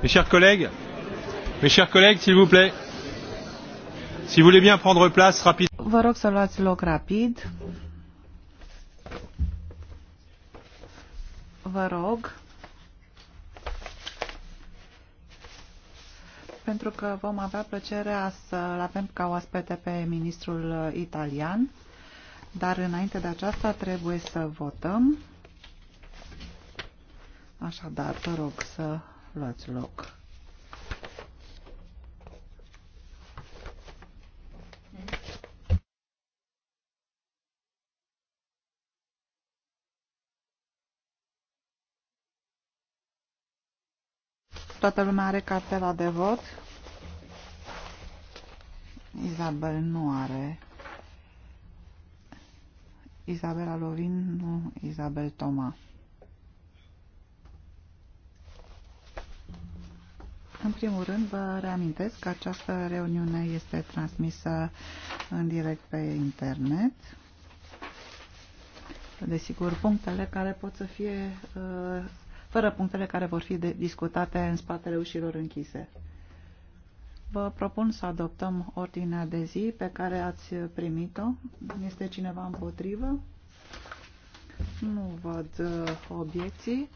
Mes chers collègues, mes chers collègues, s'il vous plaît, si vous voulez bien prendre place rapidement. Vă rog să luați loc rapid. Vă rog. Pentru că vom avea plăcerea să-l avem ca oaspete pe ministrul uh, italian, dar înainte de aceasta trebuie să votăm. Așadar, vă rog să luați loc. Toată lumea are cartela de vot. Isabel nu are. Izabela Lovin, nu Isabel Toma. În primul rând, vă reamintesc că această reuniune este transmisă în direct pe internet. Desigur, punctele care pot să fie, uh, fără punctele care vor fi discutate în spatele ușilor închise. Vă propun să adoptăm ordinea de zi pe care ați primit-o. Este cineva împotrivă? Nu văd uh, obiecții.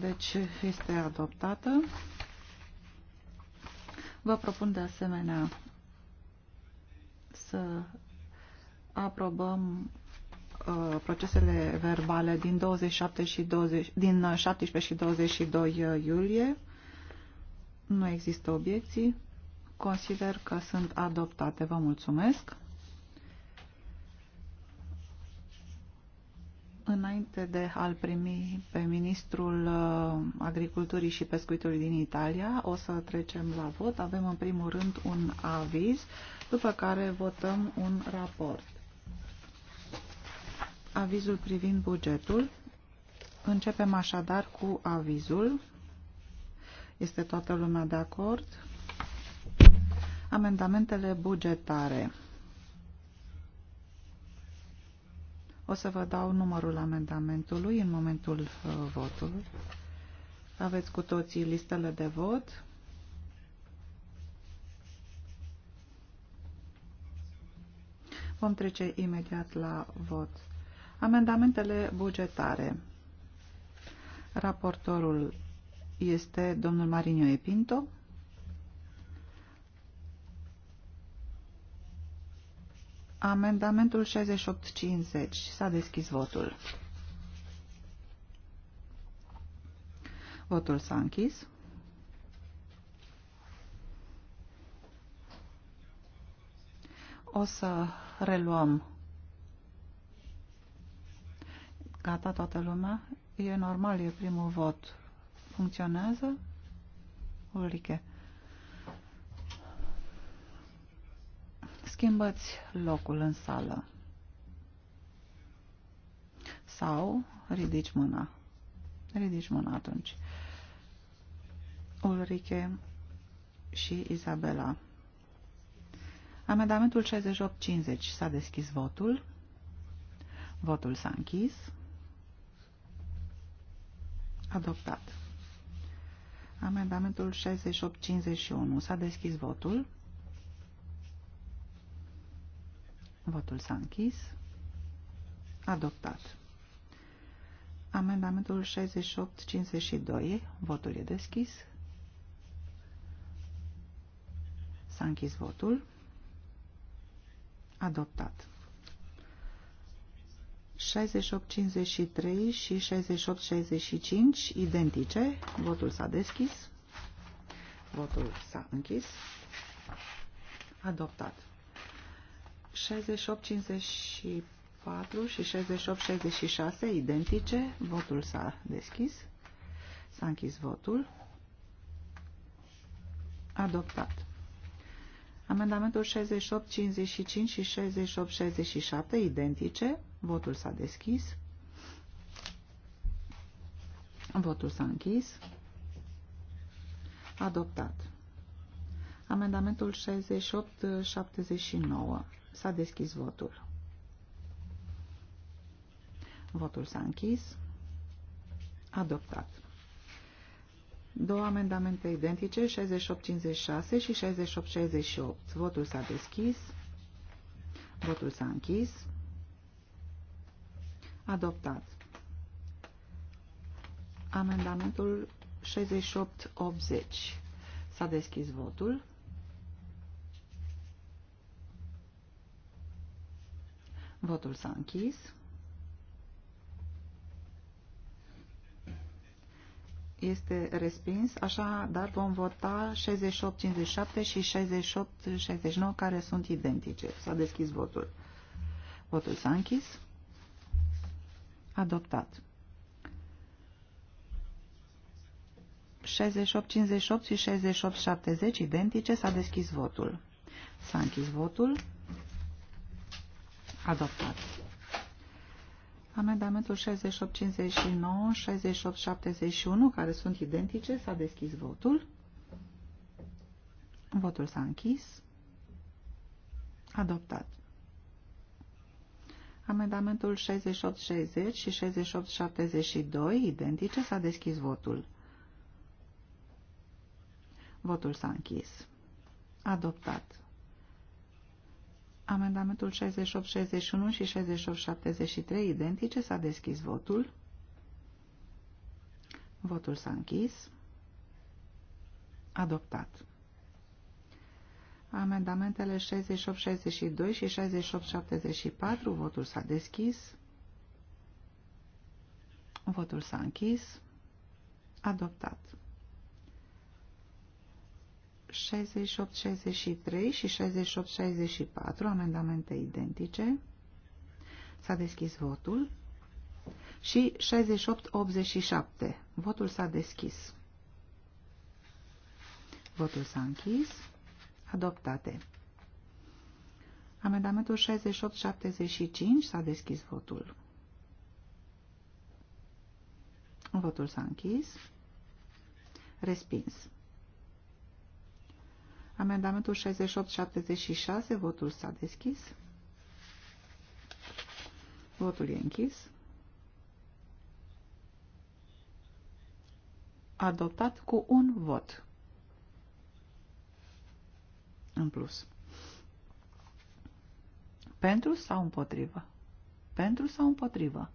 Deci este adoptată. Vă propun de asemenea să aprobăm uh, procesele verbale din 27 și 20, din 17 uh, și 22 uh, iulie. Nu există obiecții. Consider că sunt adoptate. Vă mulțumesc. Înainte de a-l primi pe ministrul uh, agriculturii și pescuitului din Italia, o să trecem la vot. Avem în primul rând un aviz, după care votăm un raport. Avizul privind bugetul. Începem așadar cu avizul. Este toată lumea de acord? Amendamentele bugetare. O să vă dau numărul amendamentului în momentul uh, votului. Aveți cu toții listele de vot. Vom trece imediat la vot. Amendamentele bugetare. Raportorul este domnul Marinio Epinto. Amendamentul 6850. S-a deschis votul. Votul s-a închis. O să reluăm. Gata toată lumea? E normal, e primul vot. Funcționează? Ulrike. schimbați locul în sală sau ridici mâna. Ridici mâna atunci. Ulrike și Isabela. Amendamentul 6850 s-a deschis votul. Votul s-a închis. Adoptat. Amendamentul 6851 s-a deschis votul. Votul s-a închis. Adoptat. Amendamentul 68-52. Votul e deschis. S-a închis votul. Adoptat. 68-53 și 68-65 identice. Votul s-a deschis. Votul s-a închis. Adoptat. 6854 și 6866 identice. Votul s-a deschis. S-a închis votul. Adoptat. Amendamentul 6855 și 6867 identice. Votul s-a deschis. Votul s-a închis. Adoptat. Amendamentul 6879 S-a deschis votul. Votul s-a închis. Adoptat. Două amendamente identice, 6856 și 6868. Votul s-a deschis. Votul s-a închis. Adoptat. Amendamentul 6880. S-a deschis votul. Votul s-a închis. Este respins, așa, dar vom vota 68-57 și 68-69 care sunt identice. S-a deschis votul. Votul s-a închis. Adoptat. 68-58 și 68-70 identice s-a deschis votul. S-a închis votul. Adoptat. Amendamentul 68, 59, 68, 71, care sunt identice, s-a deschis votul. Votul s-a închis. Adoptat. Amendamentul 6860 și 6872, identice, s-a deschis votul. Votul s-a închis. Adoptat. Amendamentul 68, 61 și 68, 73 identice. S-a deschis votul. Votul s-a închis. Adoptat. Amendamentele 68, 62 și 68, 74. Votul s-a deschis. Votul s-a închis. Adoptat. 68-63 și 68-64, amendamente identice. S-a deschis votul. Și 68-87. Votul s-a deschis. Votul s-a închis. Adoptate. Amendamentul 68-75 s-a deschis votul. Votul s-a închis. Respins. Amendamentul 68-76, votul s-a deschis. Votul e închis. Adoptat cu un vot. În plus. Pentru sau împotrivă? Pentru sau împotrivă?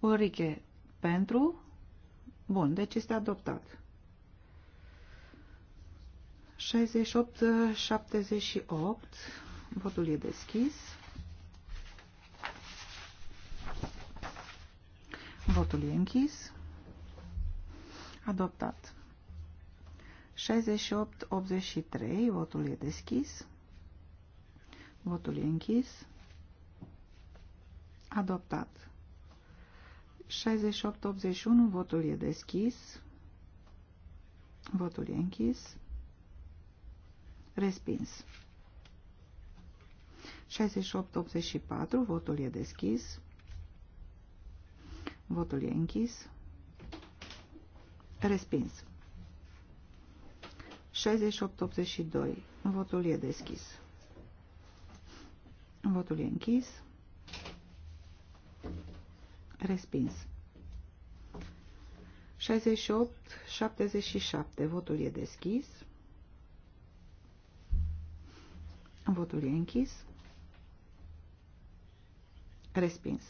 Ulrike, pentru? Bun, deci este adoptat. 68-78. Votul e deschis. Votul e închis. Adoptat. 68-83. Votul e deschis. Votul e închis. Adoptat. 68-81. Votul e deschis. Votul e închis. Respins. 68-84, votul e deschis. Votul e închis. Respins. 68-82, votul e deschis. Votul e închis. Respins. 68-77, votul e deschis. Votul e închis. Respins.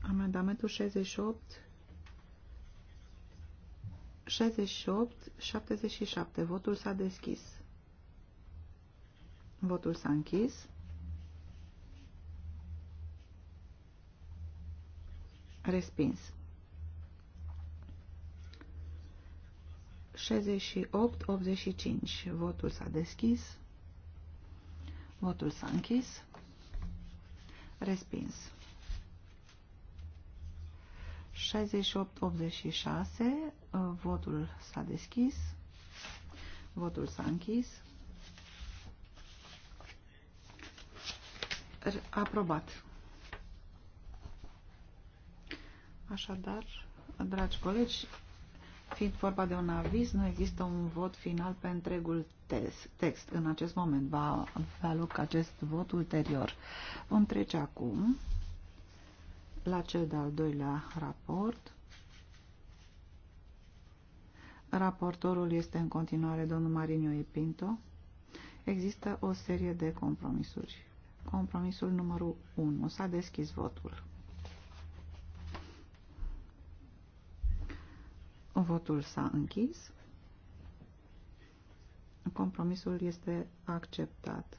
Amendamentul 68, 68, 77. Votul s-a deschis. Votul s-a închis. Respins. 68-85. Votul s-a deschis. Votul s-a închis. Respins. 68-86. Uh, votul s-a deschis. Votul s-a închis. Aprobat. Așadar, dragi colegi, Fiind vorba de un aviz, nu există un vot final pe întregul text. În acest moment va avea loc acest vot ulterior. Vom trece acum la cel de-al doilea raport. Raportorul este în continuare domnul Marinio Epinto. Există o serie de compromisuri. Compromisul numărul 1. S-a deschis votul. Votul s-a închis. Compromisul este acceptat.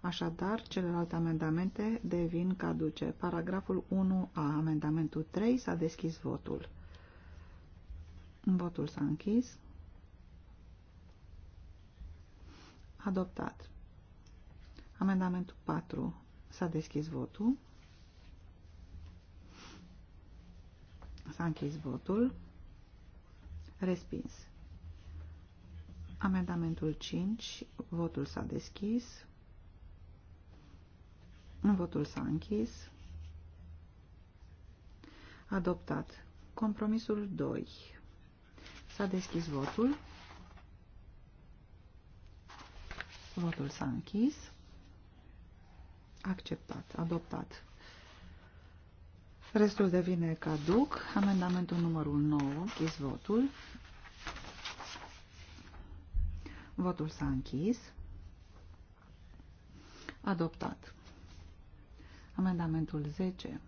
Așadar, celelalte amendamente devin caduce. Paragraful 1 a amendamentul 3 s-a deschis votul. Votul s-a închis. Adoptat. Amendamentul 4 s-a deschis votul. S-a închis votul. Respins. Amendamentul 5. Votul s-a deschis. Votul s-a închis. Adoptat. Compromisul 2. S-a deschis votul. Votul s-a închis. Acceptat. Adoptat. Restul devine caduc. Amendamentul numărul 9. Închis votul. Votul s-a închis. Adoptat. Amendamentul 10.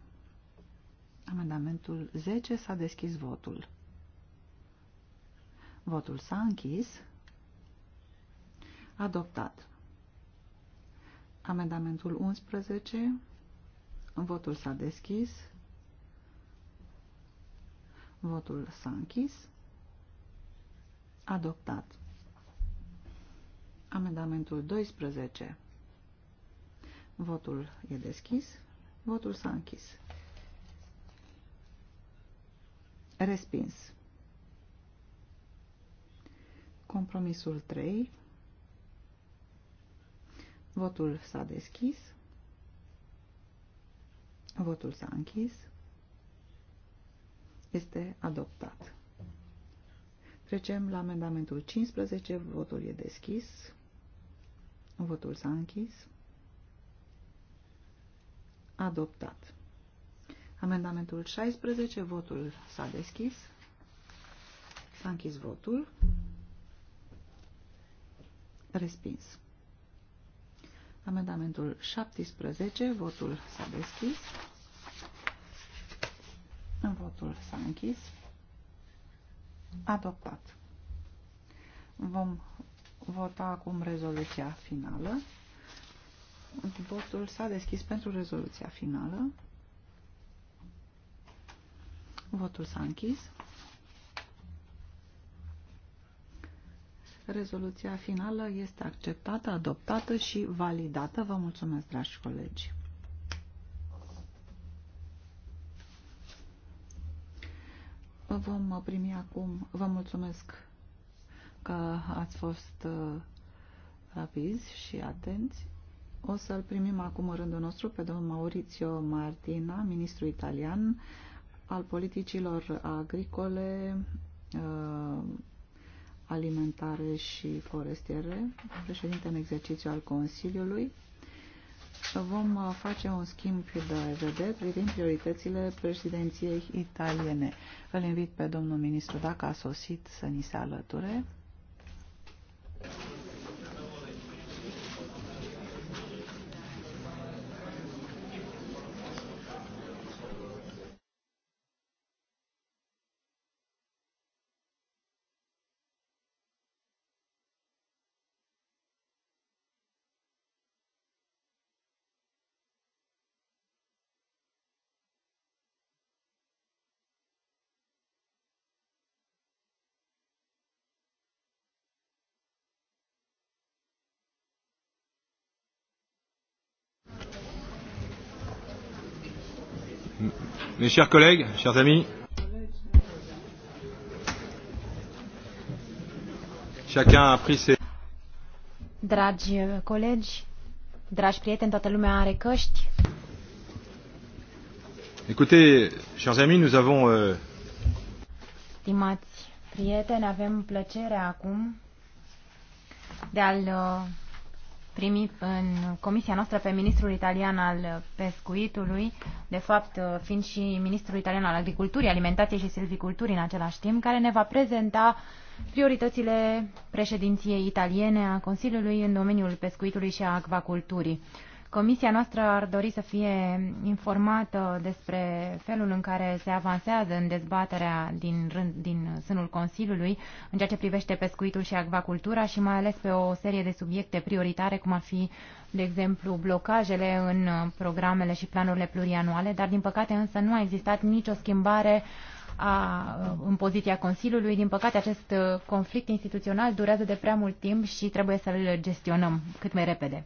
Amendamentul 10 s-a deschis votul. Votul s-a închis. Adoptat. Amendamentul 11. Votul s-a deschis. Votul s-a închis. Adoptat. Amendamentul 12. Votul e deschis. Votul s-a închis. Respins. Compromisul 3. Votul s-a deschis. Votul s-a închis. Este adoptat. Trecem la amendamentul 15. Votul e deschis. Votul s-a închis. Adoptat. Amendamentul 16. Votul s-a deschis. S-a închis votul. Respins. Amendamentul 17. Votul s-a deschis. Votul s-a închis. Adoptat. Vom vota acum rezoluția finală. Votul s-a deschis pentru rezoluția finală. Votul s-a închis. Rezoluția finală este acceptată, adoptată și validată. Vă mulțumesc, dragi colegi! vom primi acum. Vă mulțumesc că ați fost uh, rapizi și atenți. O să-l primim acum în rândul nostru pe domnul Maurizio Martina, ministru italian al politicilor agricole, uh, alimentare și forestiere, președinte în exercițiu al Consiliului vom uh, face un schimb de vedere privind prioritățile președinției italiene. Îl invit pe domnul ministru, dacă a sosit, să ni se alăture. Mes chers collègues, chers amis, chacun a pris ses... Dragi colegi, dragi prieteni, toată lumea are căști. Écoutez, chers amis, nous avons... Euh... Stimați prieteni, avem plăcerea acum de a-l uh, primit în comisia noastră pe ministrul italian al pescuitului, de fapt uh, fiind și ministrul italian al agriculturii, alimentației și silviculturii în același timp, care ne va prezenta prioritățile președinției italiene a Consiliului în domeniul pescuitului și a acvaculturii. Comisia noastră ar dori să fie informată despre felul în care se avansează în dezbaterea din, rând, din sânul Consiliului în ceea ce privește pescuitul și acvacultura și mai ales pe o serie de subiecte prioritare, cum ar fi, de exemplu, blocajele în programele și planurile plurianuale, dar din păcate însă nu a existat nicio schimbare a, în poziția Consiliului. Din păcate, acest conflict instituțional durează de prea mult timp și trebuie să-l gestionăm cât mai repede.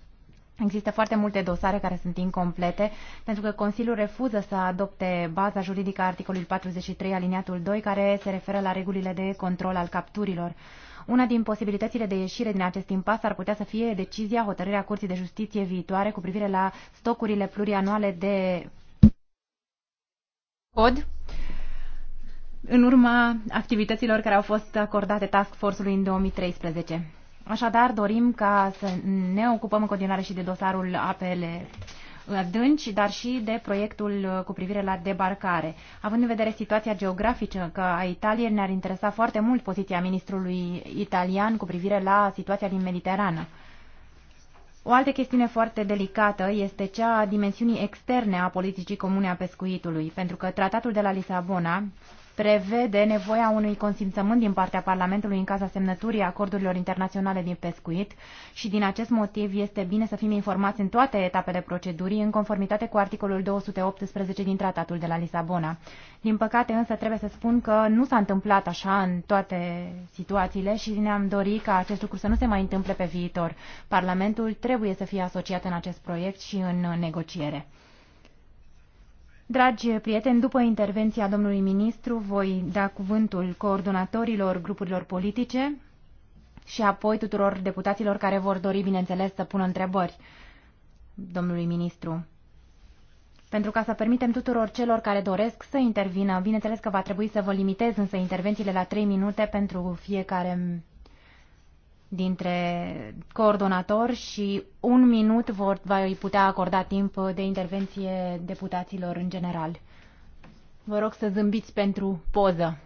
Există foarte multe dosare care sunt incomplete, pentru că Consiliul refuză să adopte baza juridică a articolului 43 aliniatul 2, care se referă la regulile de control al capturilor. Una din posibilitățile de ieșire din acest impas ar putea să fie decizia, hotărârea Curții de Justiție viitoare cu privire la stocurile plurianuale de cod în urma activităților care au fost acordate Task Force-ului în 2013. Așadar, dorim ca să ne ocupăm în continuare și de dosarul apele adânci, dar și de proiectul cu privire la debarcare. Având în vedere situația geografică că a Italiei, ne-ar interesa foarte mult poziția ministrului italian cu privire la situația din Mediterană. O altă chestiune foarte delicată este cea a dimensiunii externe a politicii comune a pescuitului, pentru că tratatul de la Lisabona prevede nevoia unui consimțământ din partea Parlamentului în caza semnăturii acordurilor internaționale din pescuit și din acest motiv este bine să fim informați în toate etapele procedurii în conformitate cu articolul 218 din Tratatul de la Lisabona. Din păcate însă trebuie să spun că nu s-a întâmplat așa în toate situațiile și ne-am dorit ca acest lucru să nu se mai întâmple pe viitor. Parlamentul trebuie să fie asociat în acest proiect și în negociere. Dragi prieteni, după intervenția domnului ministru, voi da cuvântul coordonatorilor grupurilor politice și apoi tuturor deputaților care vor dori, bineînțeles, să pună întrebări domnului ministru. Pentru ca să permitem tuturor celor care doresc să intervină, bineînțeles că va trebui să vă limitez însă intervențiile la 3 minute pentru fiecare dintre coordonator și un minut vor, va putea acorda timp de intervenție deputaților în general. Vă rog să zâmbiți pentru poză.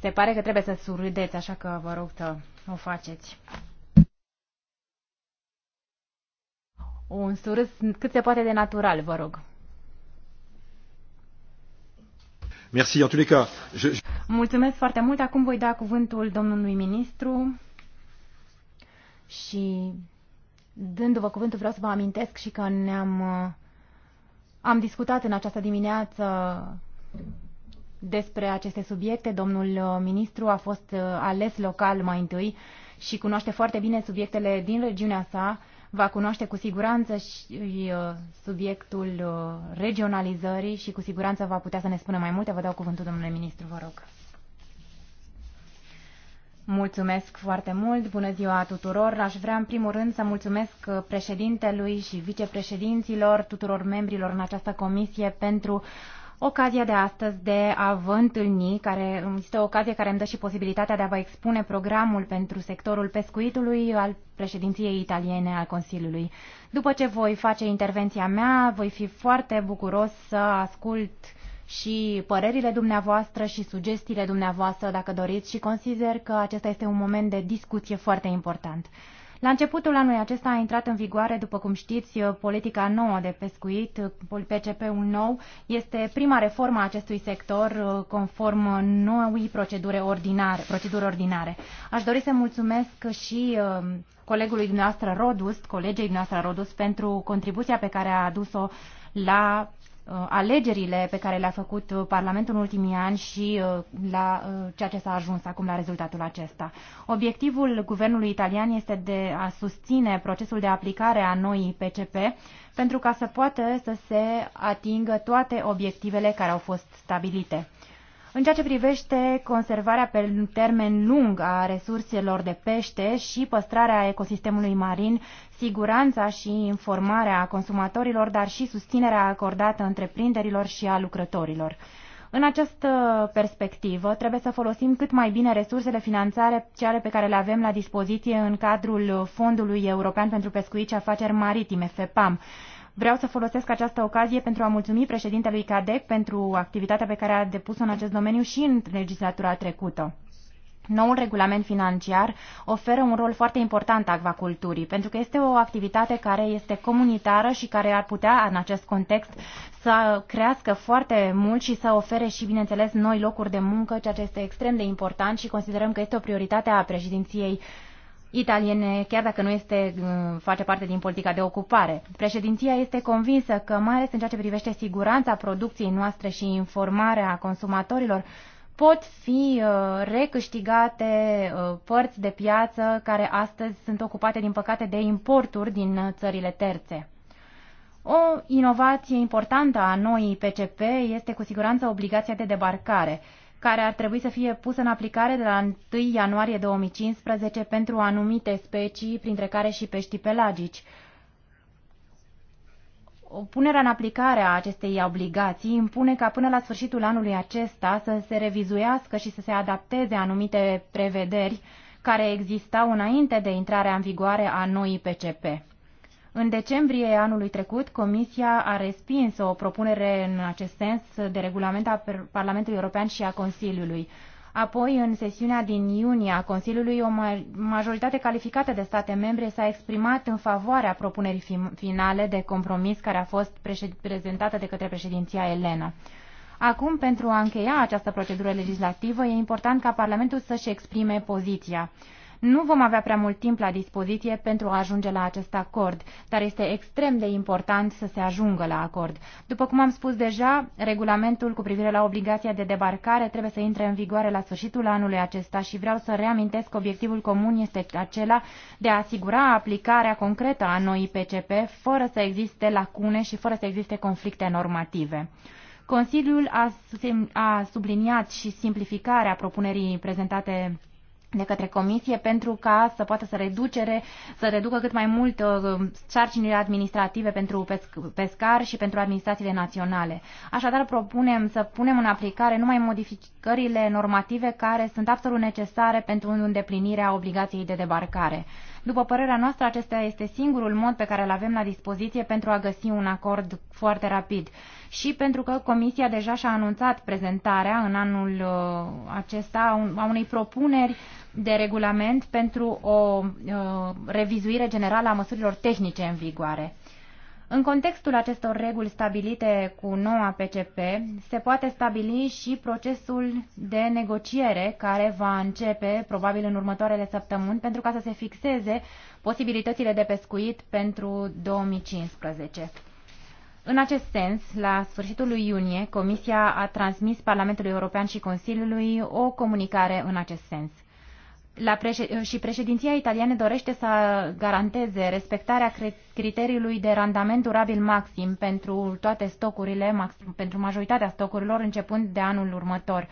Se pare că trebuie să surâdeți, așa că vă rog să o faceți. Un surâs cât se poate de natural, vă rog. Merci. En tous les cas, je... Mulțumesc foarte mult. Acum voi da cuvântul domnului ministru și dându-vă cuvântul vreau să vă amintesc și că ne-am uh, am discutat în această dimineață despre aceste subiecte. Domnul uh, ministru a fost uh, ales local mai întâi și cunoaște foarte bine subiectele din regiunea sa va cunoaște cu siguranță și uh, subiectul uh, regionalizării și cu siguranță va putea să ne spună mai multe. Vă dau cuvântul, domnule ministru, vă rog. Mulțumesc foarte mult, bună ziua tuturor. Aș vrea în primul rând să mulțumesc uh, președintelui și vicepreședinților, tuturor membrilor în această comisie pentru ocazia de astăzi de a vă întâlni, care este o ocazie care îmi dă și posibilitatea de a vă expune programul pentru sectorul pescuitului al președinției italiene al Consiliului. După ce voi face intervenția mea, voi fi foarte bucuros să ascult și părerile dumneavoastră și sugestiile dumneavoastră, dacă doriți, și consider că acesta este un moment de discuție foarte important. La începutul anului acesta a intrat în vigoare, după cum știți, politica nouă de pescuit, PCP-ul nou, este prima reformă a acestui sector conform noii procedure ordinare. Proceduri ordinare. Aș dori să mulțumesc și um, colegului dumneavoastră Rodust, colegei dumneavoastră Rodust, pentru contribuția pe care a adus-o la Uh, alegerile pe care le-a făcut uh, Parlamentul în ultimii ani și uh, la ceea ce s-a ajuns acum la rezultatul acesta. Obiectivul guvernului italian este de a susține procesul de aplicare a noii PCP pentru ca să poată să se atingă toate obiectivele care au fost stabilite. În ceea ce privește conservarea pe termen lung a resurselor de pește și păstrarea ecosistemului marin, siguranța și informarea consumatorilor, dar și susținerea acordată întreprinderilor și a lucrătorilor. În această perspectivă, trebuie să folosim cât mai bine resursele finanțare, cele pe care le avem la dispoziție în cadrul Fondului European pentru Pescuit și Afaceri Maritime, FEPAM. Vreau să folosesc această ocazie pentru a mulțumi președintelui CADEC pentru activitatea pe care a depus-o în acest domeniu și în legislatura trecută. Noul regulament financiar oferă un rol foarte important acvaculturii, pentru că este o activitate care este comunitară și care ar putea, în acest context, să crească foarte mult și să ofere și, bineînțeles, noi locuri de muncă, ceea ce este extrem de important și considerăm că este o prioritate a președinției uh, italiene, chiar dacă nu este, uh, face parte din politica de ocupare. Președinția este convinsă că, mai ales în ceea ce privește siguranța producției noastre și informarea consumatorilor, pot fi uh, recâștigate uh, părți de piață care astăzi sunt ocupate, din păcate, de importuri din țările terțe. O inovație importantă a noii PCP este cu siguranță obligația de debarcare care ar trebui să fie pusă în aplicare de la 1 ianuarie 2015 pentru anumite specii, printre care și peștii pelagici. Punerea în aplicare a acestei obligații impune ca până la sfârșitul anului acesta să se revizuiască și să se adapteze anumite prevederi care existau înainte de intrarea în vigoare a noii PCP. În decembrie anului trecut, Comisia a respins o propunere în acest sens de regulament a Parlamentului European și a Consiliului. Apoi, în sesiunea din iunie a Consiliului, o majoritate calificată de state membre s-a exprimat în favoarea propunerii finale de compromis care a fost prezentată de către președinția Elena. Acum, pentru a încheia această procedură legislativă, e important ca Parlamentul să-și exprime poziția. Nu vom avea prea mult timp la dispoziție pentru a ajunge la acest acord, dar este extrem de important să se ajungă la acord. După cum am spus deja, regulamentul cu privire la obligația de debarcare trebuie să intre în vigoare la sfârșitul anului acesta și vreau să reamintesc că obiectivul comun este acela de a asigura aplicarea concretă a noii PCP fără să existe lacune și fără să existe conflicte normative. Consiliul a, subliniat și simplificarea propunerii prezentate de către comisie pentru ca să poată să reducere, să reducă cât mai mult uh, sarcinile administrative pentru pescar și pentru administrațiile naționale. Așadar, propunem să punem în aplicare numai modificările normative care sunt absolut necesare pentru îndeplinirea obligației de debarcare. După părerea noastră, acesta este singurul mod pe care îl avem la dispoziție pentru a găsi un acord foarte rapid. Și pentru că Comisia deja și-a anunțat prezentarea în anul uh, acesta a unei propuneri de regulament pentru o uh, revizuire generală a măsurilor tehnice în vigoare. În contextul acestor reguli stabilite cu noua PCP, se poate stabili și procesul de negociere care va începe probabil în următoarele săptămâni pentru ca să se fixeze posibilitățile de pescuit pentru 2015. În acest sens, la sfârșitul lui iunie, Comisia a transmis Parlamentului European și Consiliului o comunicare în acest sens la președ- și președinția italiană dorește să garanteze respectarea criteriului de randament durabil maxim pentru toate stocurile, maxim, pentru majoritatea stocurilor începând de anul următor.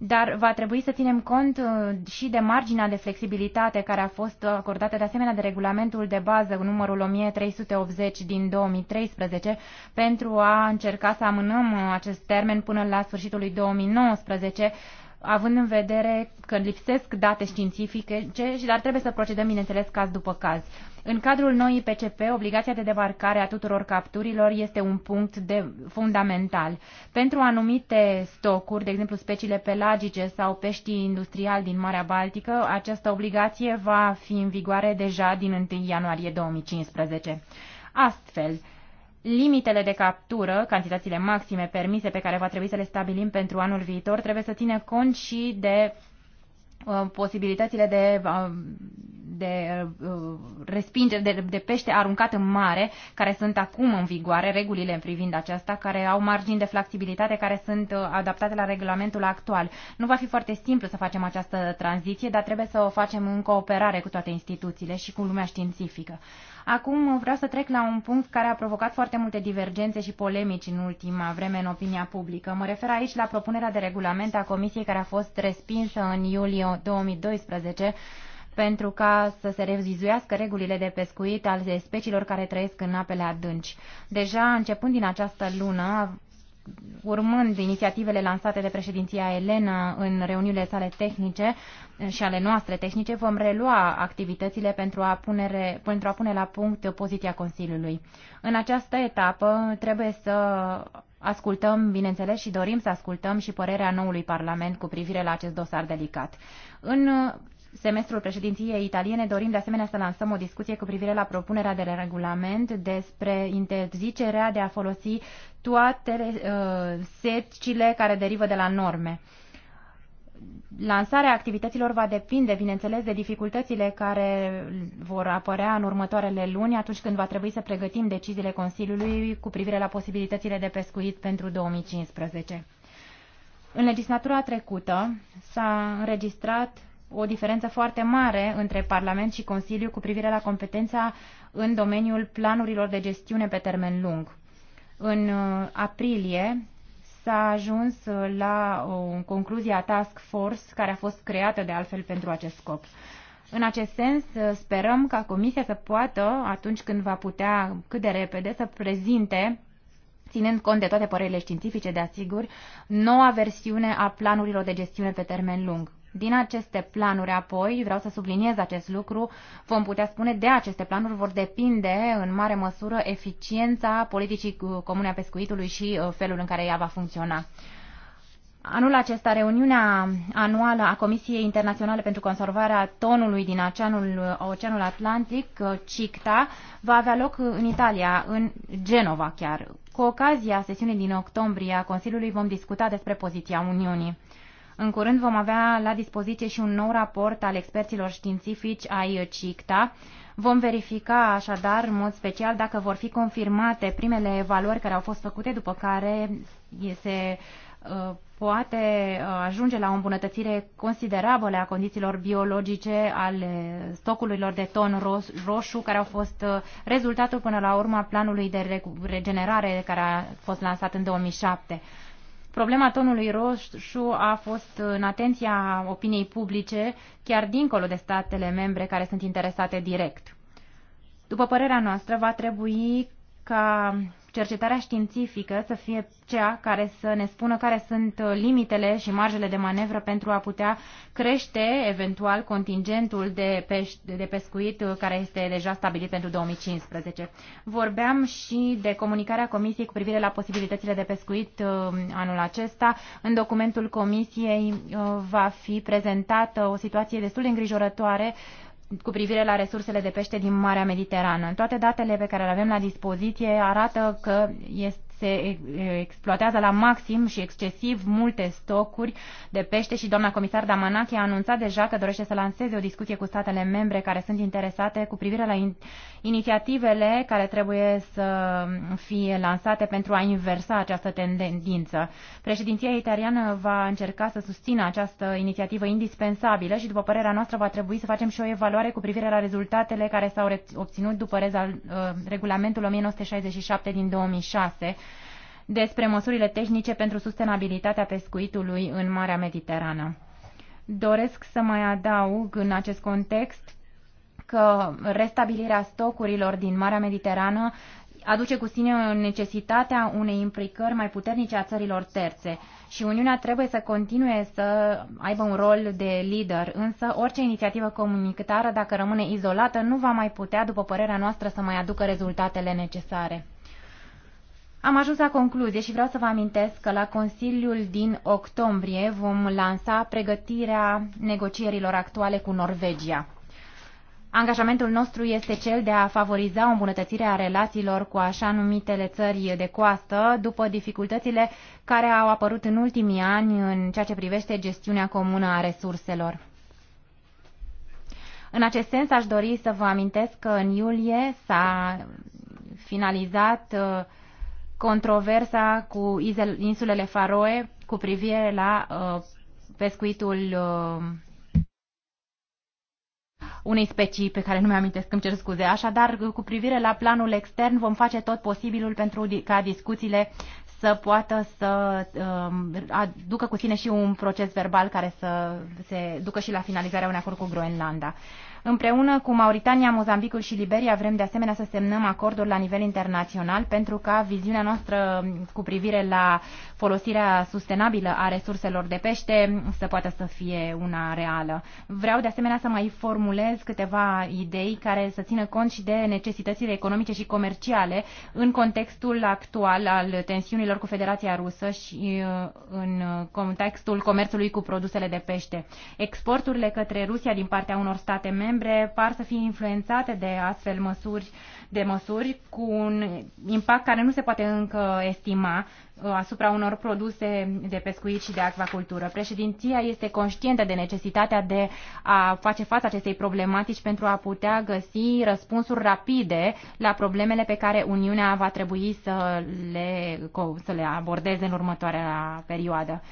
Dar va trebui să ținem cont uh, și de marginea de flexibilitate care a fost acordată de asemenea de regulamentul de bază numărul 1380 din 2013 pentru a încerca să amânăm uh, acest termen până la sfârșitul lui 2019 având în vedere că lipsesc date științifice, dar trebuie să procedăm, bineînțeles, caz după caz. În cadrul noii PCP, obligația de debarcare a tuturor capturilor este un punct de fundamental. Pentru anumite stocuri, de exemplu speciile pelagice sau peștii industriali din Marea Baltică, această obligație va fi în vigoare deja din 1 ianuarie 2015. Astfel, Limitele de captură, cantitățile maxime permise pe care va trebui să le stabilim pentru anul viitor, trebuie să țină cont și de uh, posibilitățile de, uh, de uh, respingere, de, de pește aruncat în mare, care sunt acum în vigoare, regulile în privind aceasta, care au margini de flexibilitate, care sunt uh, adaptate la regulamentul actual. Nu va fi foarte simplu să facem această tranziție, dar trebuie să o facem în cooperare cu toate instituțiile și cu lumea științifică. Acum vreau să trec la un punct care a provocat foarte multe divergențe și polemici în ultima vreme în opinia publică. Mă refer aici la propunerea de regulament a Comisiei care a fost respinsă în iulie 2012 pentru ca să se revizuiască regulile de pescuit ale speciilor care trăiesc în apele adânci. Deja începând din această lună, urmând inițiativele lansate de președinția Elena în reuniunile sale tehnice eh, și ale noastre tehnice, vom relua activitățile pentru a, punere, pentru a pune la punct poziția Consiliului. În această etapă trebuie să Ascultăm, bineînțeles, și dorim să ascultăm și părerea noului Parlament cu privire la acest dosar delicat. În semestrul președinției italiene dorim de asemenea să lansăm o discuție cu privire la propunerea de regulament despre interzicerea de a folosi toate uh, secile care derivă de la norme. Lansarea activităților va depinde, bineînțeles, de dificultățile care vor apărea în următoarele luni, atunci când va trebui să pregătim deciziile Consiliului cu privire la posibilitățile de pescuit pentru 2015. În legislatura trecută s-a înregistrat o diferență foarte mare între Parlament și Consiliu cu privire la competența în domeniul planurilor de gestiune pe termen lung. În uh, aprilie s-a ajuns uh, la o concluzie a Task Force care a fost creată de altfel pentru acest scop. În acest sens, uh, sperăm ca Comisia să poată, atunci când va putea cât de repede, să prezinte ținând cont de toate părerile științifice, de asigur, noua versiune a planurilor de gestiune pe termen lung. Din aceste planuri apoi, vreau să subliniez acest lucru, vom putea spune de aceste planuri vor depinde în mare măsură eficiența politicii comune a pescuitului și uh, felul în care ea va funcționa. Anul acesta, reuniunea anuală a Comisiei Internaționale pentru Conservarea Tonului din Oceanul, uh, Oceanul Atlantic, uh, CICTA, va avea loc în Italia, în Genova chiar. Cu ocazia sesiunii din octombrie a Consiliului vom discuta despre poziția Uniunii. În curând vom avea la dispoziție și un nou raport al experților științifici ai CICTA. Vom verifica așadar în mod special dacă vor fi confirmate primele evaluări care au fost făcute, după care se uh, poate uh, ajunge la o îmbunătățire considerabilă a condițiilor biologice ale stocurilor de ton roșu, care au fost uh, rezultatul până la urma planului de regenerare care a fost lansat în 2007. Problema tonului roșu a fost în atenția opiniei publice, chiar dincolo de statele membre care sunt interesate direct. După părerea noastră, va trebui ca cercetarea științifică să fie cea care să ne spună care sunt uh, limitele și marjele de manevră pentru a putea crește eventual contingentul de, peș- de pescuit uh, care este deja stabilit pentru 2015. Vorbeam și de comunicarea Comisiei cu privire la posibilitățile de pescuit uh, anul acesta. În documentul Comisiei va fi prezentată o situație destul de îngrijorătoare cu privire la resursele de pește din Marea Mediterană. Toate datele pe care le avem la dispoziție arată că este se eh, exploatează la maxim și excesiv multe stocuri de pește și doamna comisar Damanache a anunțat deja că dorește să lanseze o discuție cu statele membre care sunt interesate cu privire la in inițiativele care trebuie să fie lansate pentru a inversa această tendință. Președinția italiană va încerca să susțină această inițiativă indispensabilă și, după părerea noastră, va trebui să facem și o evaluare cu privire la rezultatele care s-au obținut după uh, regulamentul 1967 din 2006 despre măsurile tehnice pentru sustenabilitatea pescuitului în Marea Mediterană. Doresc să mai adaug în acest context că restabilirea stocurilor din Marea Mediterană aduce cu sine necesitatea unei implicări mai puternice a țărilor terțe și Uniunea trebuie să continue să aibă un rol de lider, însă orice inițiativă comunitară, dacă rămâne izolată, nu va mai putea, după părerea noastră, să mai aducă rezultatele necesare. Am ajuns la concluzie și vreau să vă amintesc că la Consiliul din octombrie vom lansa pregătirea negocierilor actuale cu Norvegia. Angajamentul nostru este cel de a favoriza o îmbunătățire a relațiilor cu așa numitele țări de coastă după dificultățile care au apărut în ultimii ani în ceea ce privește gestiunea comună a resurselor. În acest sens aș dori să vă amintesc că în iulie s-a finalizat uh, controversa cu insulele Faroe cu privire la uh, pescuitul uh, unei specii pe care nu mi-amintesc, îmi cer scuze. Așadar, cu privire la planul extern, vom face tot posibilul pentru ca discuțiile să poată să uh, aducă cu sine și un proces verbal care să se ducă și la finalizarea unui acord cu Groenlanda. Împreună cu Mauritania, Mozambicul și Liberia vrem de asemenea să semnăm acorduri la nivel internațional pentru ca viziunea noastră cu privire la folosirea sustenabilă a resurselor de pește să poată să fie una reală. Vreau de asemenea să mai formulez câteva idei care să țină cont și de necesitățile economice și comerciale în contextul actual al tensiunilor cu Federația Rusă și uh, în contextul comerțului cu produsele de pește. Exporturile către Rusia din partea unor state membre membre par să fie influențate de astfel măsuri, de măsuri cu un impact care nu se poate încă estima uh, asupra unor produse de pescuit și de acvacultură. Președinția este conștientă de necesitatea de a face față acestei problematici pentru a putea găsi răspunsuri rapide la problemele pe care Uniunea va trebui să le, să le abordeze în următoarea perioadă.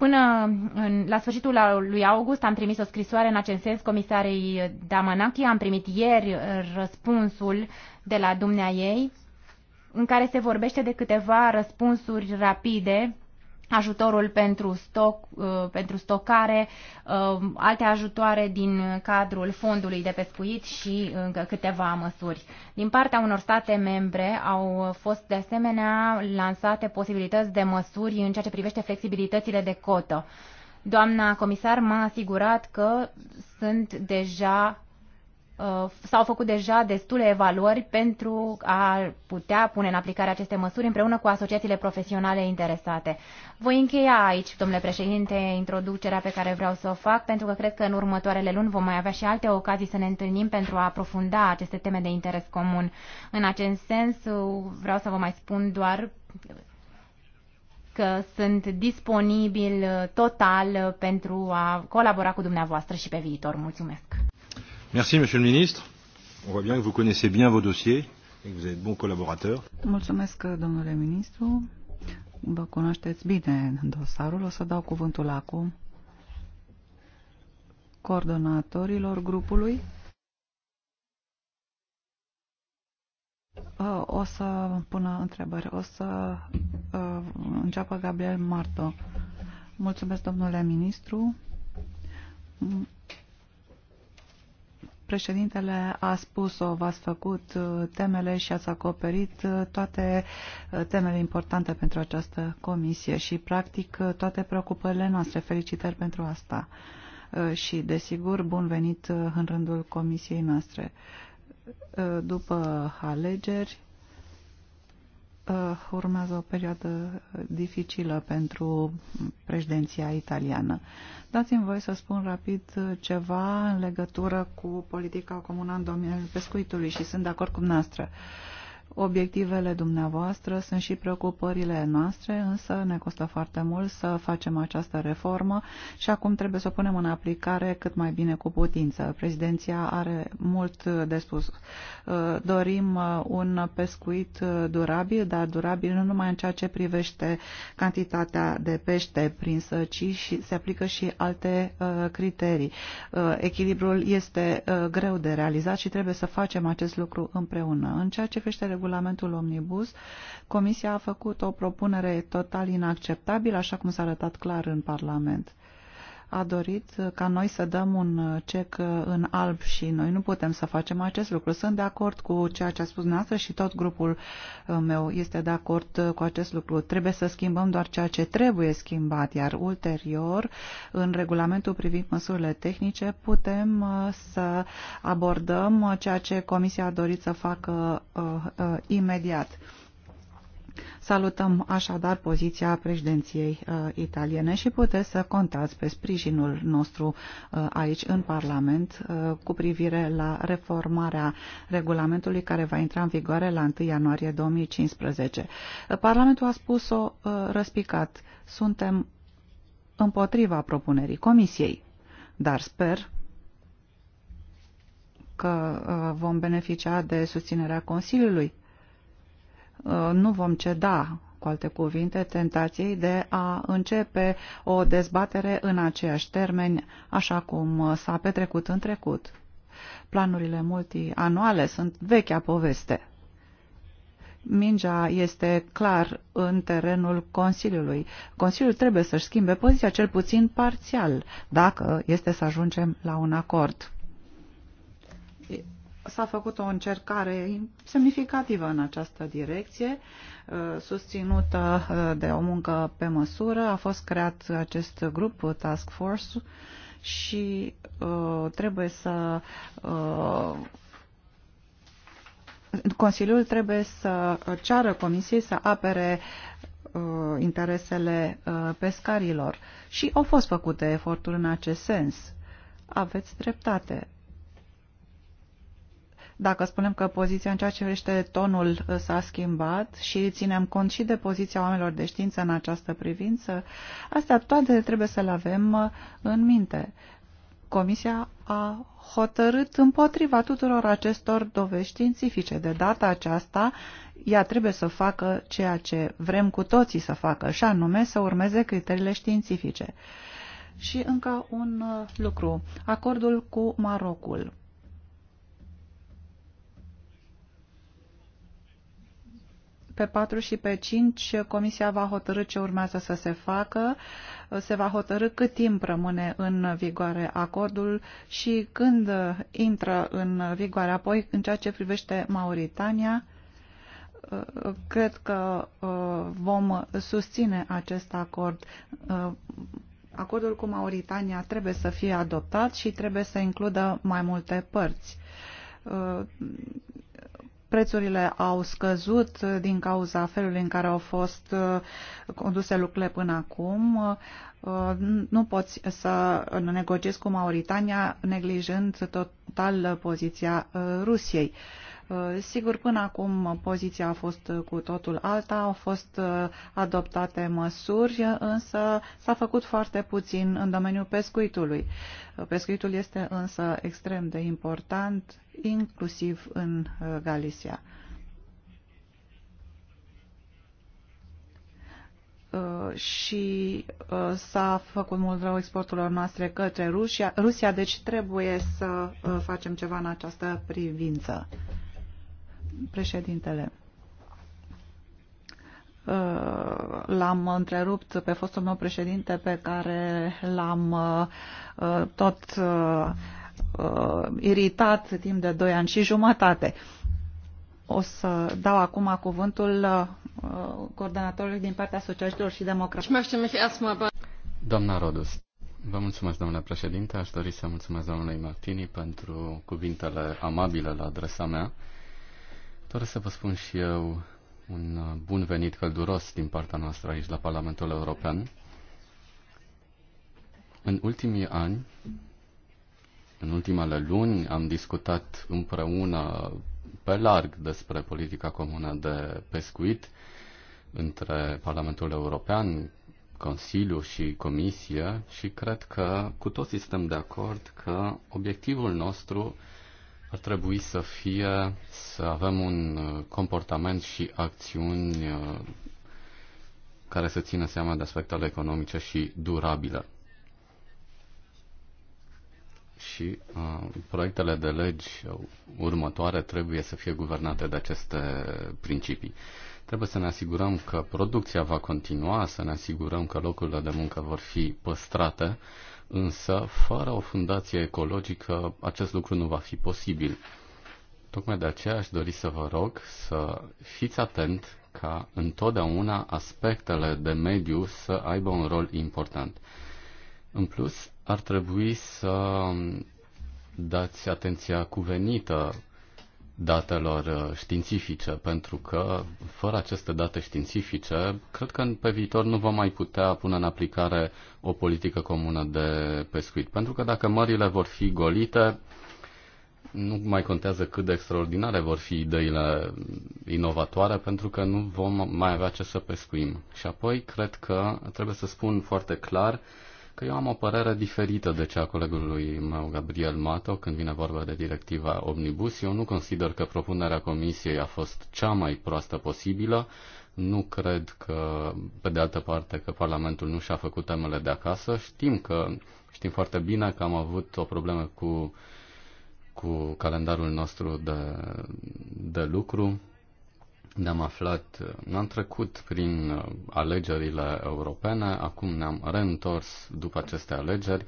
Până în, la sfârșitul lui august am trimis o scrisoare în acest sens comisarei Damanachi. Am primit ieri uh, răspunsul de la dumnea ei în care se vorbește de câteva răspunsuri rapide ajutorul pentru, stoc, uh, pentru stocare, uh, alte ajutoare din cadrul fondului de pescuit și uh, încă câteva măsuri. Din partea unor state membre au fost de asemenea lansate posibilități de măsuri în ceea ce privește flexibilitățile de cotă. Doamna comisar m-a asigurat că sunt deja Uh, s-au făcut deja destule evaluări pentru a putea pune în aplicare aceste măsuri împreună cu asociațiile profesionale interesate. Voi încheia aici, domnule președinte, introducerea pe care vreau să o fac, pentru că cred că în următoarele luni vom mai avea și alte ocazii să ne întâlnim pentru a aprofunda aceste teme de interes comun. În acest sens, vreau să vă mai spun doar că sunt disponibil total pentru a colabora cu dumneavoastră și pe viitor. Mulțumesc! Merci, Monsieur le Ministre. On voit bien que vous connaissez bien vos dossiers et que vous êtes bon collaborateur. Mulțumesc, domnule ministru. Vă cunoașteți bine dosarul. O să dau cuvântul acum coordonatorilor grupului. Ă, o să pună întrebări. O să ă, înceapă Gabriel Marto. Mulțumesc, domnule ministru. Președintele a spus-o, v-ați făcut uh, temele și ați acoperit uh, toate uh, temele importante pentru această comisie și, practic, toate preocupările noastre. Felicitări pentru asta. Și, desigur, bun venit în rândul comisiei noastre. După alegeri, Uh, urmează o perioadă uh, dificilă pentru președinția italiană. Dați-mi voi să spun rapid uh, ceva în legătură cu politica comună în domeniul pescuitului și sunt de acord cu noastră. Uh, Obiectivele dumneavoastră sunt și preocupările noastre, însă ne costă foarte mult să facem această reformă și acum trebuie să o punem în aplicare cât mai bine cu putință. Prezidenția are mult de spus. Uh, dorim uh, un pescuit uh, durabil, dar durabil nu numai în ceea ce privește cantitatea de pește prinsă, ci și se aplică și alte criterii. Echilibrul este greu de realizat și trebuie să facem acest lucru împreună. În ceea ce privește regulamentul Omnibus, Comisia a făcut o propunere total inacceptabilă, așa cum s-a arătat clar în Parlament a dorit ca noi să dăm un cec în alb și noi nu putem să facem acest lucru. Sunt de acord cu ceea ce a spus noastră și tot grupul uh, meu este de acord uh, cu acest lucru. Trebuie să schimbăm doar ceea ce trebuie schimbat, iar ulterior, în regulamentul privind măsurile tehnice, putem uh, să abordăm ceea ce Comisia a dorit să facă imediat. Salutăm așadar poziția președinției uh, italiene și puteți să contați pe sprijinul nostru uh, aici în Parlament uh, cu privire la reformarea regulamentului care va intra în vigoare la 1 ianuarie 2015. Parlamentul a spus-o răspicat. Suntem împotriva propunerii Comisiei, dar sper că vom beneficia de susținerea Consiliului Uh, nu vom ceda, cu alte cuvinte, tentației de a începe o dezbatere în aceiași termeni, așa cum s-a petrecut în trecut. Planurile multianuale sunt vechea poveste. Mingea este clar în terenul Consiliului. Consiliul trebuie să-și schimbe poziția cel puțin parțial, dacă este să ajungem la un acord s-a făcut o încercare semnificativă în această direcție, uh, susținută uh, de o muncă pe măsură. A fost creat acest grup, Task Force, și uh, trebuie să Consiliul trebuie să ceară Comisiei să apere interesele pescarilor și au fost făcute eforturi în acest sens. Aveți dreptate. Dacă spunem că poziția în ceea ce privește tonul uh, s-a schimbat și ținem cont și de poziția oamenilor de știință în această privință, astea toate trebuie să le avem uh, în minte. Comisia a hotărât împotriva tuturor acestor dovești științifice. De data aceasta, ea trebuie să facă ceea ce vrem cu toții să facă, și anume să urmeze criteriile științifice. Și încă un uh, lucru, acordul cu Marocul. Pe 4 și pe 5 Comisia va hotărâ ce urmează să se facă, se va hotărâ cât timp rămâne în vigoare acordul și când intră în vigoare. Apoi, în ceea ce privește Mauritania, cred că uh, vom susține acest acord. Uh, acordul cu Mauritania trebuie să fie adoptat și trebuie să includă mai multe părți uh, prețurile au scăzut din cauza felului în care au fost uh, conduse lucrurile până acum. Uh, nu poți să negociezi cu Mauritania neglijând total poziția uh, Rusiei. Uh, sigur, până acum poziția a fost cu totul alta, au fost uh, adoptate măsuri, însă s-a făcut foarte puțin în domeniul pescuitului. Uh, pescuitul este însă extrem de important, inclusiv în Galicia. și s-a făcut mult rău exporturilor noastre către Rusia, Rusia, deci trebuie să facem ceva în această privință. Președintele, uh, l-am întrerupt pe fostul meu președinte pe care l-am uh, tot uh, iritat timp de 2 ani și jumătate. O să dau acum cuvântul coordonatorului din partea socialiștilor și democraților. Doamna Rodus, vă mulțumesc, domnule președinte. Aș dori să mulțumesc domnului Martini pentru cuvintele amabile la adresa mea. Doresc să vă spun și eu un uh, bun venit călduros din partea noastră aici la Parlamentul European. În ultimii ani, în ultimele luni, am discutat împreună pe larg despre politica comună de pescuit între Parlamentul European, Consiliu și Comisie și cred că cu toții suntem de acord că obiectivul nostru ar trebui să fie, să avem un uh, comportament și acțiuni uh, care să țină seama de aspectele economice și durabile. Și uh, proiectele de legi următoare trebuie să fie guvernate de aceste principii. Trebuie să ne asigurăm că producția va continua, să ne asigurăm că locurile de muncă vor fi păstrate, uh, Însă, fără o fundație ecologică, acest lucru nu va fi posibil. Tocmai de aceea aș dori să vă rog să fiți atent ca întotdeauna aspectele de mediu să aibă un rol important. În plus, ar trebui să dați atenția cuvenită datelor uh, științifice, pentru că fără aceste date științifice, cred că pe viitor nu vom mai putea pune în aplicare o politică comună de pescuit. Pentru că dacă mările vor fi golite, nu mai contează cât de extraordinare vor fi ideile inovatoare, pentru că nu vom mai avea ce să pescuim. Și apoi, cred că trebuie să spun foarte clar, că eu am o părere diferită de cea a colegului meu, Gabriel Mato, când vine vorba de directiva Omnibus. Eu nu consider că propunerea Comisiei a fost cea mai proastă posibilă. Nu cred că, pe de altă parte, că Parlamentul nu și-a făcut temele de acasă. Știm că, știm foarte bine că am avut o problemă cu, cu calendarul nostru de, de lucru ne-am aflat, ne-am trecut prin uh, alegerile europene, acum ne-am reîntors după aceste alegeri.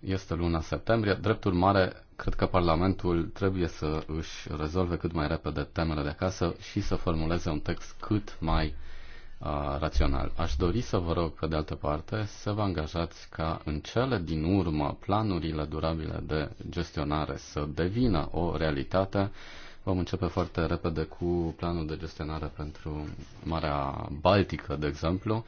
Este luna septembrie. Dreptul mare cred că Parlamentul trebuie să își rezolve cât mai repede temele de acasă și să formuleze un text cât mai uh, rațional. Aș dori să vă rog, pe de altă parte, să vă angajați ca în cele din urmă planurile durabile de gestionare să devină o realitate Vom începe foarte repede cu planul de gestionare pentru Marea Baltică, de exemplu.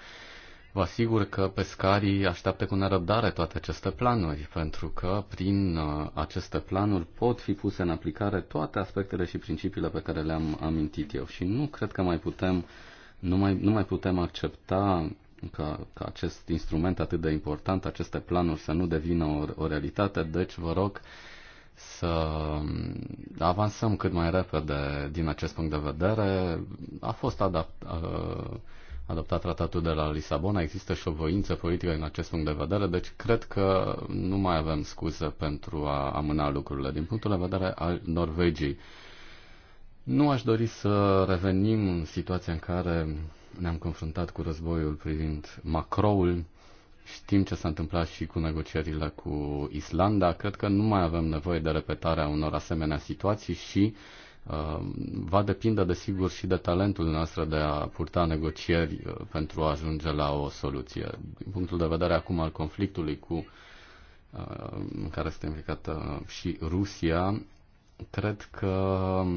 Vă asigur că pescarii așteaptă cu nerăbdare toate aceste planuri, pentru că prin uh, aceste planuri pot fi puse în aplicare toate aspectele și principiile pe care le-am amintit eu. Și nu cred că mai putem, nu mai, nu mai putem accepta ca, ca acest instrument atât de important, aceste planuri să nu devină o, o realitate. Deci vă rog să avansăm cât mai repede din acest punct de vedere. A fost adapt, adoptat tratatul de la Lisabona, există și o voință politică din acest punct de vedere, deci cred că nu mai avem scuze pentru a amâna lucrurile. Din punctul de vedere al Norvegiei, nu aș dori să revenim în situația în care ne-am confruntat cu războiul privind Macroul, Știm ce s-a întâmplat și cu negocierile cu Islanda. Cred că nu mai avem nevoie de repetarea unor asemenea situații și uh, va depinde, desigur, și de talentul nostru de a purta negocieri uh, pentru a ajunge la o soluție. Din punctul de vedere acum al conflictului cu uh, în care este implicată și Rusia, cred că um,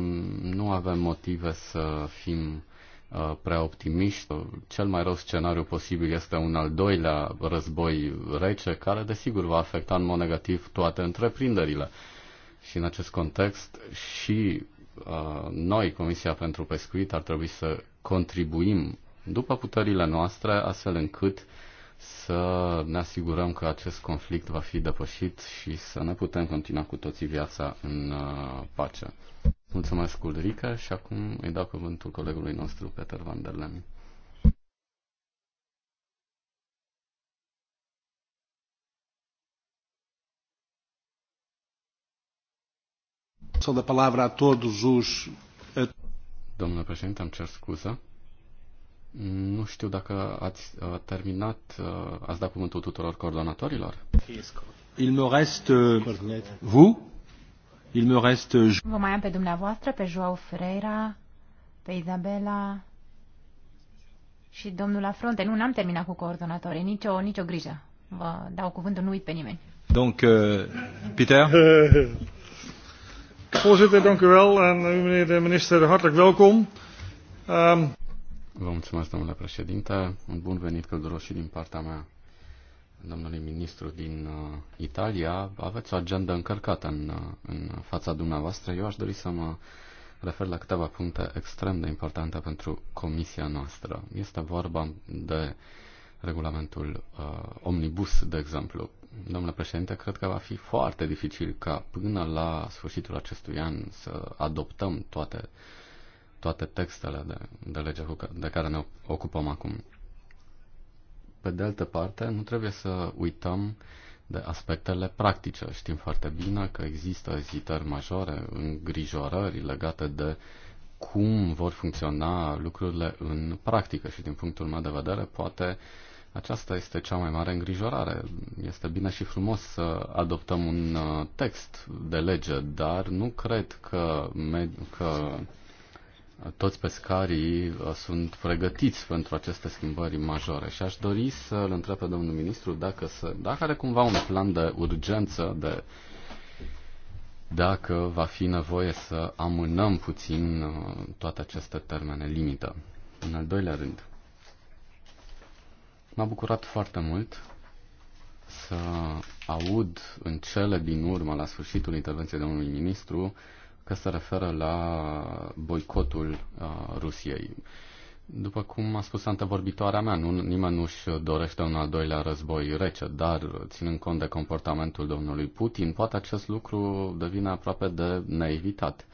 nu avem motive să fim Uh, prea optimist. Uh, cel mai rău scenariu posibil este un al doilea război rece, care desigur va afecta în mod negativ toate întreprinderile. Și în acest context și uh, noi, Comisia pentru Pescuit, ar trebui să contribuim după puterile noastre, astfel încât să ne asigurăm că acest conflict va fi depășit și să ne putem continua cu toții viața în uh, pace. Mulțumesc, Ulrica, și acum îi dau cuvântul colegului nostru, Peter van der Să dă da palavra a todos os... Domnule președinte, am cer scuză. Nu știu dacă ați uh, terminat, uh, ați dat cuvântul tuturor coordonatorilor. Il me reste... Uh, vous? Il me reste... Vă mai am pe dumneavoastră, pe Joao Ferreira, pe Isabela și domnul Afronte. Nu, n-am terminat cu coordonatorii, nicio, nicio grijă. Vă dau cuvântul, nu uit pe nimeni. Donc, uh, Peter? Voorzitter, dank u wel. En u, meneer de minister, hartelijk welkom. Um... Vă mulțumesc, domnule președinte. Un bun venit călduros și din partea mea domnului ministru din uh, Italia, aveți o agendă încărcată în, uh, în fața dumneavoastră. Eu aș dori să mă refer la câteva puncte extrem de importante pentru comisia noastră. Este vorba de regulamentul uh, Omnibus, de exemplu. Domnule președinte, cred că va fi foarte dificil ca până la sfârșitul acestui an să adoptăm toate, toate textele de, de lege de care ne ocupăm acum. Pe de altă parte, nu trebuie să uităm de aspectele practice. Știm foarte bine că există ezitări majore, îngrijorări legate de cum vor funcționa lucrurile în practică și din punctul meu de vedere poate aceasta este cea mai mare îngrijorare. Este bine și frumos să adoptăm un uh, text de lege, dar nu cred că, că toți pescarii uh, sunt pregătiți pentru aceste schimbări majore și aș dori să-l întreb pe domnul ministru dacă, să, dacă are cumva un plan de urgență, de dacă va fi nevoie să amânăm puțin uh, toate aceste termene limită. În al doilea rând, m-a bucurat foarte mult să aud în cele din urmă, la sfârșitul intervenției domnului ministru, uh, că se referă la boicotul uh, Rusiei. După cum a spus antevorbitoarea mea, nu, nimeni nu-și dorește un al doilea război rece, dar ținând cont de comportamentul domnului Putin, poate acest lucru devine aproape de neevitat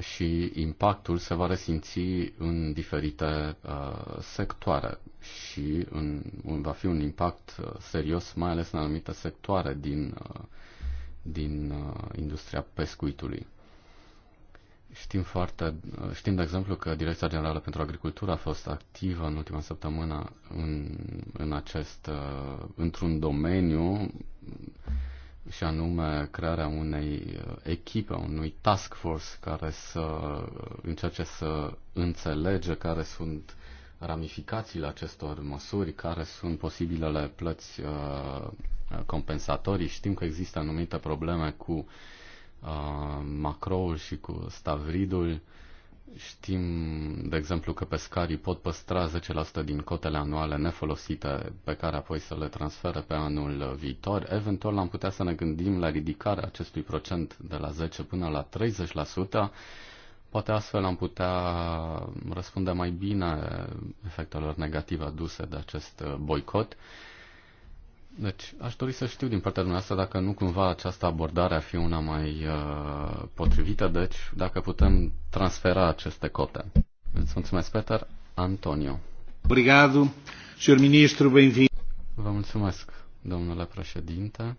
și impactul se va resimți în diferite uh, sectoare și în, un, va fi un impact uh, serios, mai ales în anumite sectoare din uh, din uh, industria pescuitului. Știm foarte, uh, știm de exemplu că Direcția Generală pentru Agricultură a fost activă în ultima săptămână în, în acest, uh, într-un domeniu și anume crearea unei echipe, unui task force care să încerce să înțelege care sunt ramificațiile acestor măsuri, care sunt posibilele plăți compensatorii. Știm că există anumite probleme cu uh, macroul și cu stavridul. Știm, de exemplu, că pescarii pot păstra 10% din cotele anuale nefolosite pe care apoi să le transfere pe anul viitor. Eventual am putea să ne gândim la ridicarea acestui procent de la 10 până la 30%. Poate astfel am putea răspunde mai bine efectelor negative aduse de acest uh, boicot deci, aș dori să știu din partea dumneavoastră dacă nu cumva această abordare ar fi una mai uh, potrivită, deci dacă putem transfera aceste cote. Îți mulțumesc, Peter. Antonio. Obrigado, senhor ministru, bem-vindo. Vă mulțumesc, domnule președinte.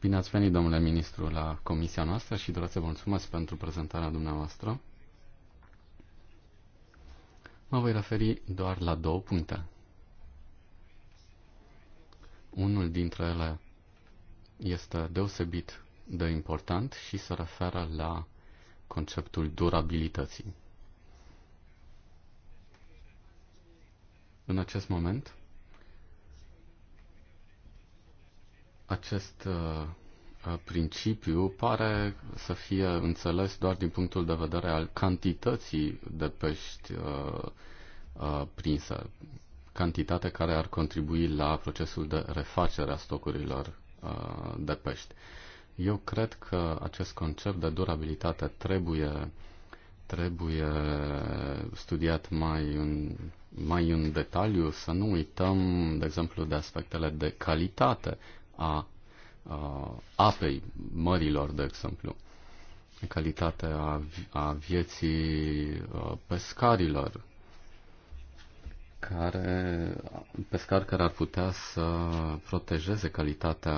Bine ați venit, domnule ministru, la comisia noastră și doresc să vă mulțumesc pentru prezentarea dumneavoastră. Mă voi referi doar la două puncte. Unul dintre ele este deosebit de important și se referă la conceptul durabilității. În acest moment, acest uh, uh, principiu pare să fie înțeles doar din punctul de vedere al cantității de pești uh, uh, prinse cantitate care ar contribui la procesul de refacere a stocurilor uh, de pești. Eu cred că acest concept de durabilitate trebuie, trebuie studiat mai în, mai în detaliu, să nu uităm, de exemplu, de aspectele de calitate a, uh, apei, mărilor, de exemplu, calitatea a vieții uh, pescarilor, care, pescar care ar putea să protejeze calitatea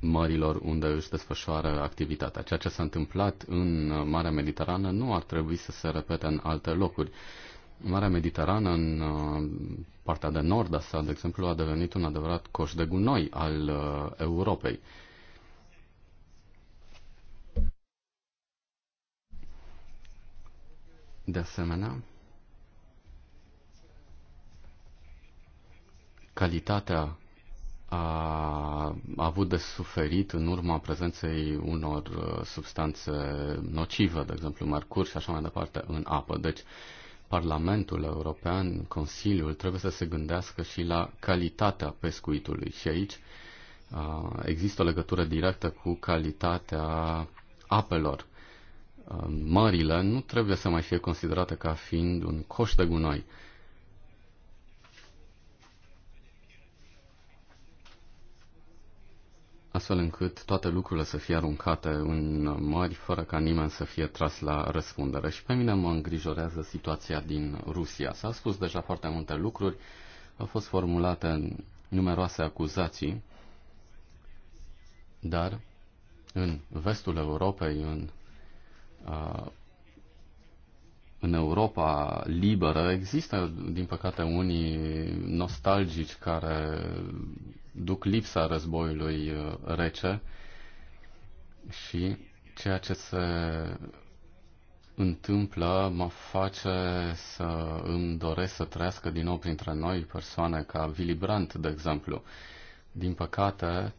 mărilor unde își desfășoară activitatea. Ceea ce s-a întâmplat în Marea Mediterană nu ar trebui să se repete în alte locuri. Marea Mediterană, în uh, partea de nord a sa, de exemplu, a devenit un adevărat coș de gunoi al uh, Europei. De asemenea, calitatea a avut de suferit în urma prezenței unor uh, substanțe nocive, de exemplu mercur și așa mai departe, în apă. Deci, Parlamentul European, Consiliul, trebuie să se gândească și la calitatea pescuitului. Și aici uh, există o legătură directă cu calitatea apelor. Uh, mările nu trebuie să mai fie considerate ca fiind un coș de gunoi astfel încât toate lucrurile să fie aruncate în mări fără ca nimeni să fie tras la răspundere. Și pe mine mă îngrijorează situația din Rusia. S-au spus deja foarte multe lucruri, au fost formulate numeroase acuzații, dar în vestul Europei, în în Europa liberă există, din păcate, unii nostalgici care duc lipsa războiului uh, rece și ceea ce se întâmplă mă face să îmi doresc să trăiască din nou printre noi persoane ca Willy Brandt, de exemplu. Din păcate,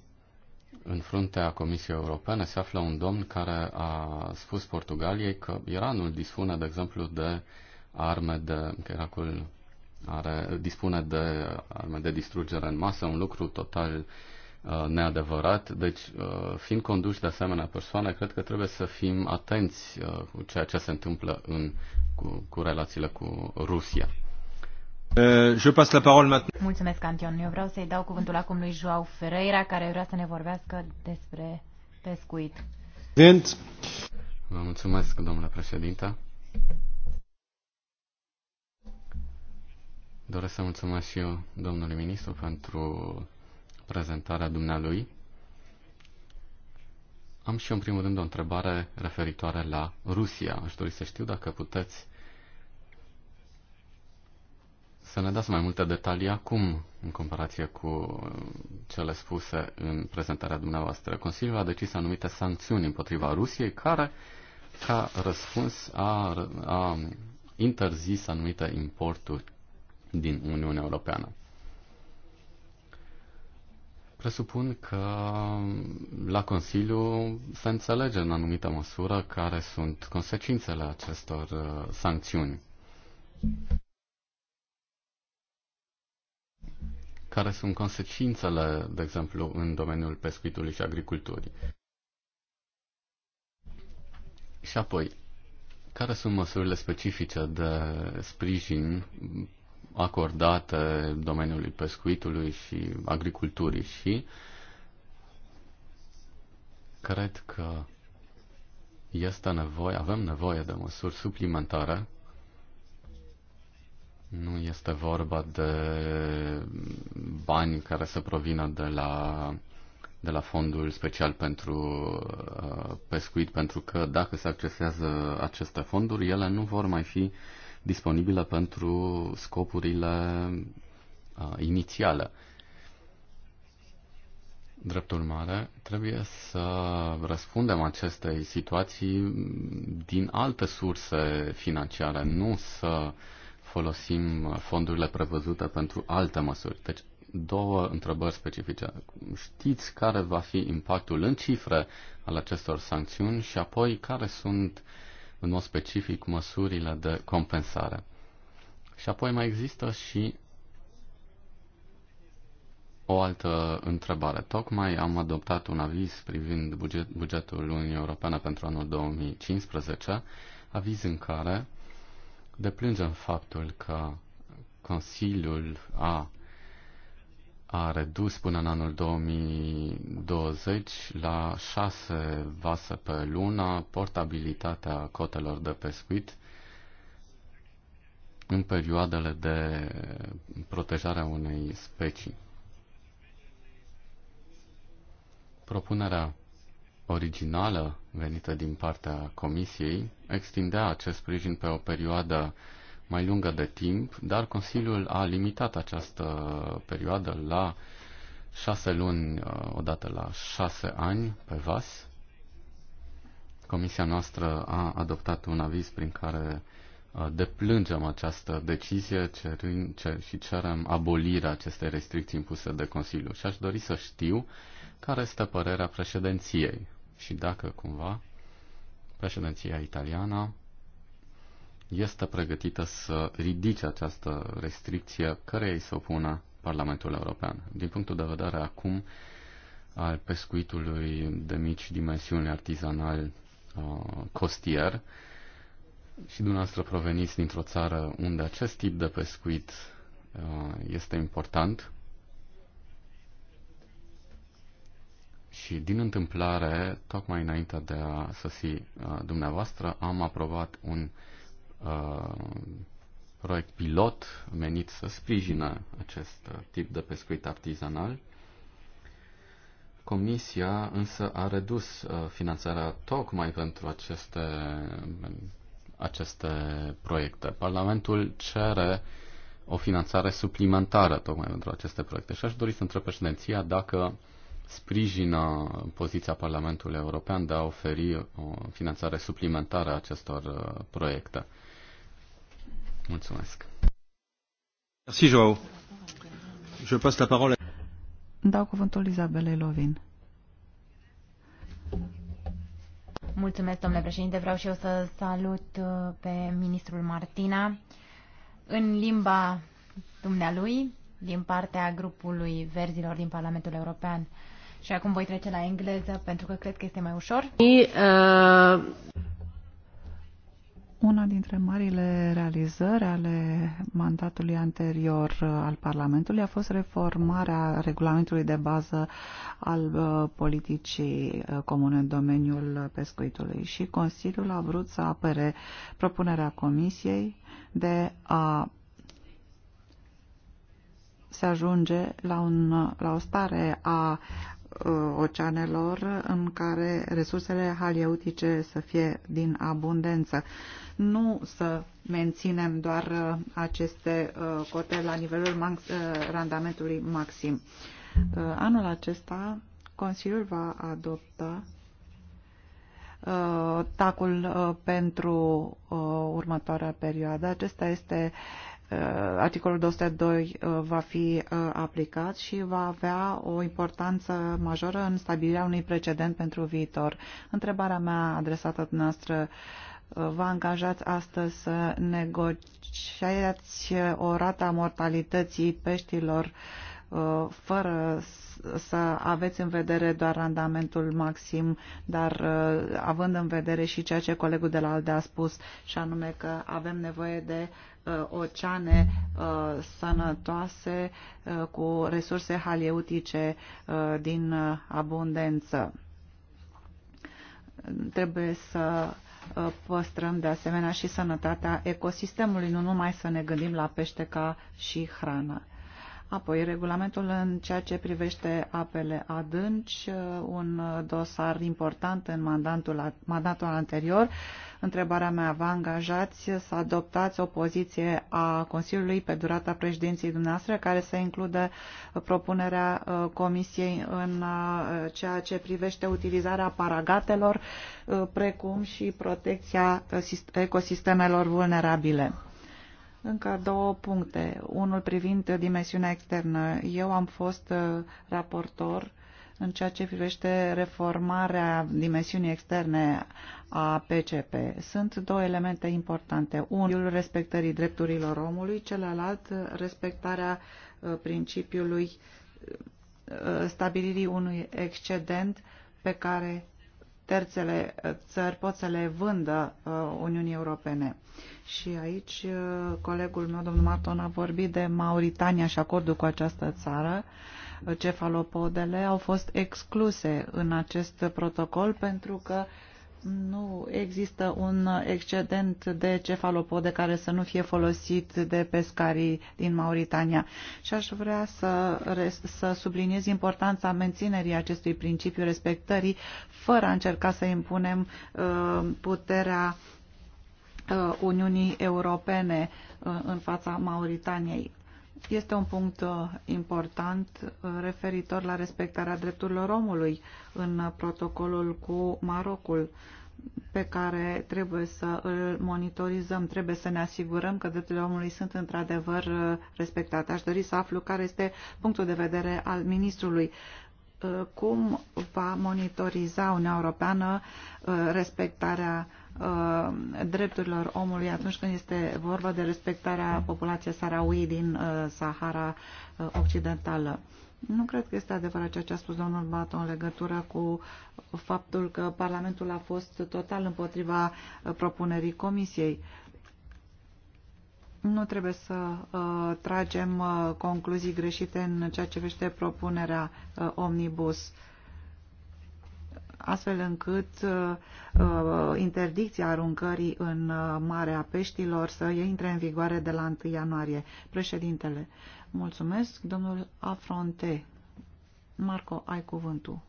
în fruntea Comisiei Europene se află un domn care a spus Portugaliei că Iranul dispune, de exemplu, de arme de... că Irakul are, dispune de arme de distrugere în masă, un lucru total uh, neadevărat. Deci, uh, fiind conduși de asemenea persoane, cred că trebuie să fim atenți uh, cu ceea ce se întâmplă în, cu, cu relațiile cu Rusia. Euh, je passe la parole maintenant. Mulțumesc, Antion. Eu vreau să-i dau cuvântul acum lui Joao Ferreira, care vrea să ne vorbească despre pescuit. Vent. Vă mulțumesc, domnule președinte. Doresc să mulțumesc și eu domnului ministru pentru prezentarea dumnealui. Am și eu, în primul rând, o întrebare referitoare la Rusia. Aș dori să știu dacă puteți să ne dați mai multe detalii acum în comparație cu uh, cele spuse în prezentarea dumneavoastră. Consiliul a decis anumite sancțiuni împotriva Rusiei care, ca răspuns, a, a interzis anumite importuri din Uniunea Europeană. Presupun că um, la Consiliu se înțelege în anumită măsură care sunt consecințele acestor uh, sancțiuni. Care sunt consecințele, de exemplu, în domeniul pescuitului și agriculturii? Și apoi, care sunt măsurile specifice de sprijin acordate domeniului pescuitului și agriculturii și cred că este nevoie, avem nevoie de măsuri suplimentare nu este vorba de bani care să provină de la, de la fondul special pentru uh, pescuit, pentru că dacă se accesează aceste fonduri, ele nu vor mai fi disponibile pentru scopurile uh, inițiale. Drept urmare, trebuie să răspundem acestei situații din alte surse financiare, nu să uh, folosim uh, fondurile prevăzute pentru alte măsuri. Deci, două întrebări specifice. Știți care va fi impactul în cifre al acestor sancțiuni și apoi care sunt, în mod specific, măsurile de compensare? Și apoi mai există și o altă întrebare. Tocmai am adoptat un aviz privind buget, bugetul Uniunii Europene pentru anul 2015, aviz în care Deplângem faptul că Consiliul a, a redus până în anul 2020 la șase vase pe lună portabilitatea cotelor de pescuit în perioadele de protejare a unei specii. Propunerea originală venită din partea Comisiei extindea acest sprijin pe o perioadă mai lungă de timp, dar Consiliul a limitat această perioadă la șase luni, uh, odată la șase ani pe VAS. Comisia noastră a adoptat un aviz prin care uh, deplângem această decizie cer, și cerem abolirea acestei restricții impuse de Consiliu. Și aș dori să știu care este părerea președinției și dacă cumva președinția italiană este pregătită să ridice această restricție care îi se opună Parlamentul European. Din punctul de vedere acum al pescuitului de mici dimensiuni artizanal uh, costier, și dumneavoastră proveniți dintr-o țară unde acest tip de pescuit uh, este important, Și din întâmplare, tocmai înainte de a sosi uh, dumneavoastră, am aprobat un uh, proiect pilot menit să sprijină acest uh, tip de pescuit artizanal. Comisia însă a redus uh, finanțarea tocmai pentru aceste, aceste proiecte. Parlamentul cere o finanțare suplimentară tocmai pentru aceste proiecte și aș dori să întreb președinția dacă sprijină poziția Parlamentului European de a oferi o uh, finanțare suplimentară a acestor uh, proiecte. Mulțumesc. Merci, Joao. Je passe la parole. Dau cuvântul Izabelei Lovin. Mulțumesc, domnule președinte. Vreau și eu să salut uh, pe ministrul Martina în limba dumnealui din partea grupului verzilor din Parlamentul European. Și acum voi trece la engleză pentru că cred că este mai ușor. Uh, Una dintre marile realizări ale mandatului anterior uh, al Parlamentului a fost reformarea regulamentului de bază al uh, politicii comune în domeniul pescuitului și Consiliul a vrut să apere propunerea Comisiei de a se ajunge la, un, la o stare a Uh, oceanelor în care resursele halieutice să fie din abundență. Nu să menținem doar uh, aceste uh, cote la nivelul max, randamentului maxim. Anul acesta Consiliul va adopta tacul pentru următoarea perioadă. Acesta este Uh, articolul 202 uh, va fi uh, aplicat și va avea o importanță majoră în stabilirea unui precedent pentru viitor. Întrebarea mea adresată dumneavoastră, vă angajați astăzi să negociați o rată a mortalității peștilor fără să aveți în vedere doar randamentul maxim, dar având în vedere și ceea ce colegul de la ALDE a spus, și anume că avem nevoie de Uh, oceane uh, sănătoase uh, cu resurse haleutice din abundență. Trebuie să păstrăm de asemenea și sănătatea ecosistemului, nu numai să ne gândim la pește ca și hrană. Apoi, regulamentul în ceea ce privește apele adânci, uh, un dosar important în mandatul, mandatul anterior. Întrebarea mea, vă angajați să adoptați o poziție a Consiliului pe durata președinției dumneavoastră, care să includă propunerea uh, Comisiei în uh, ceea ce privește utilizarea paragatelor, precum și protecția ecosistemelor vulnerabile. Încă două puncte. Unul privind dimensiunea externă. Eu am fost uh, raportor în ceea ce privește reformarea dimensiunii externe a PCP. Sunt două elemente importante. Unul respectării drepturilor omului, celălalt respectarea uh, principiului uh, stabilirii unui excedent pe care terțele uh, țări pot să le vândă uh, Uniunii Europene. Și aici uh, colegul meu, domnul Marton, a vorbit de Mauritania și acordul cu această țară. Cefalopodele au fost excluse în acest protocol pentru că nu există un excedent de cefalopode care să nu fie folosit de pescarii din Mauritania. Și aș vrea să, să subliniez importanța menținerii acestui principiu respectării, fără a încerca să impunem uh, puterea uh, Uniunii Europene uh, în fața Mauritaniei. Este un punct uh, important uh, referitor la respectarea drepturilor omului în uh, protocolul cu Marocul pe care trebuie să îl monitorizăm, trebuie să ne asigurăm că drepturile omului sunt într-adevăr respectate. Aș dori să aflu care este punctul de vedere al ministrului. Cum va monitoriza Uniunea Europeană respectarea Uh, drepturilor omului atunci când este vorba de respectarea populației Sarawi din uh, Sahara uh, Occidentală. Nu cred că este adevărat ceea ce a spus domnul Bato în legătură cu faptul că Parlamentul a fost total împotriva propunerii Comisiei. Nu trebuie să uh, tragem uh, concluzii greșite în ceea ce vește propunerea uh, Omnibus. Uh, astfel încât uh, uh, interdicția aruncării în uh, Marea Peștilor să intre în vigoare de la 1 ianuarie. Președintele, mulțumesc. Domnul Afronte, Marco, ai cuvântul.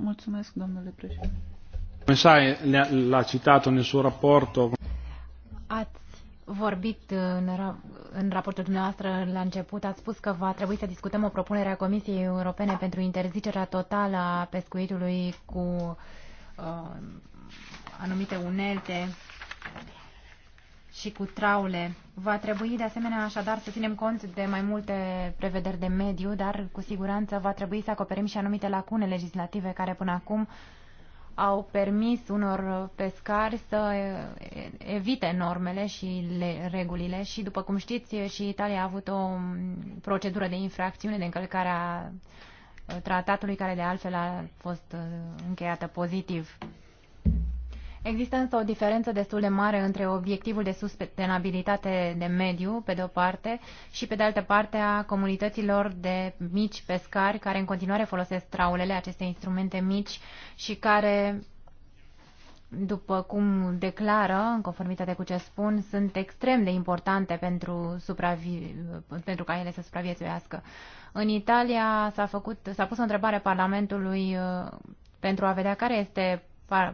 Mulțumesc, domnule președinte. Comisar l-a citat în suo raport. Ați vorbit în, în raportul dumneavoastră la început, ați spus că va trebui să discutăm o propunere a Comisiei Europene pentru interzicerea totală a pescuitului cu uh, anumite unelte și cu traule. Va trebui de asemenea așadar să ținem cont de mai multe prevederi de mediu, dar cu siguranță va trebui să acoperim și anumite lacune legislative care până acum au permis unor pescari să evite normele și le, regulile și, după cum știți, și Italia a avut o procedură de infracțiune de încălcare a tratatului, care de altfel a fost uh, încheiată pozitiv. Există însă o diferență destul de mare între obiectivul de sustenabilitate de mediu, pe de o parte, și pe de altă parte a comunităților de mici pescari care în continuare folosesc traulele, aceste instrumente mici și care după cum declară, în conformitate cu ce spun, sunt extrem de importante pentru, supravi... pentru ca ele să supraviețuiască. În Italia s-a, făcut, s-a pus o întrebare Parlamentului uh, pentru a vedea care este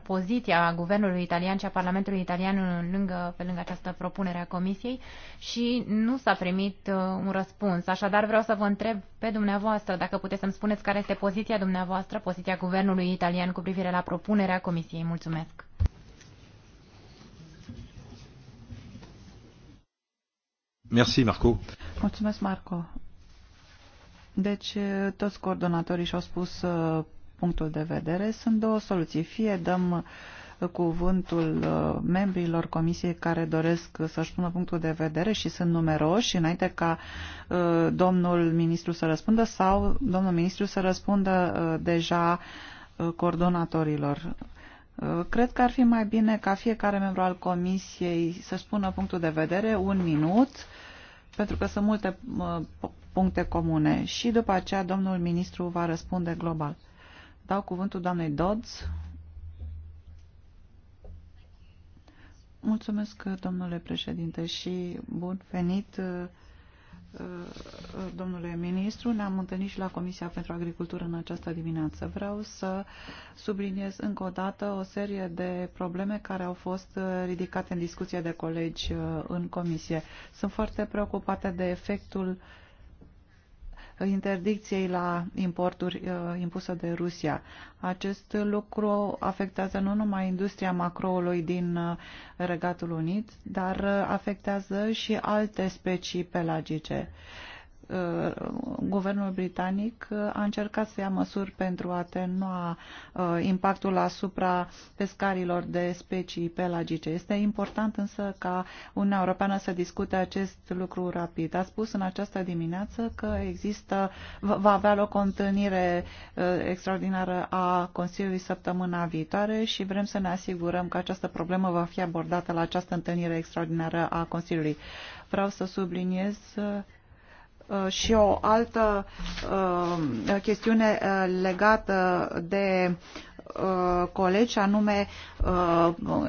poziția guvernului italian și a Parlamentului italian lângă, pe lângă această propunere a Comisiei și nu s-a primit uh, un răspuns. Așadar vreau să vă întreb pe dumneavoastră dacă puteți să-mi spuneți care este poziția dumneavoastră, poziția guvernului italian cu privire la propunerea Comisiei. Mulțumesc! Merci, Marco. Mulțumesc, Marco. Deci, eh, toți coordonatorii și-au spus eh, punctul de vedere, sunt două soluții. Fie dăm uh, cuvântul uh, membrilor comisiei care doresc să-și pună punctul de vedere și sunt numeroși înainte ca uh, domnul ministru să răspundă sau domnul ministru să răspundă deja coordonatorilor. Cred că ar fi mai bine ca fiecare membru al comisiei să spună punctul de vedere, un minut, pentru că sunt multe puncte comune și după aceea domnul ministru va răspunde global. Dau cuvântul doamnei Dodds. Mulțumesc, domnule președinte, și bun venit, uh, uh, domnule ministru. Ne-am întâlnit și la Comisia pentru Agricultură în această dimineață. Vreau să subliniez încă o dată o serie de probleme care au fost uh, ridicate în discuție de colegi în comisie. Sunt foarte preocupate de efectul uh, interdicției la importuri uh, impusă de Rusia. Acest lucru afectează nu numai industria macroului din uh, Regatul Unit, dar uh, afectează și alte specii pelagice. Uh, Uh, guvernul britanic uh, a încercat să ia măsuri pentru a atenua uh, impactul asupra pescarilor de specii pelagice. Este important însă ca Uniunea Europeană să discute acest lucru rapid. A spus în această dimineață că există, va avea loc o întâlnire extraordinară a Consiliului săptămâna viitoare și vrem să ne asigurăm că această problemă va fi abordată la această întâlnire extraordinară a Consiliului. Vreau să subliniez Uh, și o altă uh, chestiune uh, legată de colegi, anume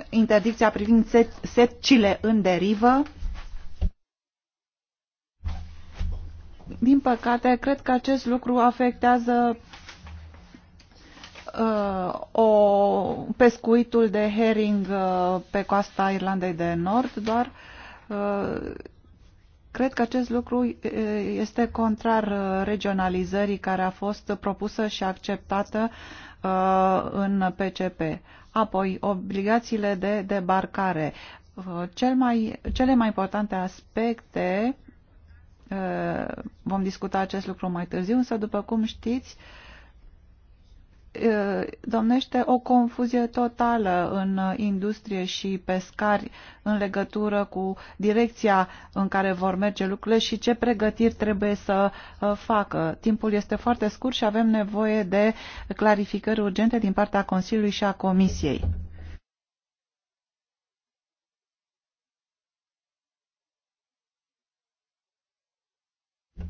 interdicția privind setcile în derivă. Din păcate, cred că acest lucru afectează o pescuitul de herring pe coasta Irlandei de Nord, doar Cred că acest lucru este contrar uh, regionalizării care a fost propusă și acceptată uh, în PCP. Apoi, obligațiile de debarcare. Uh, cel mai, cele mai importante aspecte, vom discuta acest lucru mai târziu, însă după cum știți, domnește o confuzie totală în industrie și pescari în legătură cu direcția în care vor merge lucrurile și ce pregătiri trebuie să facă. Timpul este foarte scurt și avem nevoie de clarificări urgente din partea Consiliului și a Comisiei.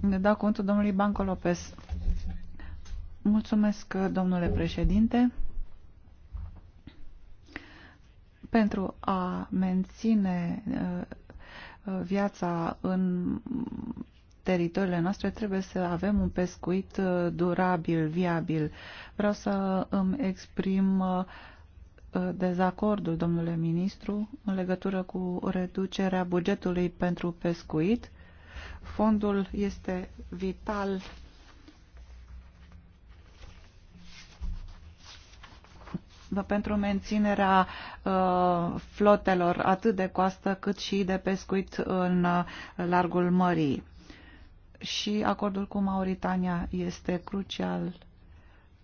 Ne dau cuvântul domnului Banco Lopez. Mulțumesc, domnule președinte. Pentru a menține uh, uh, viața în teritoriile noastre trebuie să avem un pescuit uh, durabil, viabil. Vreau să îmi exprim dezacordul, domnule ministru, în legătură cu reducerea bugetului pentru pescuit. Fondul este vital pentru menținerea uh, flotelor atât de coastă cât și de pescuit în uh, largul mării. Și acordul cu Mauritania este crucial.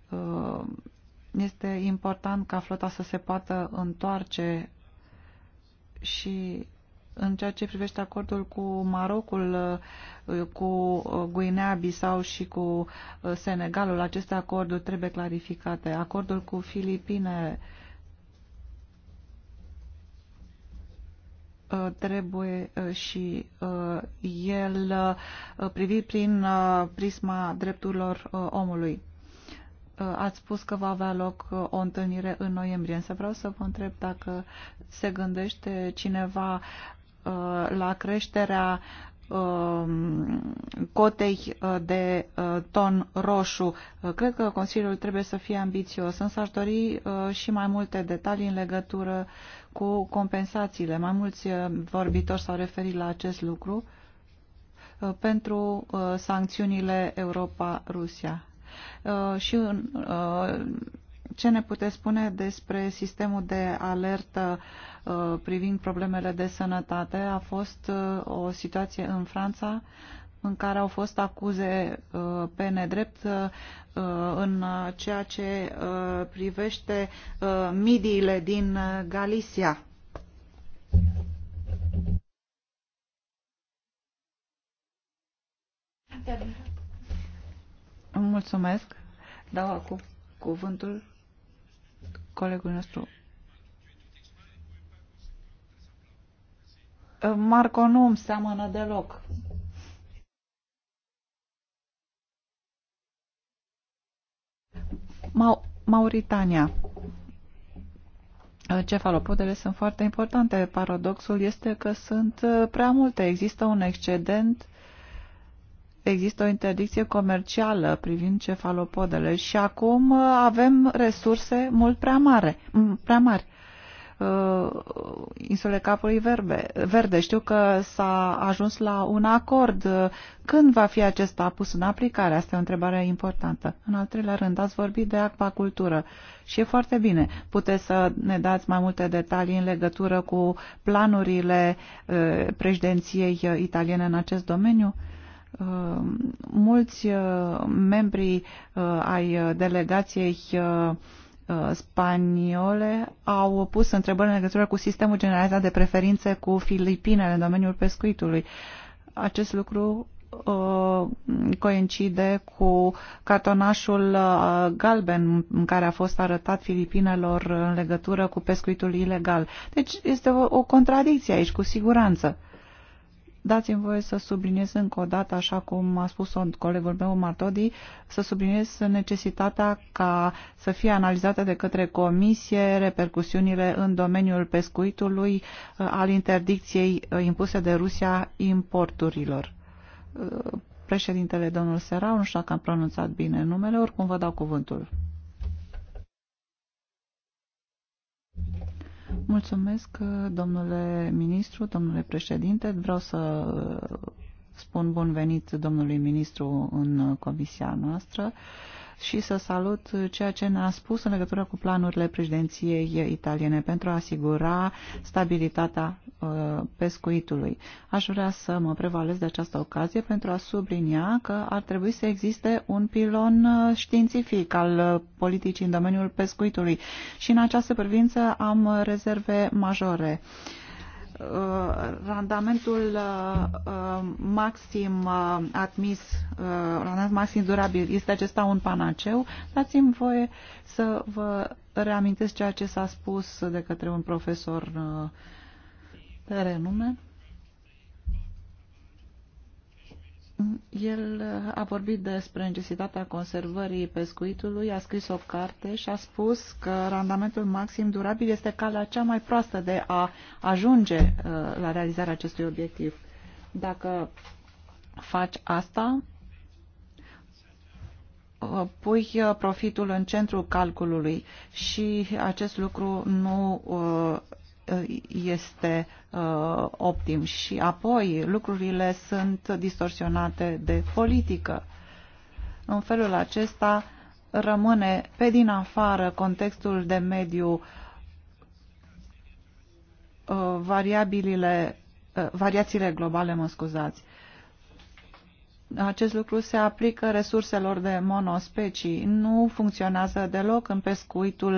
Uh, este important ca flota să se poată întoarce și în ceea ce privește acordul cu Marocul, uh, cu uh, Guinea-Bissau și cu uh, Senegalul, aceste acorduri trebuie clarificate. Acordul cu Filipine trebuie și el privit prin prisma drepturilor omului. Ați spus că va avea loc o întâlnire în noiembrie, însă vreau să vă întreb dacă se gândește cineva Uh, la creșterea um, cotei uh, de uh, ton roșu. Cred că Consiliul trebuie să fie ambițios, însă aș dori și mai multe detalii în legătură cu compensațiile. Mai mulți vorbitori s-au referit la acest lucru pentru sancțiunile Europa-Rusia. Și în ce ne puteți spune despre sistemul de alertă uh, privind problemele de sănătate? A fost uh, o situație în Franța în care au fost acuze uh, pe nedrept în ceea ce privește midiile din Galicia. Mulțumesc. Dau acum cuvântul colegul nostru. Ă, Marco nu îmi seamănă deloc. Mauritania. Ă, cefalopodele sunt foarte importante. Paradoxul este că sunt ă, prea multe. Există un excedent există o interdicție comercială privind cefalopodele și acum uh, avem resurse mult prea, mare, prea mari. Uh, insule Capului Verbe, Verde. Știu că s-a ajuns la un acord. Când va fi acesta pus în aplicare? Asta e o întrebare importantă. În al treilea rând, ați vorbit de acvacultură și e foarte bine. Puteți să ne dați mai multe detalii în legătură cu planurile uh, președinției italiene în acest domeniu? Uh, Uh, mulți uh, membri uh, ai delegației spaniole au pus întrebări în legătură cu sistemul generalizat de preferințe cu Filipinele în domeniul pescuitului. Acest lucru coincide cu cartonașul galben în care a fost arătat Filipinelor în legătură cu pescuitul ilegal. Deci este o, o contradicție aici, cu siguranță. Dați-mi voie să subliniez încă o dată, așa cum a spus colegul meu Martodi, să subliniez necesitatea ca să fie analizate de către comisie repercusiunile în domeniul pescuitului uh, al interdicției uh, impuse de Rusia importurilor. Uh, președintele, domnul Serau, nu știu dacă am pronunțat bine numele, oricum vă dau cuvântul. Mulțumesc, domnule ministru, domnule președinte. Vreau să spun bun venit domnului ministru în comisia noastră. Uh, și să salut ceea ce ne-a spus în legătură cu planurile președinției italiene pentru a asigura stabilitatea uh, pescuitului. Aș vrea să mă prevalez de această ocazie pentru a sublinia că ar trebui să existe un pilon uh, științific al uh, politicii în domeniul pescuitului și în această privință am rezerve majore. Uh, Uh, randamentul uh, uh, maxim admis, randament maxim durabil, este acesta un panaceu? Dați-mi voie să vă reamintesc ceea ce s-a spus de către un profesor de renume. El uh, a vorbit despre necesitatea conservării pescuitului, a scris o carte și a spus că randamentul maxim durabil este calea cea mai proastă de a ajunge uh, la realizarea acestui obiectiv. Dacă faci asta, uh, pui profitul în centrul calculului și acest lucru nu Uh, este uh, optim și apoi lucrurile sunt distorsionate de politică. În felul acesta rămâne pe din afară contextul de mediu uh, variabilile, variațiile globale, mă scuzați, acest lucru se aplică resurselor de monospecii. Nu funcționează deloc în pescuitul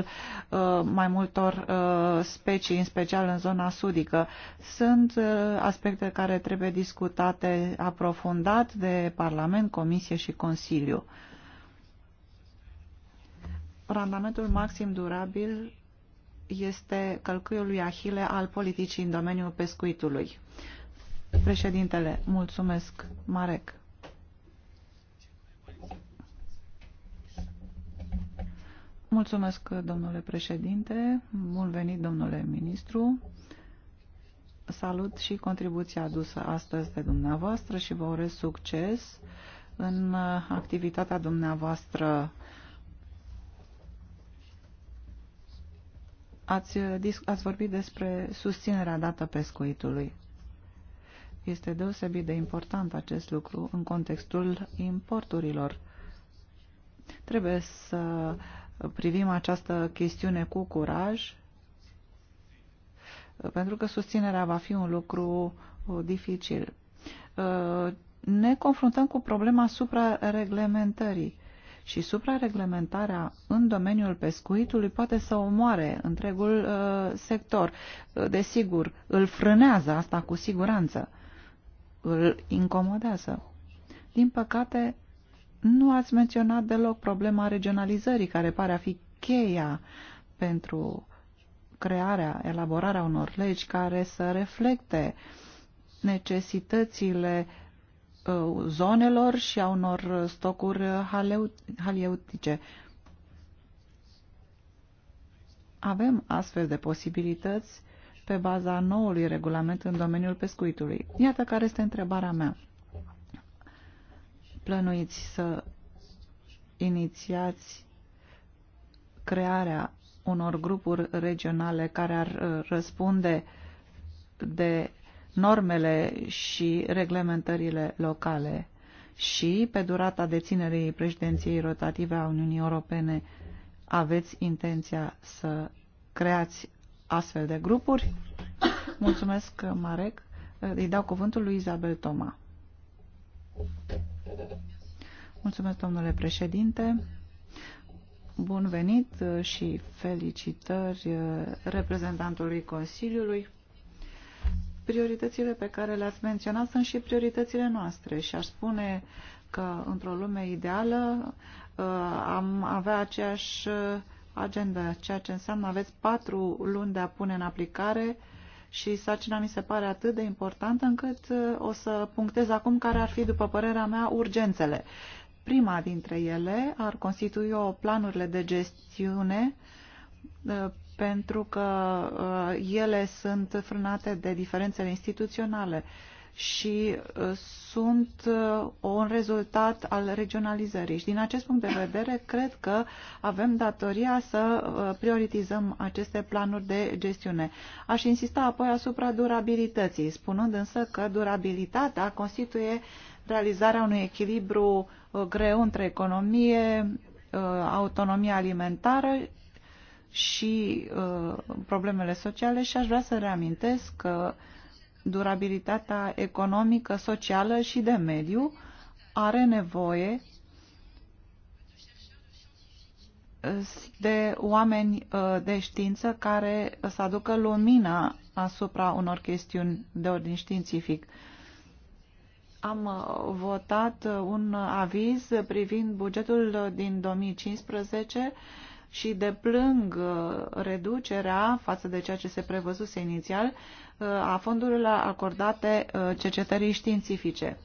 uh, mai multor uh, specii, în special în zona sudică. Sunt uh, aspecte care trebuie discutate aprofundat de Parlament, Comisie și Consiliu. Randamentul maxim durabil este călcâiul lui Ahile al politicii în domeniul pescuitului. Președintele, mulțumesc, Marek. Mulțumesc, domnule președinte. Bun venit, domnule ministru. Salut și contribuția adusă astăzi de dumneavoastră și vă urez succes în activitatea dumneavoastră Ați, ați vorbit despre susținerea dată pescuitului. Este deosebit de important acest lucru în contextul importurilor. Trebuie să uh, privim această chestiune cu curaj, pentru că susținerea va fi un lucru uh, dificil. Uh, ne confruntăm cu problema suprareglementării și suprareglementarea în domeniul pescuitului poate să omoare întregul uh, sector. Desigur, îl frânează asta cu siguranță, îl incomodează. Din păcate, nu ați menționat deloc problema regionalizării, care pare a fi cheia pentru crearea, elaborarea unor legi care să reflecte necesitățile uh, zonelor și a unor stocuri halieutice. Avem astfel de posibilități pe baza noului regulament în domeniul pescuitului. Iată care este întrebarea mea plănuiți să inițiați crearea unor grupuri regionale care ar uh, răspunde de normele și reglementările locale și pe durata deținerii președinției rotative a Uniunii Europene aveți intenția să creați astfel de grupuri? Mulțumesc, Marek. Îi dau cuvântul lui Isabel Toma. Mulțumesc, domnule președinte. Bun venit și felicitări reprezentantului Consiliului. Prioritățile pe care le-ați menționat sunt și prioritățile noastre și aș spune că într-o lume ideală uh, am avea aceeași agenda, ceea ce înseamnă aveți patru luni de a pune în aplicare uh, și sarcina mi se pare atât de importantă încât uh, o să punctez acum care ar fi, după părerea mea, urgențele. Prima dintre ele ar constitui o planurile de gestiune uh, pentru că uh, ele sunt frânate de diferențele instituționale și uh, sunt uh, un rezultat al regionalizării. Și din acest punct de vedere, cred că avem datoria să uh, prioritizăm aceste planuri de gestiune. Aș insista apoi asupra durabilității, spunând însă că durabilitatea constituie realizarea unui echilibru greu între economie, autonomia alimentară și problemele sociale și aș vrea să reamintesc că uh, durabilitatea economică, socială și de mediu are nevoie de oameni uh, de știință care să aducă lumina asupra unor chestiuni de ordin științific. Am uh, votat uh, un aviz privind bugetul din 2015 și deplâng uh, reducerea față de ceea ce se prevăzuse inițial uh, a fondurilor acordate uh, cercetării științifice.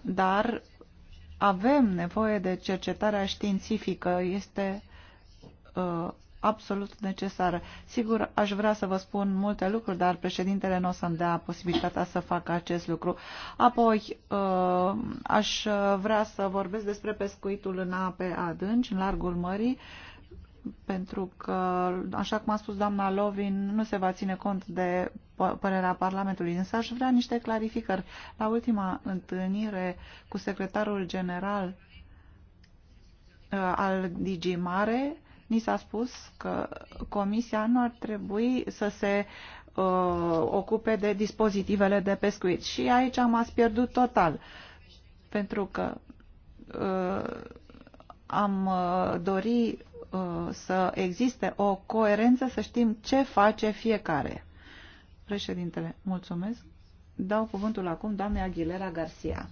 Dar avem nevoie de cercetarea științifică, este absolut necesară. Sigur, aș vrea să vă spun multe lucruri, dar președintele nu o să-mi dea posibilitatea să facă acest lucru. Apoi, uh, aș vrea să vorbesc despre pescuitul în ape adânci, în largul mării, pentru că, așa cum a spus doamna Lovin, nu se va ține cont de părerea Parlamentului. Însă aș vrea niște clarificări. La ultima întâlnire cu secretarul general uh, al DG Mare, Ni s-a spus că Comisia nu ar trebui să se uh, ocupe de dispozitivele de pescuit. Și aici am ați pierdut total, pentru că uh, am uh, dori uh, să existe o coerență, să știm ce face fiecare. Președintele, mulțumesc. Dau cuvântul acum doamnei Aguilera Garcia.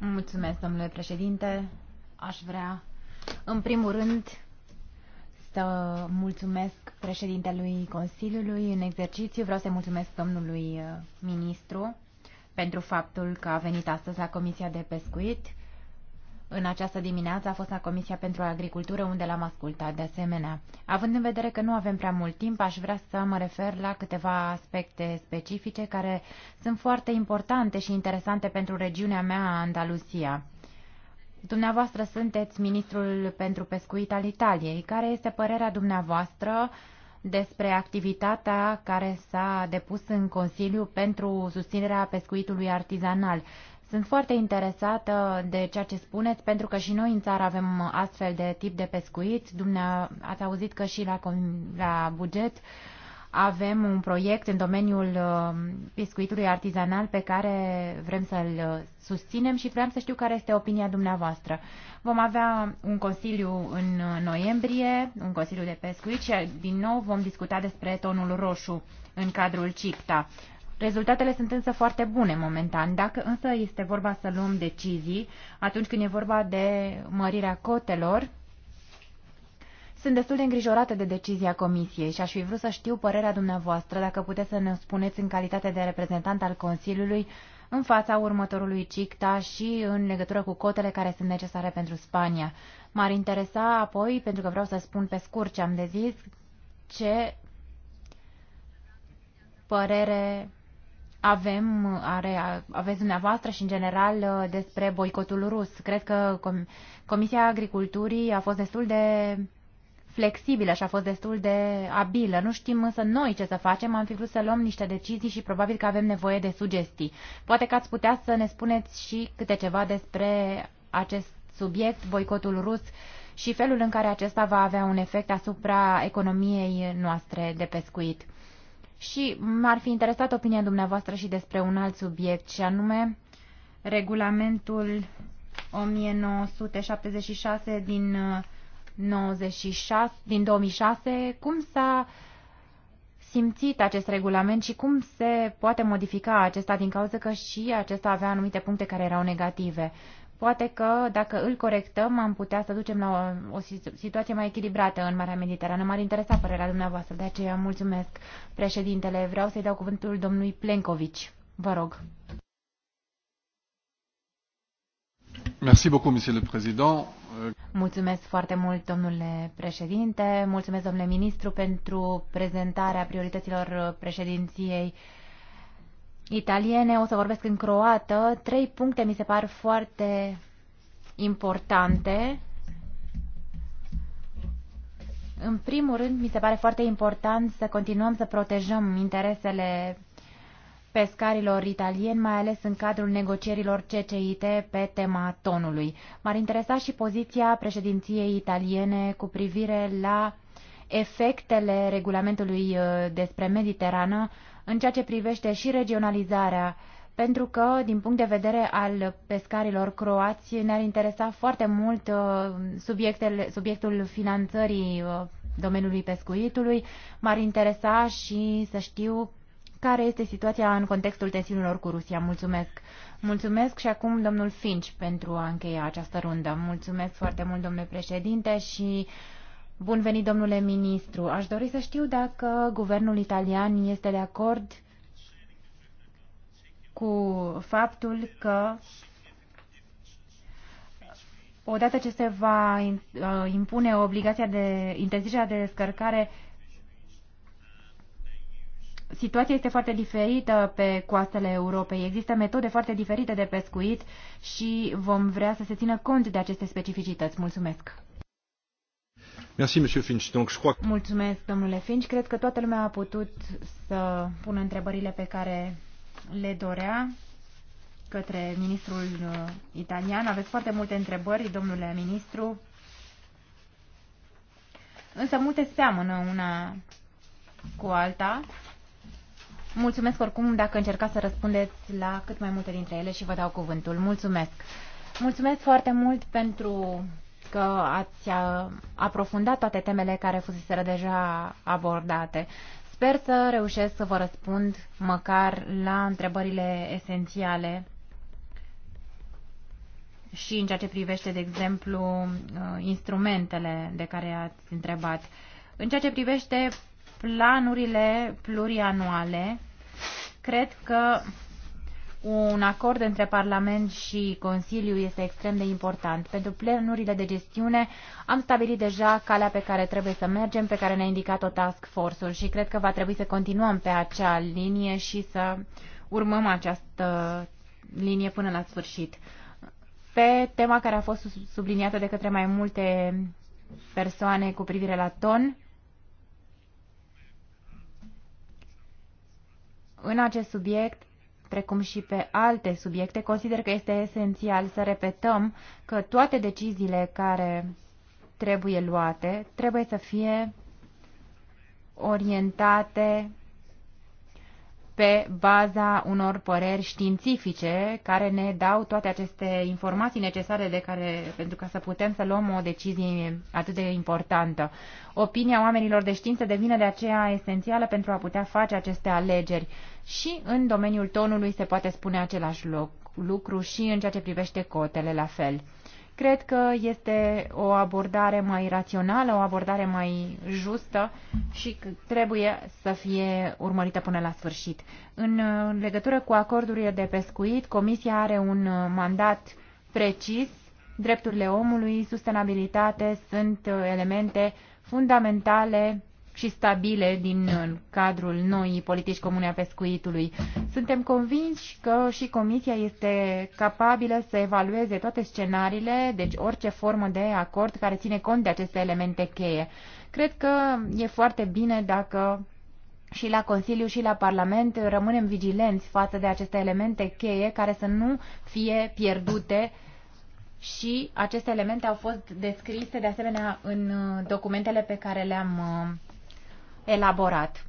Mulțumesc, domnule președinte. Aș vrea în primul rând, să mulțumesc președintelui Consiliului în exercițiu. Vreau să mulțumesc domnului uh, ministru pentru faptul că a venit astăzi la Comisia de Pescuit. În această dimineață a fost la Comisia pentru Agricultură, unde l-am ascultat de asemenea. Având în vedere că nu avem prea mult timp, aș vrea să mă refer la câteva aspecte specifice care sunt foarte importante și interesante pentru regiunea mea, Andalusia. Dumneavoastră sunteți ministrul pentru pescuit al Italiei. Care este părerea dumneavoastră despre activitatea care s-a depus în Consiliu pentru susținerea pescuitului artizanal? Sunt foarte interesată de ceea ce spuneți, pentru că și noi în țară avem astfel de tip de pescuit. Dumneavoastră ați auzit că și la, la buget uh, avem un proiect în domeniul uh, pescuitului artizanal pe care vrem să-l uh, susținem și vreau să știu care este opinia dumneavoastră. Vom avea un consiliu în uh, noiembrie, un consiliu de pescuit și din nou vom discuta despre tonul roșu în cadrul CICTA. Rezultatele sunt însă foarte bune momentan. Dacă însă este vorba să luăm decizii, atunci când e vorba de mărirea cotelor, sunt destul de îngrijorată de decizia Comisiei și aș fi vrut să știu părerea dumneavoastră, dacă puteți să ne spuneți în calitate de reprezentant al Consiliului, în fața următorului CICTA și în legătură cu cotele care sunt necesare pentru Spania. M-ar interesa apoi, pentru că vreau să spun pe scurt ce am de zis, ce părere avem, are, aveți dumneavoastră și în general despre boicotul rus. Cred că Comisia Agriculturii a fost destul de flexibilă și a fost destul de abilă. Nu știm însă noi ce să facem, am fi vrut să luăm niște decizii și probabil că avem nevoie de sugestii. Poate că ați putea să ne spuneți și câte ceva despre acest subiect, boicotul rus și felul în care acesta va avea un efect asupra economiei noastre de pescuit. Și m-ar fi interesat opinia dumneavoastră și despre un alt subiect, și anume regulamentul 1976 din uh, 96, din 2006, cum s-a simțit acest regulament și cum se poate modifica acesta din cauza că și acesta avea anumite puncte care erau negative. Poate că dacă îl corectăm am putea să ducem la o, o situație mai echilibrată în Marea Mediterană. M-ar interesa părerea dumneavoastră, de aceea mulțumesc președintele. Vreau să-i dau cuvântul domnului Plencovici. Vă rog. Mulțumesc foarte mult, domnule președinte. Mulțumesc, domnule ministru, pentru prezentarea priorităților președinției italiene. O să vorbesc în croată. Trei puncte mi se par foarte importante. În primul rând, mi se pare foarte important să continuăm să protejăm interesele pescarilor italieni, mai ales în cadrul negocierilor CCIT pe tema tonului. M-ar interesa și poziția președinției italiene cu privire la efectele regulamentului uh, despre Mediterană în ceea ce privește și regionalizarea, pentru că, din punct de vedere al pescarilor croați, ne-ar interesa foarte mult uh, subiectul finanțării uh, domeniului pescuitului. M-ar interesa și să știu care este situația în contextul tensiunilor cu Rusia. Mulțumesc! Mulțumesc și acum domnul Finch pentru a încheia această rundă. Mulțumesc foarte mult, domnule președinte, și bun venit, domnule ministru. Aș dori să știu dacă guvernul italian este de acord cu faptul că odată ce se va uh, impune obligația de interzicerea de descărcare situația este foarte diferită pe coastele Europei. Există metode foarte diferite de pescuit și vom vrea să se țină cont de aceste specificități. Mulțumesc! Merci, monsieur Finch. Donc, je crois... Mulțumesc, domnule Finch. Cred că toată lumea a putut să pună întrebările pe care le dorea către ministrul uh, italian. Aveți foarte multe întrebări, domnule ministru. Însă multe seamănă una cu alta Mulțumesc oricum dacă încercați să răspundeți la cât mai multe dintre ele și vă dau cuvântul. Mulțumesc! Mulțumesc foarte mult pentru că ați uh, aprofundat toate temele care fuseseră deja abordate. Sper să reușesc să vă răspund măcar la întrebările esențiale și în ceea ce privește, de exemplu, uh, instrumentele de care ați întrebat. În ceea ce privește planurile plurianuale, Cred că un acord între Parlament și Consiliu este extrem de important. Pentru plenurile de gestiune am stabilit deja calea pe care trebuie să mergem, pe care ne-a indicat-o task force-ul și cred că va trebui să continuăm pe acea linie și să urmăm această linie până la sfârșit. Pe tema care a fost subliniată de către mai multe persoane cu privire la ton, În acest subiect, precum și pe alte subiecte, consider că este esențial să repetăm că toate deciziile care trebuie luate trebuie să fie orientate pe baza unor păreri științifice care ne dau toate aceste informații necesare de care, pentru ca să putem să luăm o decizie atât de importantă. Opinia oamenilor de știință devine de aceea esențială pentru a putea face aceste alegeri și în domeniul tonului se poate spune același lucru și în ceea ce privește cotele la fel. Cred că este o abordare mai rațională, o abordare mai justă și trebuie să fie urmărită până la sfârșit. În legătură cu acordurile de pescuit, Comisia are un uh, mandat precis. Drepturile omului, sustenabilitate sunt uh, elemente fundamentale și stabile din uh, cadrul noii politici comune a pescuitului. Suntem convinși că și Comisia este capabilă să evalueze toate scenariile, deci orice formă de acord care ține cont de aceste elemente cheie. Cred că e foarte bine dacă și la Consiliu și la Parlament rămânem vigilenți față de aceste elemente cheie care să nu fie pierdute și aceste elemente au fost descrise de asemenea în uh, documentele pe care le-am uh, elaborat.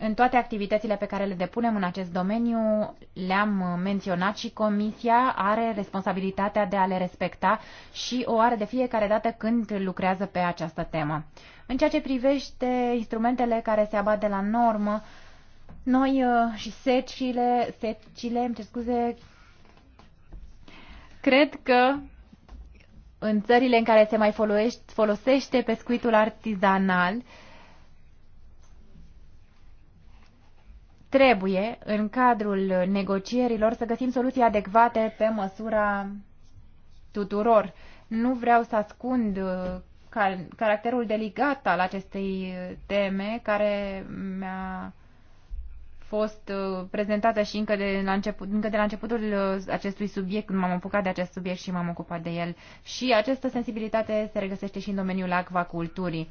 În toate activitățile pe care le depunem în acest domeniu, le-am menționat și Comisia are responsabilitatea de a le respecta și o are de fiecare dată când lucrează pe această temă. În ceea ce privește instrumentele care se abat de la normă, noi uh, și secile, secile, îmi cer scuze, cred că în țările în care se mai folosește pescuitul artizanal, uh, Trebuie, în cadrul negocierilor, să găsim soluții adecvate pe măsura tuturor. Nu vreau să ascund uh, caracterul delicat al acestei uh, teme care mi-a fost uh, prezentată și încă de la, început, încă de la începutul acestui subiect, când m-am apucat de acest subiect și m-am ocupat de el. Și această sensibilitate se regăsește și în domeniul acvaculturii.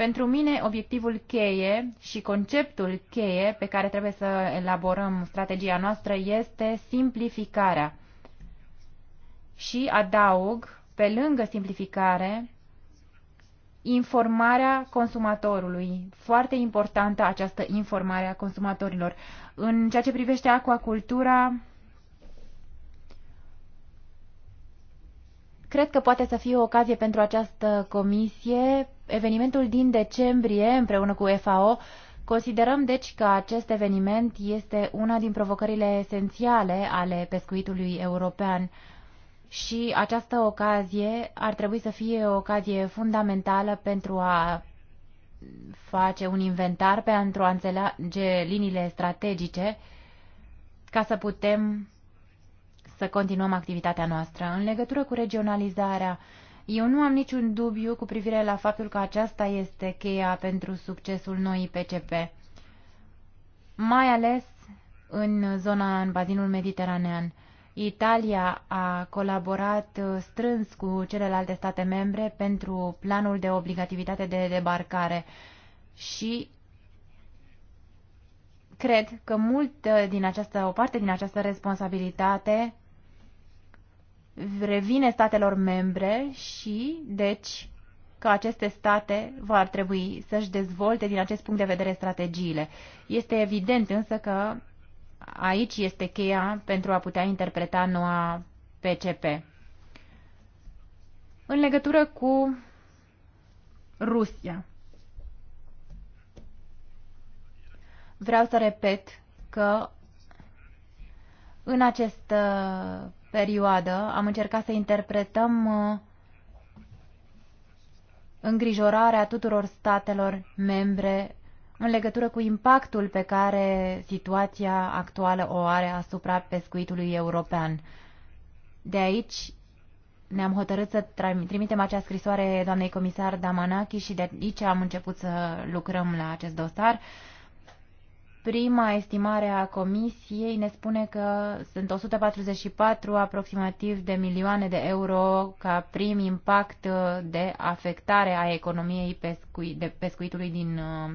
Pentru mine, obiectivul cheie și conceptul cheie pe care trebuie să elaborăm strategia noastră este simplificarea. Și adaug, pe lângă simplificare, informarea consumatorului. Foarte importantă această informare a consumatorilor. În ceea ce privește aquacultura, cred că poate să fie o ocazie pentru această comisie evenimentul din decembrie împreună cu FAO. Considerăm deci că acest eveniment este una din provocările esențiale ale pescuitului european și această ocazie ar trebui să fie o ocazie fundamentală pentru a face un inventar pentru a înțelege liniile strategice ca să putem să continuăm activitatea noastră. În legătură cu regionalizarea, eu nu am niciun dubiu cu privire la faptul că aceasta este cheia pentru succesul noii PCP, mai ales în zona, în bazinul mediteranean. Italia a colaborat uh, strâns cu celelalte state membre pentru planul de obligativitate de debarcare și cred că mult uh, din această, o parte din această responsabilitate revine statelor membre și, deci, că aceste state vor trebui să-și dezvolte din acest punct de vedere strategiile. Este evident însă că aici este cheia pentru a putea interpreta noua PCP. În legătură cu Rusia, vreau să repet că în acest perioadă am încercat să interpretăm uh, îngrijorarea tuturor statelor membre în legătură cu impactul pe care situația actuală o are asupra pescuitului european. De aici ne-am hotărât să trimitem acea scrisoare doamnei comisar Damanaki și de aici am început să lucrăm la acest dosar. Prima estimare a comisiei ne spune că sunt 144 aproximativ de milioane de euro ca prim impact de afectare a economiei pescui, de pescuitului din uh,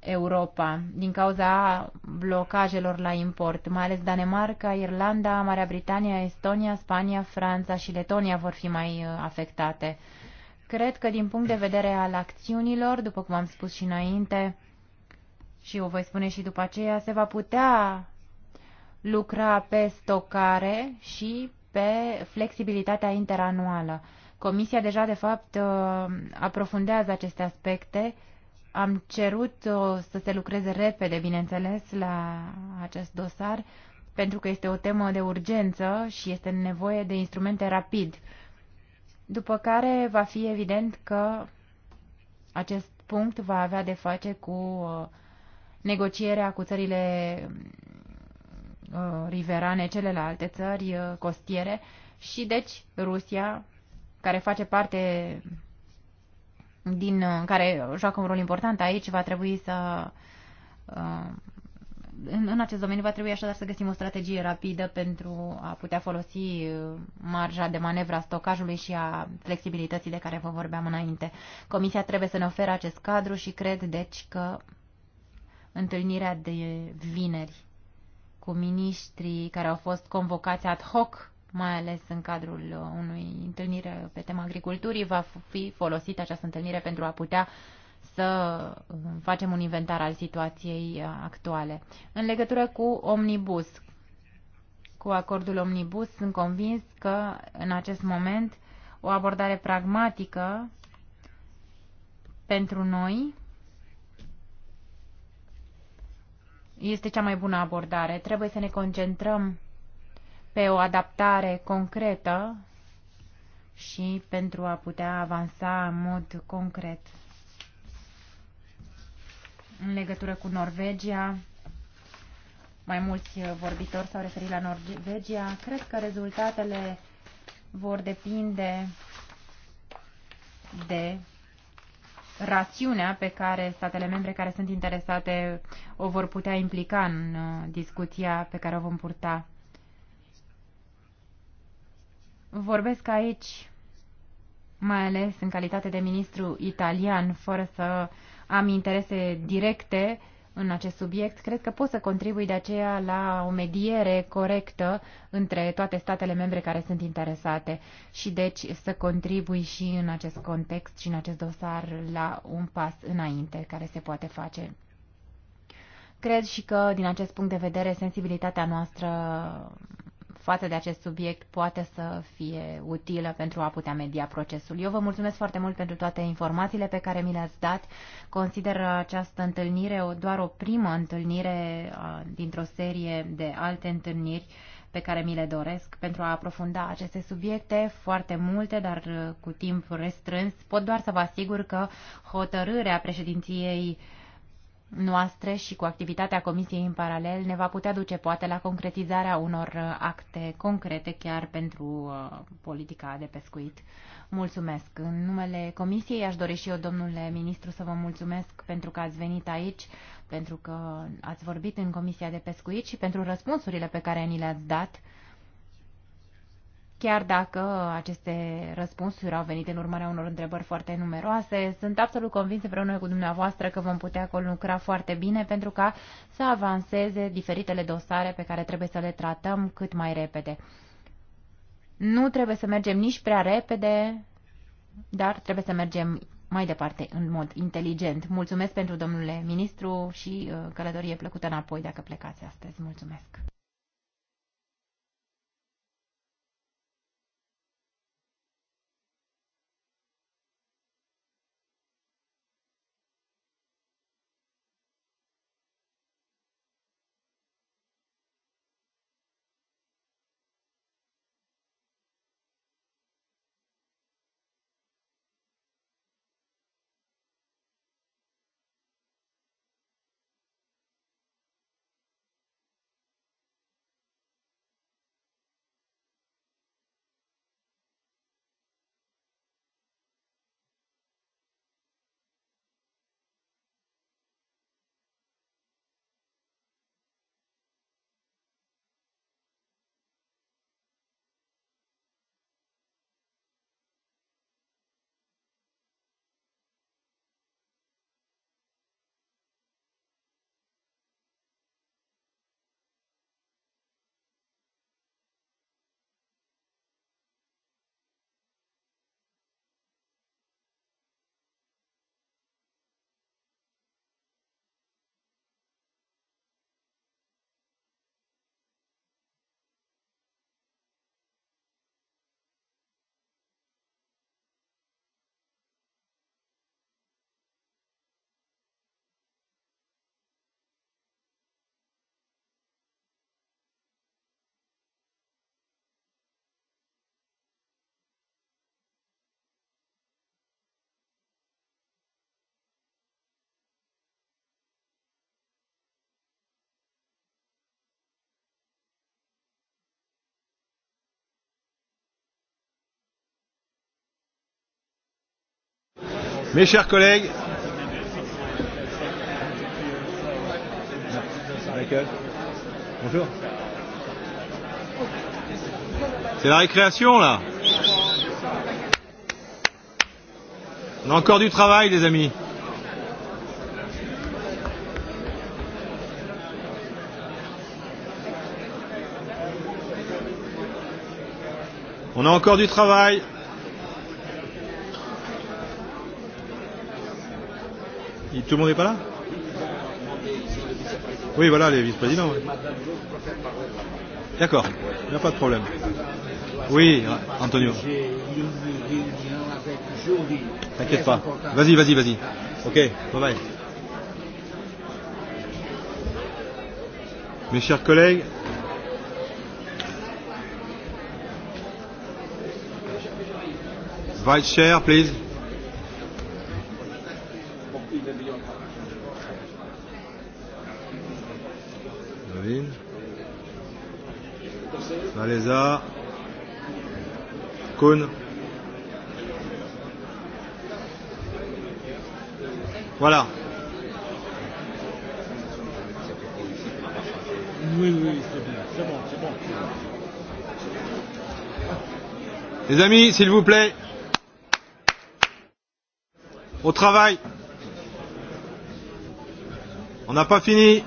Europa din cauza blocajelor la import. Mai ales Danemarca, Irlanda, Marea Britanie, Estonia, Spania, Franța și Letonia vor fi mai uh, afectate. Cred că din punct de vedere al acțiunilor, după cum am spus și înainte, și o voi spune și după aceea, se va putea lucra pe stocare și pe flexibilitatea interanuală. Comisia deja, de fapt, uh, aprofundează aceste aspecte. Am cerut uh, să se lucreze repede, bineînțeles, la acest dosar, pentru că este o temă de urgență și este nevoie de instrumente rapid. După care va fi evident că acest punct va avea de face cu uh, negocierea cu țările uh, riverane, celelalte țări uh, costiere și deci Rusia, care face parte din uh, care joacă un rol important aici, va trebui să în, în acest domeniu va trebui așadar să găsim o strategie rapidă pentru a putea folosi marja de manevră a stocajului și a flexibilității de care vă vorbeam înainte. Comisia trebuie să ne ofere acest cadru și cred deci că întâlnirea de vineri cu miniștrii care au fost convocați ad hoc, mai ales în cadrul uh, unui întâlnire pe tema agriculturii, va fi folosită această întâlnire pentru a putea să uh, facem un inventar al situației uh, actuale. În legătură cu Omnibus, cu acordul Omnibus, sunt convins că în acest moment o abordare pragmatică pentru noi este cea mai bună abordare. Trebuie să ne concentrăm pe o adaptare concretă și pentru a putea avansa în mod concret. În legătură cu Norvegia, mai mulți vorbitori s-au referit la Norvegia. Cred că rezultatele vor depinde de rațiunea pe care statele membre care sunt interesate o vor putea implica în uh, discuția pe care o vom purta. Vorbesc aici mai ales în calitate de ministru italian, fără să am interese directe uh, în acest subiect, cred că poți să contribui de aceea la o mediere corectă între toate statele membre care sunt interesate și deci să contribui și în acest context și în acest dosar la un pas înainte care se poate face. Cred și că, din acest punct de vedere, sensibilitatea noastră față de acest subiect poate să fie utilă pentru a putea media procesul. Eu vă mulțumesc foarte mult pentru toate informațiile pe care mi le-ați dat. Consider această întâlnire doar o primă întâlnire dintr-o serie de alte întâlniri pe care mi le doresc pentru a aprofunda aceste subiecte, foarte multe, dar cu timp restrâns. Pot doar să vă asigur că hotărârea președinției noastre și cu activitatea Comisiei în paralel ne va putea duce poate la concretizarea unor uh, acte concrete chiar pentru uh, politica de pescuit. Mulțumesc. În numele Comisiei aș dori și eu, domnule ministru, să vă mulțumesc pentru că ați venit aici, pentru că ați vorbit în Comisia de Pescuit și pentru răspunsurile pe care ni le-ați dat Chiar dacă aceste răspunsuri au venit în urmarea unor întrebări foarte numeroase, sunt absolut convins împreună cu dumneavoastră că vom putea lucra foarte bine pentru ca să avanseze diferitele dosare pe care trebuie să le tratăm cât mai repede. Nu trebuie să mergem nici prea repede, dar trebuie să mergem mai departe în mod inteligent. Mulțumesc pentru domnule ministru și uh, călătorie plăcută înapoi dacă plecați astăzi. Mulțumesc! Mes chers collègues, Michael, bonjour. C'est la récréation là. On a encore du travail, les amis. On a encore du travail. Tout le monde n'est pas là Oui, voilà, les vice-présidents. Ouais. D'accord, il n'y a pas de problème. Oui, Antonio. T'inquiète pas. Vas-y, vas-y, vas-y. Ok, bye bye. Mes chers collègues, Vice Chair, please. Les amis, s'il vous plaît, au travail. On n'a pas fini.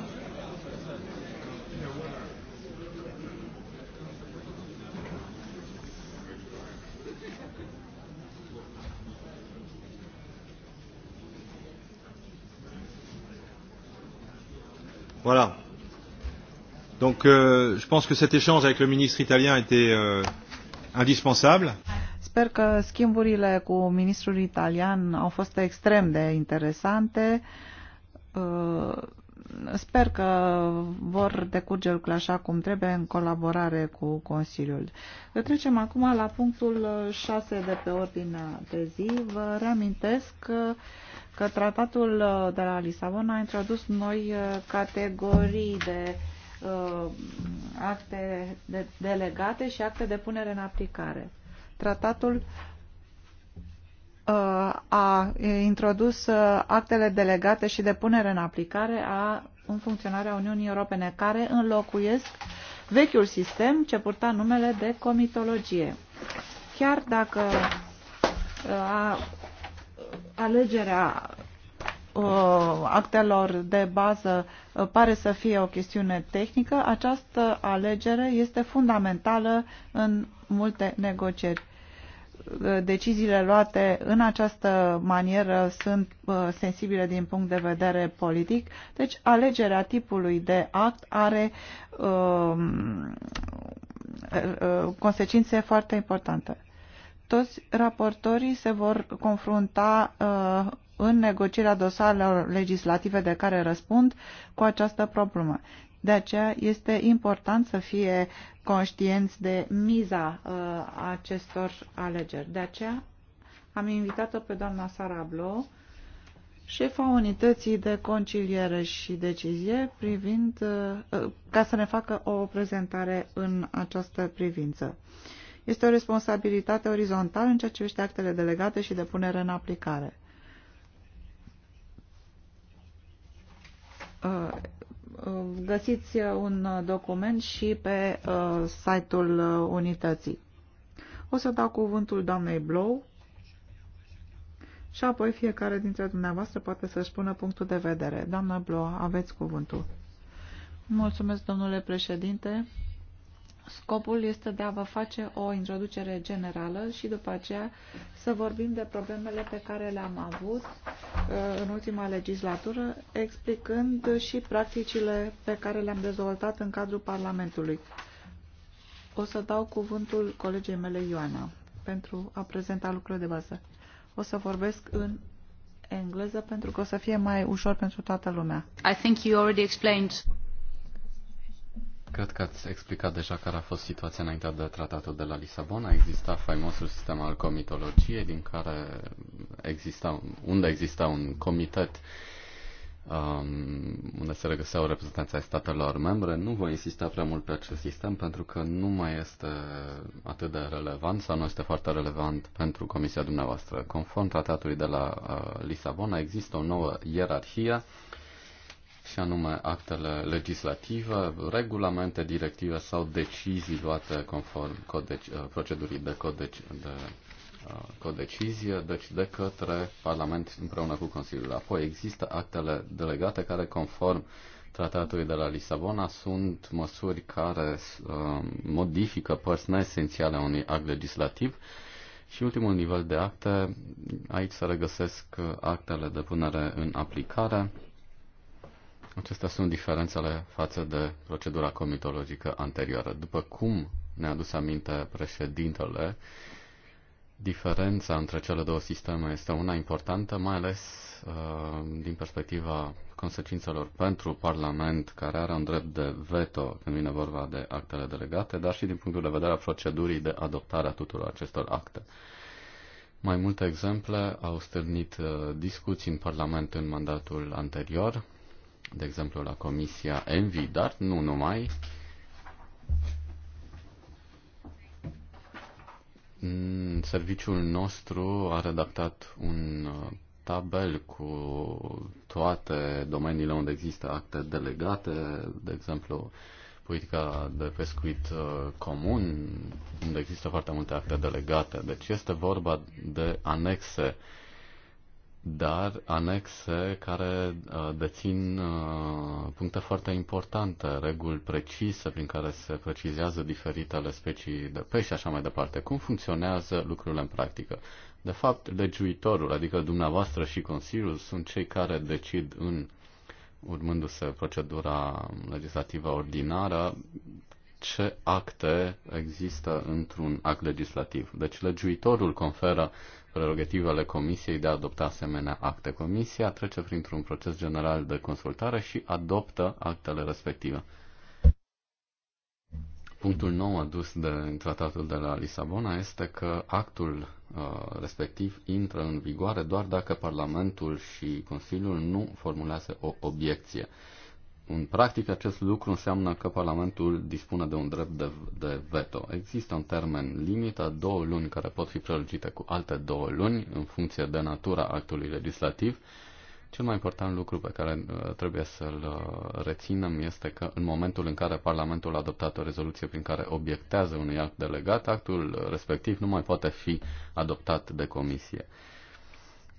Voilà. Donc euh, je pense que cet échange avec le ministre italien était euh, indispensable. Sper că schimburile cu ministrul italian au fost extrem de interesante. Uh, sper că vor decurge lucrurile așa cum trebuie în colaborare cu Consiliul. Trecem acum la punctul 6 de pe ordinea de zi. Vă reamintesc că că tratatul de la Lisabona a introdus noi categorii de Uh, acte de delegate și acte de punere în aplicare. Tratatul uh, a introdus uh, actele delegate și de punere în aplicare a, în funcționarea Uniunii Europene, care înlocuiesc vechiul sistem ce purta numele de comitologie. Chiar dacă a, alegerea Uh, actelor de bază uh, pare să fie o chestiune tehnică, această alegere este fundamentală în multe negocieri. Uh, deciziile luate în această manieră sunt sensibile din punct de vedere politic, deci alegerea tipului de act are um, consecințe foarte importante toți raportorii se vor confrunta uh, în negocierea dosarelor legislative de care răspund cu această problemă. De aceea este important să fie conștienți de miza uh, acestor alegeri. De aceea am invitat-o pe doamna Sara Blo, șefa unității de conciliere și decizie, privind, uh, uh ca să ne facă o prezentare în această privință. Este o responsabilitate orizontală în ceea ce privește actele delegate și de punere în aplicare. Uh, uh, găsiți un document și pe uh, site-ul unității. O să dau cuvântul doamnei Blow și apoi fiecare dintre dumneavoastră poate să-și pună punctul de vedere. Doamna Blow, aveți cuvântul. Mulțumesc, domnule președinte. Scopul este de a vă face o introducere generală și după aceea să vorbim de problemele pe care le-am avut uh, în ultima legislatură, explicând și practicile pe care le-am dezvoltat în cadrul Parlamentului. O să dau cuvântul colegei mele Ioana pentru a prezenta lucrurile de bază. O să vorbesc în engleză pentru că o să fie mai ușor pentru toată lumea. I think you already explained Cred că ați explicat deja care a fost situația înainte de tratatul de la Lisabona. Exista faimosul sistem al comitologiei, din care exista, unde exista un comitet um, unde se regăseau reprezentanții statelor membre. Nu voi insista prea mult pe acest sistem pentru că nu mai este atât de relevant sau nu este foarte relevant pentru comisia dumneavoastră. Conform tratatului de la uh, Lisabona există o nouă ierarhie uh, și anume actele legislative, regulamente, directive sau decizii luate conform codec- uh, procedurii de, codec- de uh, codecizie, deci de către Parlament împreună cu Consiliul. Apoi există actele delegate care, conform tratatului de la Lisabona, sunt măsuri care uh, modifică părți neesențiale a unui act legislativ și ultimul nivel de acte, aici se regăsesc actele de punere în aplicare, Acestea sunt diferențele față de procedura comitologică anterioară. După cum ne-a adus aminte președintele, diferența între cele două sisteme este una importantă, mai ales uh, din perspectiva consecințelor pentru Parlament, care are un drept de veto când vine vorba de actele delegate, dar și din punctul de vedere a procedurii de adoptare a tuturor acestor acte. Mai multe exemple au stârnit uh, discuții în Parlament în mandatul anterior, de exemplu, la Comisia Envi, dar nu numai. Mm, serviciul nostru a redactat un uh, tabel cu toate domeniile unde există acte delegate, de exemplu, politica de pescuit uh, comun, unde există foarte multe acte delegate. Deci este vorba de anexe dar anexe care uh, dețin uh, puncte foarte importante, reguli precise prin care se precizează diferitele specii de pești și așa mai departe. Cum funcționează lucrurile în practică? De fapt, legiuitorul, adică dumneavoastră și Consiliul, sunt cei care decid în urmându-se procedura legislativă ordinară, ce acte există într-un act legislativ. Deci legiuitorul conferă prerogativele Comisiei de a adopta asemenea acte. Comisia trece printr-un proces general de consultare și adoptă actele respective. Punctul nou adus de tratatul de la Lisabona este că actul uh, respectiv intră în vigoare doar dacă Parlamentul și Consiliul nu formulează o obiecție. Uh, în practic, acest lucru înseamnă că Parlamentul dispune de un drept de, de veto. Există un termen limită, două luni care pot fi prelungite cu alte două luni în funcție de natura actului legislativ. Cel mai important lucru pe care uh, trebuie să-l uh, reținem este că în momentul în care Parlamentul a adoptat o rezoluție prin care obiectează unui act delegat, actul respectiv nu mai poate fi adoptat de comisie.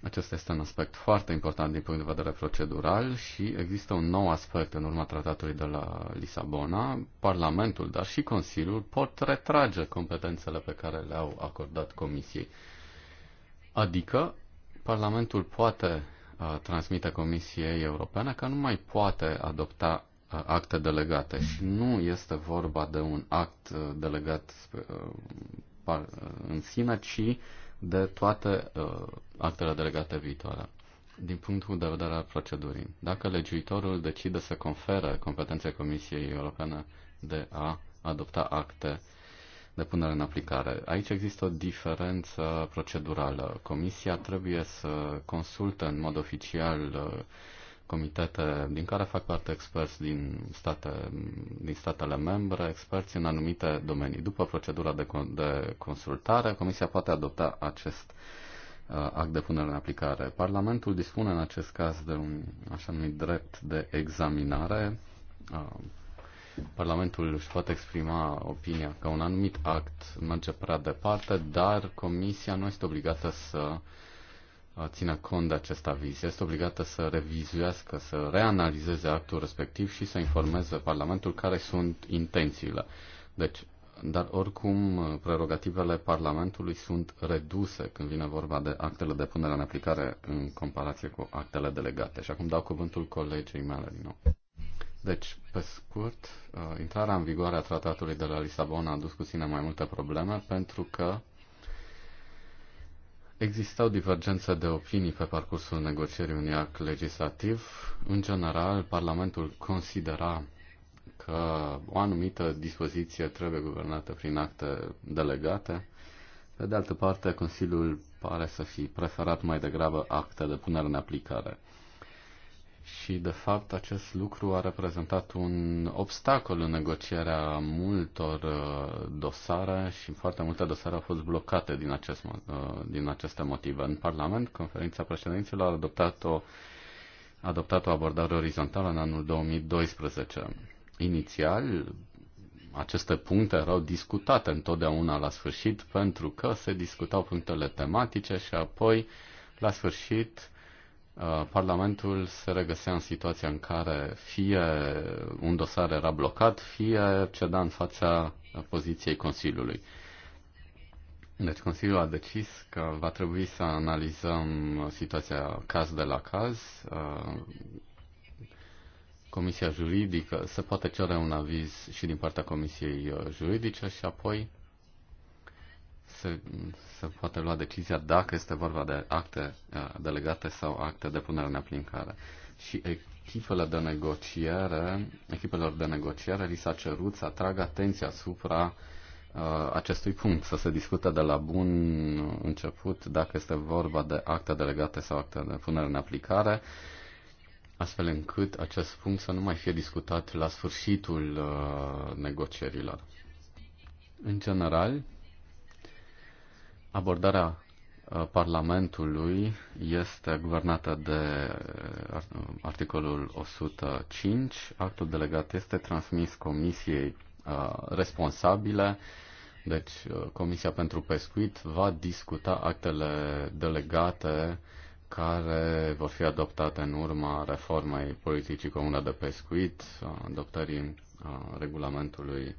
Acesta este un aspect foarte important din punct de vedere procedural și există un nou aspect în urma tratatului de la Lisabona. Parlamentul, dar și Consiliul pot retrage competențele pe care le-au acordat Comisiei. Adică Parlamentul poate uh, transmite Comisiei Europene că nu mai poate adopta uh, acte delegate și nu este vorba de un act uh, delegat uh, uh în sine, ci uh, de toate uh, actele delegate viitoare. Din punctul de vedere al procedurii, dacă legiuitorul decide să confere competențe Comisiei Europene de a adopta acte de punere în aplicare. Aici există o diferență procedurală. Comisia trebuie să consulte în mod oficial uh, comitete din care fac parte experți din, state, din statele membre, experți în anumite domenii. După procedura de, de consultare, Comisia poate adopta acest uh, act de punere în aplicare. Parlamentul dispune în acest caz de un așa numit drept de examinare. Uh, Parlamentul își poate exprima opinia că un anumit act merge prea departe, dar Comisia nu este obligată să uh, țină cont de acest aviz. Este obligată să revizuiască, să reanalizeze actul respectiv și să informeze Parlamentul care sunt intențiile. Deci, dar oricum prerogativele Parlamentului sunt reduse când vine vorba de actele de punere în aplicare în comparație cu actele delegate. Și acum dau cuvântul colegii mele din nou. Deci, pe scurt, uh, intrarea în vigoare a tratatului de la Lisabona a dus cu sine mai multe probleme pentru că Existau divergențe de opinii pe parcursul negocierii unui act legislativ. În general, Parlamentul considera că o anumită dispoziție trebuie guvernată prin acte delegate. Pe de altă parte, Consiliul pare să fi preferat mai degrabă acte de punere în aplicare și, de fapt, acest lucru a reprezentat un obstacol în negocierea multor uh, dosare și foarte multe dosare au fost blocate din, acest, uh, din aceste motive. În Parlament, conferința președinților a adoptat o, a adoptat o abordare orizontală în anul 2012. Inițial, aceste puncte erau discutate întotdeauna la sfârșit pentru că se discutau punctele tematice și apoi, la sfârșit, Uh, Parlamentul se regăsea în situația în care fie un dosar era blocat, fie ceda în fața poziției Consiliului. Deci Consiliul a decis că va trebui să analizăm situația caz de la caz. Uh, Comisia juridică se poate cere un aviz și din partea Comisiei juridice și apoi se, se poate lua decizia dacă este vorba de acte uh, delegate sau acte de punere în aplicare. Și echipele de negociere, echipelor de negociere li s-a cerut să atragă atenția asupra uh, acestui punct, să se discute de la bun început dacă este vorba de acte delegate sau acte de punere în aplicare, astfel încât acest punct să nu mai fie discutat la sfârșitul uh, negocierilor. În general, Abordarea uh, Parlamentului este guvernată de uh, articolul 105. Actul delegat este transmis Comisiei uh, responsabile, deci Comisia pentru Pescuit va discuta actele delegate care vor fi adoptate în urma reformei politicii comune de pescuit, adoptării regulamentului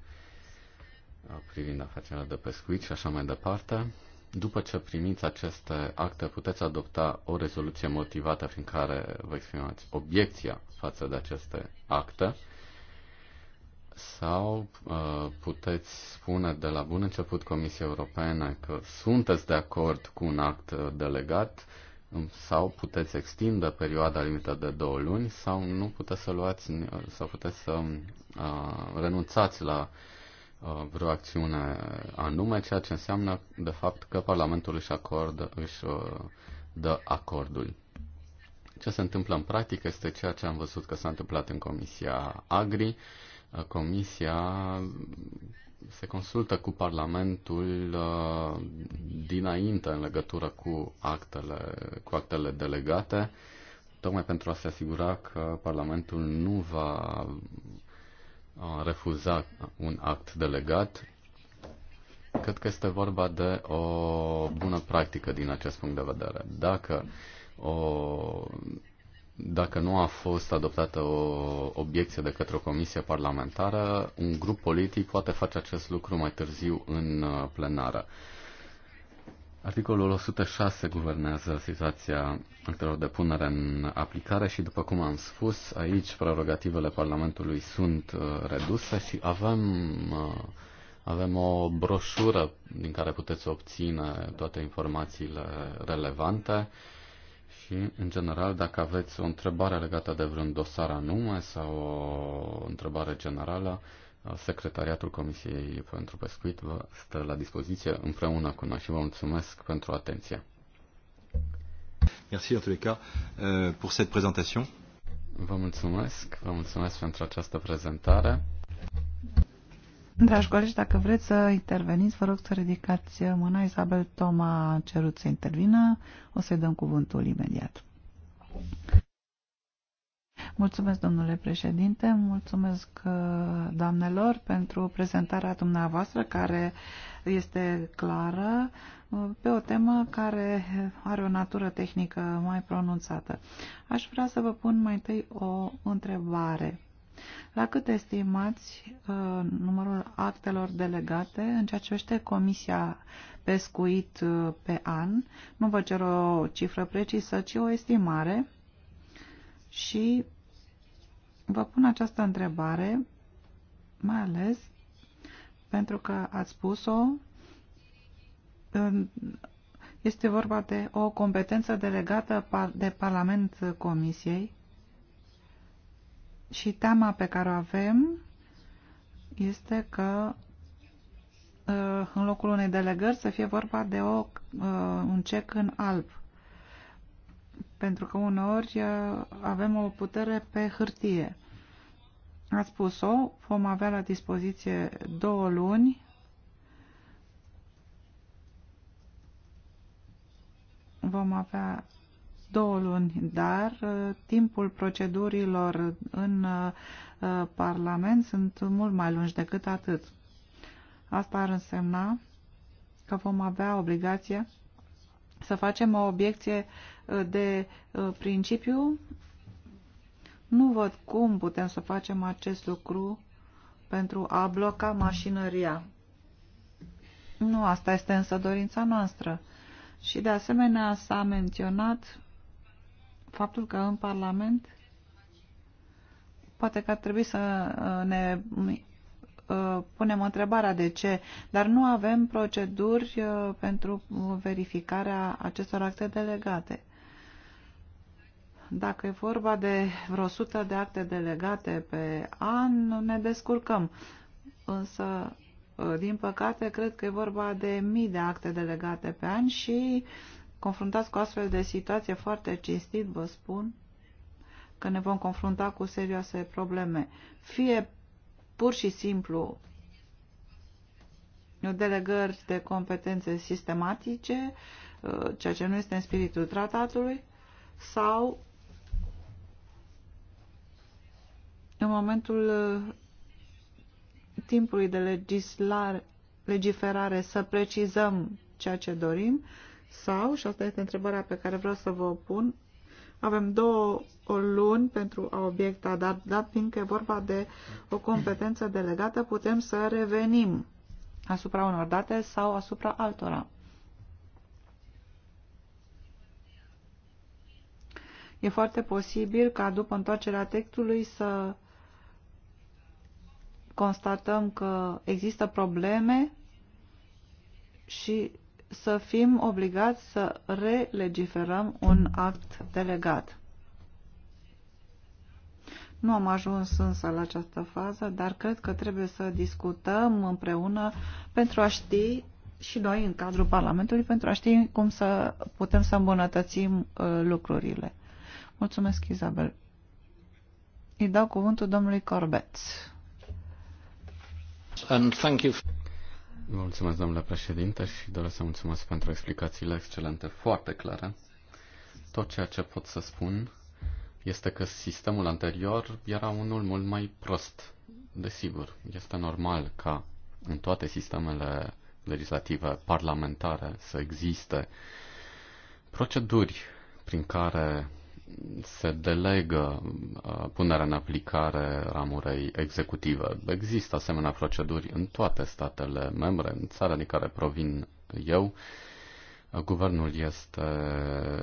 privind afacerea de pescuit și așa mai departe. După ce primiți aceste acte, puteți adopta o rezoluție motivată prin care vă exprimați obiecția față de aceste acte sau uh, puteți spune de la bun început Comisiei Europene că sunteți de acord cu un act delegat um, sau puteți extinde perioada limită de două luni sau nu puteți să luați sau puteți să uh, renunțați la uh, Uh, vreo acțiune anume, ceea ce înseamnă, de fapt, că Parlamentul își, acordă, își uh, dă acordul. Ce se întâmplă în practică este ceea ce am văzut că s-a întâmplat în Comisia Agri. Uh, Comisia se consultă cu Parlamentul dinainte în legătură cu actele, cu actele delegate, tocmai pentru a se asigura că Parlamentul nu va refuza un act delegat. Cred că este vorba de o bună practică din acest punct de vedere. Dacă, o, dacă nu a fost adoptată o obiecție de către o comisie parlamentară, un grup politic poate face acest lucru mai târziu în plenară. Articolul 106 guvernează situația actelor de punere în aplicare și, după cum am spus, aici prerogativele Parlamentului sunt uh, reduse și avem, uh, avem o broșură din care puteți obține toate informațiile relevante și, în general, dacă aveți o întrebare legată de vreun dosar anume sau o întrebare generală, Secretariatul Comisiei pentru Pescuit vă stă la dispoziție împreună cu noi și vă mulțumesc pentru atenție. Merci tous les cas euh, pour cette présentation. Vă mulțumesc, vă mulțumesc pentru această prezentare. Dragi colegi, dacă vreți să interveniți, vă rog să ridicați mâna. Isabel Toma a cerut să intervină. O să-i dăm cuvântul imediat. Mulțumesc, domnule președinte, mulțumesc uh, doamnelor pentru prezentarea dumneavoastră care este clară uh, pe o temă care are o natură tehnică mai pronunțată. Aș vrea să vă pun mai întâi o întrebare. La cât estimați uh, numărul actelor delegate în ceea ce vește Comisia Pescuit pe an? Nu vă cer o cifră precisă, ci o estimare. Și Vă pun această întrebare, mai ales pentru că ați spus-o, este vorba de o competență delegată de Parlament Comisiei și teama pe care o avem este că uh, în locul unei delegări să fie vorba de o, uh, un cec în alb pentru că uneori uh, avem o putere pe hârtie. Ați spus-o, vom avea la dispoziție două luni vom avea două luni, dar uh, timpul procedurilor în uh, Parlament sunt mult mai lungi decât atât. Asta ar însemna că vom avea obligația să facem o obiecție de uh, principiu, nu văd cum putem să facem acest lucru pentru a bloca mașinăria. Nu, asta este însă dorința noastră. Și de asemenea s-a menționat faptul că în Parlament poate că ar trebui să uh, ne uh, punem întrebarea de ce, dar nu avem proceduri pentru verificarea acestor acte delegate. Dacă e vorba de vreo sută de acte delegate pe an, ne descurcăm. Însă, din păcate, cred că e vorba de mii de acte delegate pe an și, confruntați cu astfel de situație foarte cinstit, vă spun că ne vom confrunta cu serioase probleme. Fie pur și simplu delegări de competențe sistematice, ceea ce nu este în spiritul tratatului, sau în momentul uh, timpului de legislare, legiferare să precizăm ceea ce dorim sau, și asta este întrebarea pe care vreau să vă o pun, avem două o luni pentru a obiecta, dar dat fiindcă e vorba de o competență delegată, putem să revenim asupra unor date sau asupra altora. E foarte posibil ca după întoarcerea textului să constatăm că există probleme și să fim obligați să relegiferăm un act delegat. Nu am ajuns însă la această fază, dar cred că trebuie să discutăm împreună pentru a ști și noi în cadrul Parlamentului, pentru a ști cum să putem să îmbunătățim uh, lucrurile. Mulțumesc, Isabel. Îi dau cuvântul domnului Corbeț. Vă mulțumesc, domnule președinte, și doresc să mulțumesc pentru explicațiile excelente, foarte clare. Tot ceea ce pot să spun este că sistemul anterior era unul mult mai prost. Desigur, este normal ca în toate sistemele legislative parlamentare să existe proceduri prin care se delegă uh, punerea în aplicare ramurei executive. Există asemenea proceduri în toate statele membre, în țara din care provin eu. Uh, guvernul este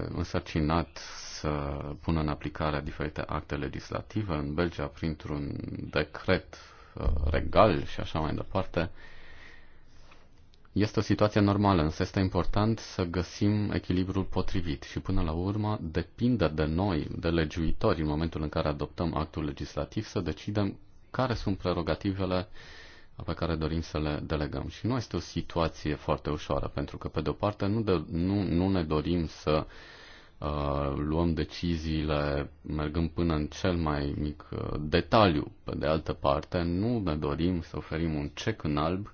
însărcinat să pună în aplicare diferite acte legislative, în Belgia printr-un decret uh, regal și așa mai departe. Este o situație normală, însă este important să găsim echilibrul potrivit și până la urmă depinde de noi, de legiuitori, în momentul în care adoptăm actul legislativ, să decidem care sunt prerogativele pe care dorim să le delegăm. Și nu este o situație foarte ușoară, pentru că, pe de-o parte, nu, de, nu, nu ne dorim să uh, luăm deciziile mergând până în cel mai mic uh, detaliu. Pe de altă parte, nu ne dorim să oferim un cec în alb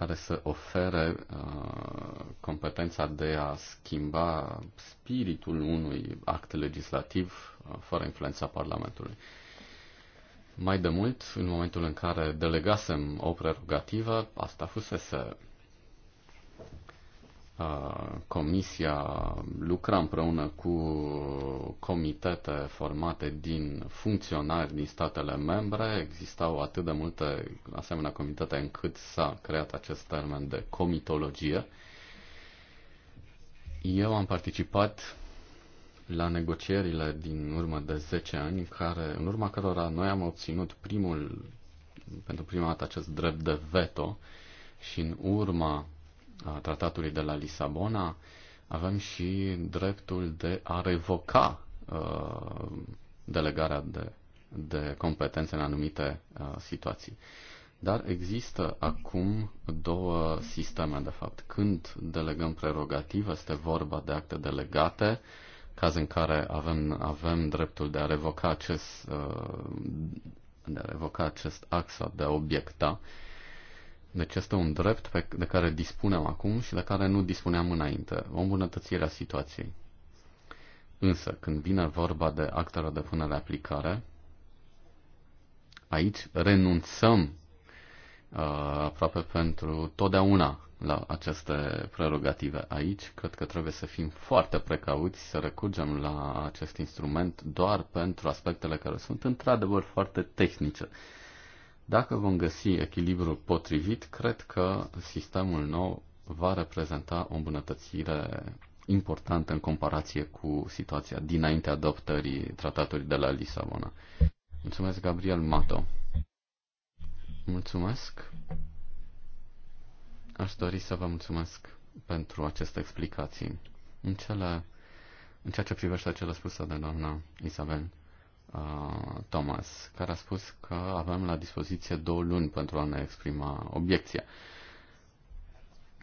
care să ofere uh, competența de a schimba spiritul unui act legislativ uh, fără influența Parlamentului. Mai de mult, în momentul în care delegasem o prerogativă, asta fusese Comisia lucra împreună cu comitete formate din funcționari din statele membre. Existau atât de multe asemenea comitete încât s-a creat acest termen de comitologie. Eu am participat la negocierile din urmă de 10 ani, în, care, în urma cărora noi am obținut primul, pentru prima dată acest drept de veto și în urma a tratatului de la Lisabona, avem și dreptul de a revoca uh, delegarea de, de competențe în anumite uh, situații. Dar există acum două sisteme, de fapt. Când delegăm prerogative, este vorba de acte delegate, caz în care avem, avem dreptul de a revoca acest, uh, de a revoca acest act sau de a obiecta deci este un drept pe, de care dispunem acum și de care nu dispuneam înainte. O îmbunătățire a situației. Însă, când vine vorba de actele de punere aplicare, aici renunțăm uh, aproape pentru totdeauna la aceste prerogative. Aici cred că trebuie să fim foarte precauți să recurgem la acest instrument doar pentru aspectele care sunt într-adevăr foarte tehnice. Uh, dacă vom găsi echilibrul potrivit, cred că sistemul nou va reprezenta o îmbunătățire importantă în comparație cu situația dinainte adoptării tratatului de la Lisabona. Mulțumesc, Gabriel Mato. Mulțumesc. Aș dori să vă mulțumesc pentru aceste explicații. În, cele, în ceea ce privește cele spuse de doamna Isabel, Uh, Thomas, care a spus că avem la dispoziție două luni pentru a ne exprima obiecția.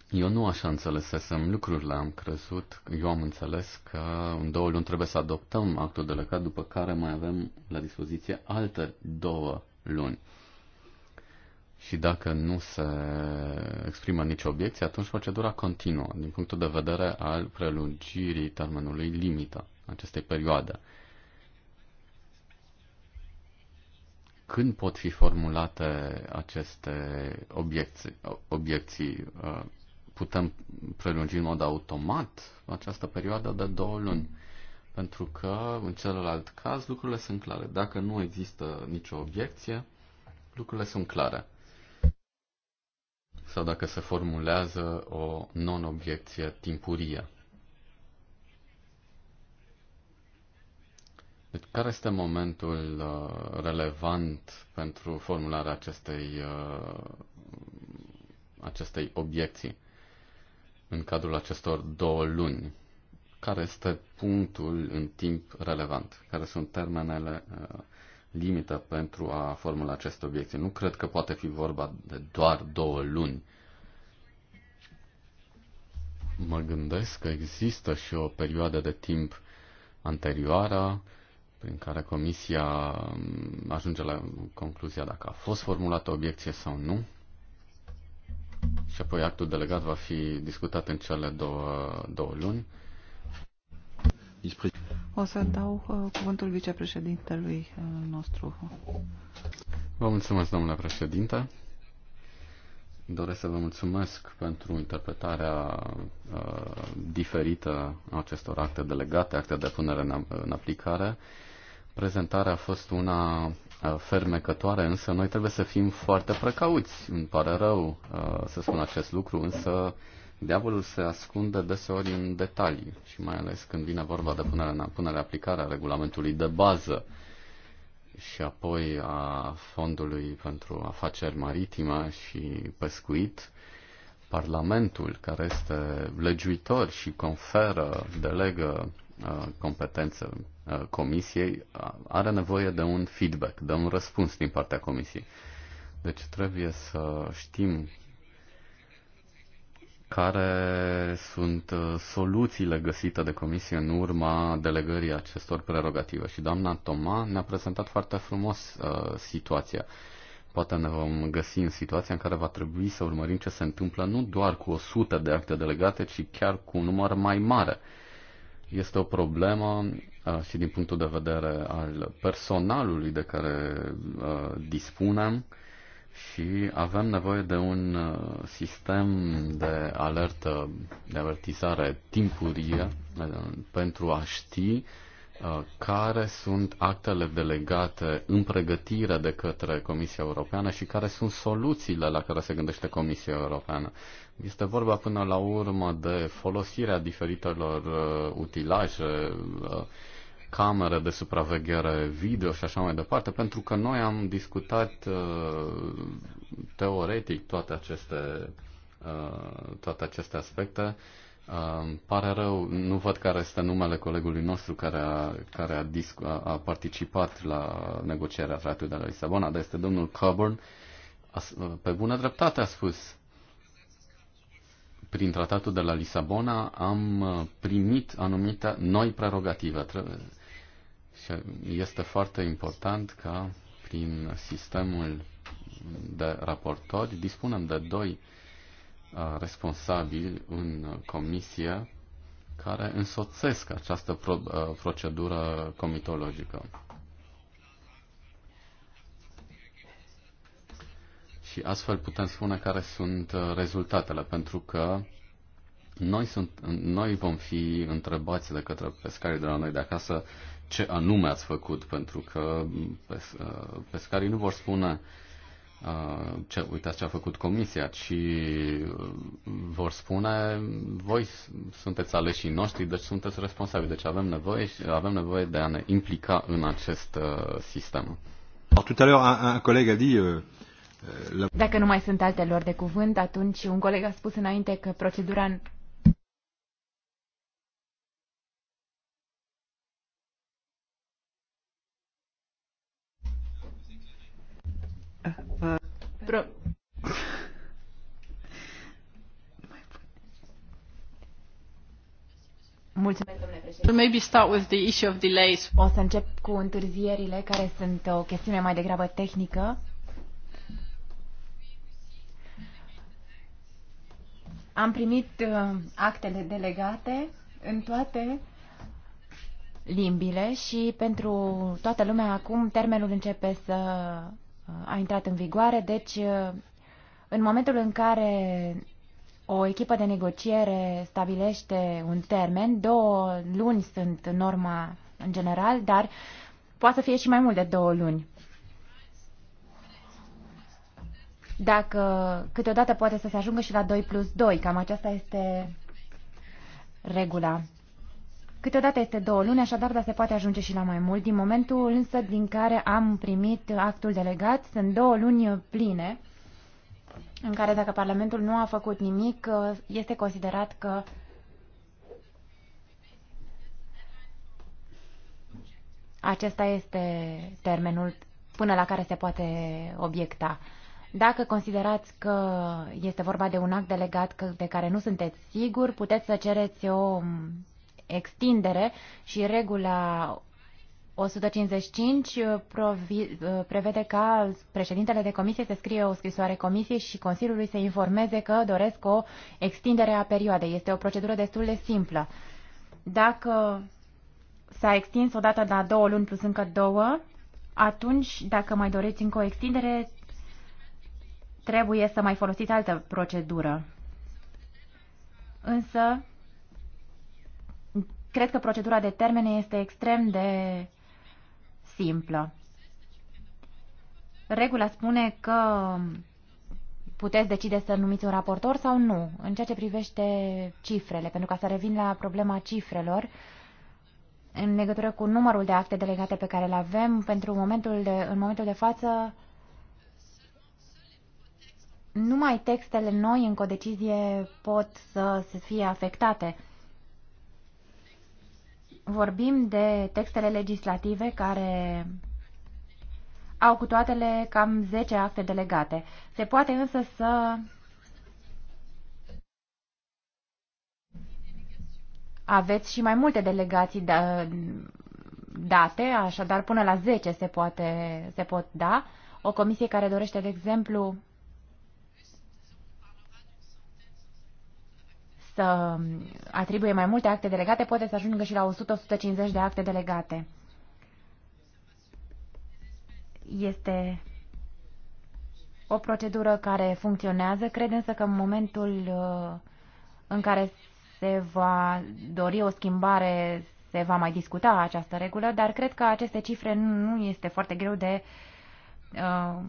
Eu nu așa înțelesesem lucrurile, am crezut, eu am înțeles că în două luni trebuie să adoptăm actul delegat, după care mai avem la dispoziție alte două luni. Și dacă nu se exprimă nicio obiecție, atunci procedura continuă din punctul de vedere al prelungirii termenului limită acestei perioade. când pot fi formulate aceste obiecții? obiecții uh, putem prelungi în mod automat această perioadă de două luni. Pentru că, în celălalt caz, lucrurile sunt clare. Dacă nu există nicio obiecție, lucrurile sunt clare. Sau dacă se formulează o non-obiecție timpurie. Deci, care este momentul uh, relevant pentru formularea acestei, uh, acestei obiecții în cadrul acestor două luni? Care este punctul în timp relevant? Care sunt termenele uh, limită pentru a formula aceste obiecții? Nu cred că poate fi vorba de doar două luni. Mă gândesc că există și o perioadă de timp anterioară prin care comisia um, ajunge la concluzia dacă a fost formulată obiecție sau nu. Și apoi actul delegat va fi discutat în cele două, două luni. O să dau uh, cuvântul vicepreședintelui uh, nostru. Vă mulțumesc, domnule președinte. Doresc să vă mulțumesc pentru interpretarea uh, diferită a acestor acte delegate, acte de punere în, în aplicare. Prezentarea a fost una uh, fermecătoare, însă noi trebuie să fim foarte precauți. Îmi pare rău uh, să spun acest lucru, însă diavolul se ascunde deseori în detalii și mai ales când vine vorba de punerea în punere aplicare a regulamentului de bază și apoi a Fondului pentru Afaceri Maritime și Pescuit, Parlamentul, care este legiuitor și conferă, delegă Uh, competență uh, comisiei uh, are nevoie de un feedback, de un răspuns din partea comisiei. Deci trebuie să știm care sunt soluțiile găsite de comisie în urma delegării acestor prerogative. Și doamna Toma ne-a prezentat foarte frumos uh, situația. Poate ne vom găsi în situația în care va trebui să urmărim ce se întâmplă nu doar cu 100 de acte delegate, ci chiar cu un număr mai mare. Uh, este o problemă uh, și din punctul de vedere al personalului de care uh, dispunem și avem nevoie de un uh, sistem de alertă, de avertizare timpurie pentru a ști uh, Uh, care sunt actele delegate în pregătire de către Comisia Europeană și care sunt soluțiile la care se gândește Comisia Europeană. Este vorba până la urmă de folosirea diferitelor uh, utilaje, uh, camere de supraveghere video și așa mai departe, pentru că noi am discutat uh, teoretic toate aceste, uh, toate aceste aspecte. Uh, pare rău, nu văd care este numele colegului nostru care a, care a, discu- a, a participat la negocierea tratului de la Lisabona, dar este domnul Coburn. A, pe bună dreptate a spus. Prin tratatul de la Lisabona am uh, primit anumite noi prerogative. Trebuie, și este foarte important ca prin sistemul de raportori dispunem de doi uh, responsabili în comisie care însoțesc această pro, procedură comitologică. Și astfel putem spune care sunt rezultatele, pentru că noi, sunt, noi vom fi întrebați de către pescarii de la noi de acasă ce anume ați făcut, pentru că pescarii nu vor spune uh, ce, uitați ce a făcut comisia, ci uh, vor spune, voi sunteți aleșii noștri, deci sunteți responsabili, deci avem nevoie, avem nevoie de a ne implica în acest uh, sistem. Euh, euh, Dacă nu mai sunt alte lor de cuvânt, atunci un coleg a spus înainte că procedura Pro... Maybe start with the issue of delays. O să încep cu întârzierile, care sunt o chestiune mai degrabă tehnică. Am primit uh, actele delegate în toate limbile și pentru toată lumea acum termenul începe să a intrat în vigoare, deci uh, în momentul în care o echipă de negociere stabilește un termen, două luni sunt norma în general, dar poate să fie și mai mult de două luni. Dacă câteodată poate să se ajungă și la 2 plus 2, cam aceasta este regula Câteodată este două luni, așadar, dar se poate ajunge și la mai mult. Din momentul însă din care am primit actul delegat, sunt două luni pline, în care dacă Parlamentul nu a făcut nimic, este considerat că acesta este termenul până la care se poate obiecta. Dacă considerați că este vorba de un act delegat de care nu sunteți siguri, puteți să cereți o extindere și regula 155 uh, uh, prevede ca președintele de comisie să scrie o scrisoare comisiei și Consiliului să informeze că doresc o extindere a perioadei. Este o procedură destul de simplă. Dacă s-a extins o dată la două luni plus încă două, atunci, dacă mai doriți încă o extindere, trebuie să mai folosiți altă procedură. Însă, cred că procedura de termene este extrem de simplă. Regula spune că puteți decide să numiți un raportor sau nu, în ceea ce privește cifrele, pentru ca să revin la problema cifrelor, în legătură cu numărul de acte delegate pe care le avem, pentru momentul de, în momentul de față, numai textele noi în codecizie pot să, să fie afectate vorbim de textele legislative care au cu toatele cam 10 acte delegate. Se poate însă să aveți și mai multe delegații da, date, așadar până la 10 se, poate, se pot da. O comisie care dorește, de exemplu, să atribuie mai multe acte delegate, poate să ajungă și la 100-150 de acte delegate. Este o procedură care funcționează. Cred însă că în momentul uh, în care se va dori o schimbare, se va mai discuta această regulă, dar cred că aceste cifre nu este foarte greu de uh,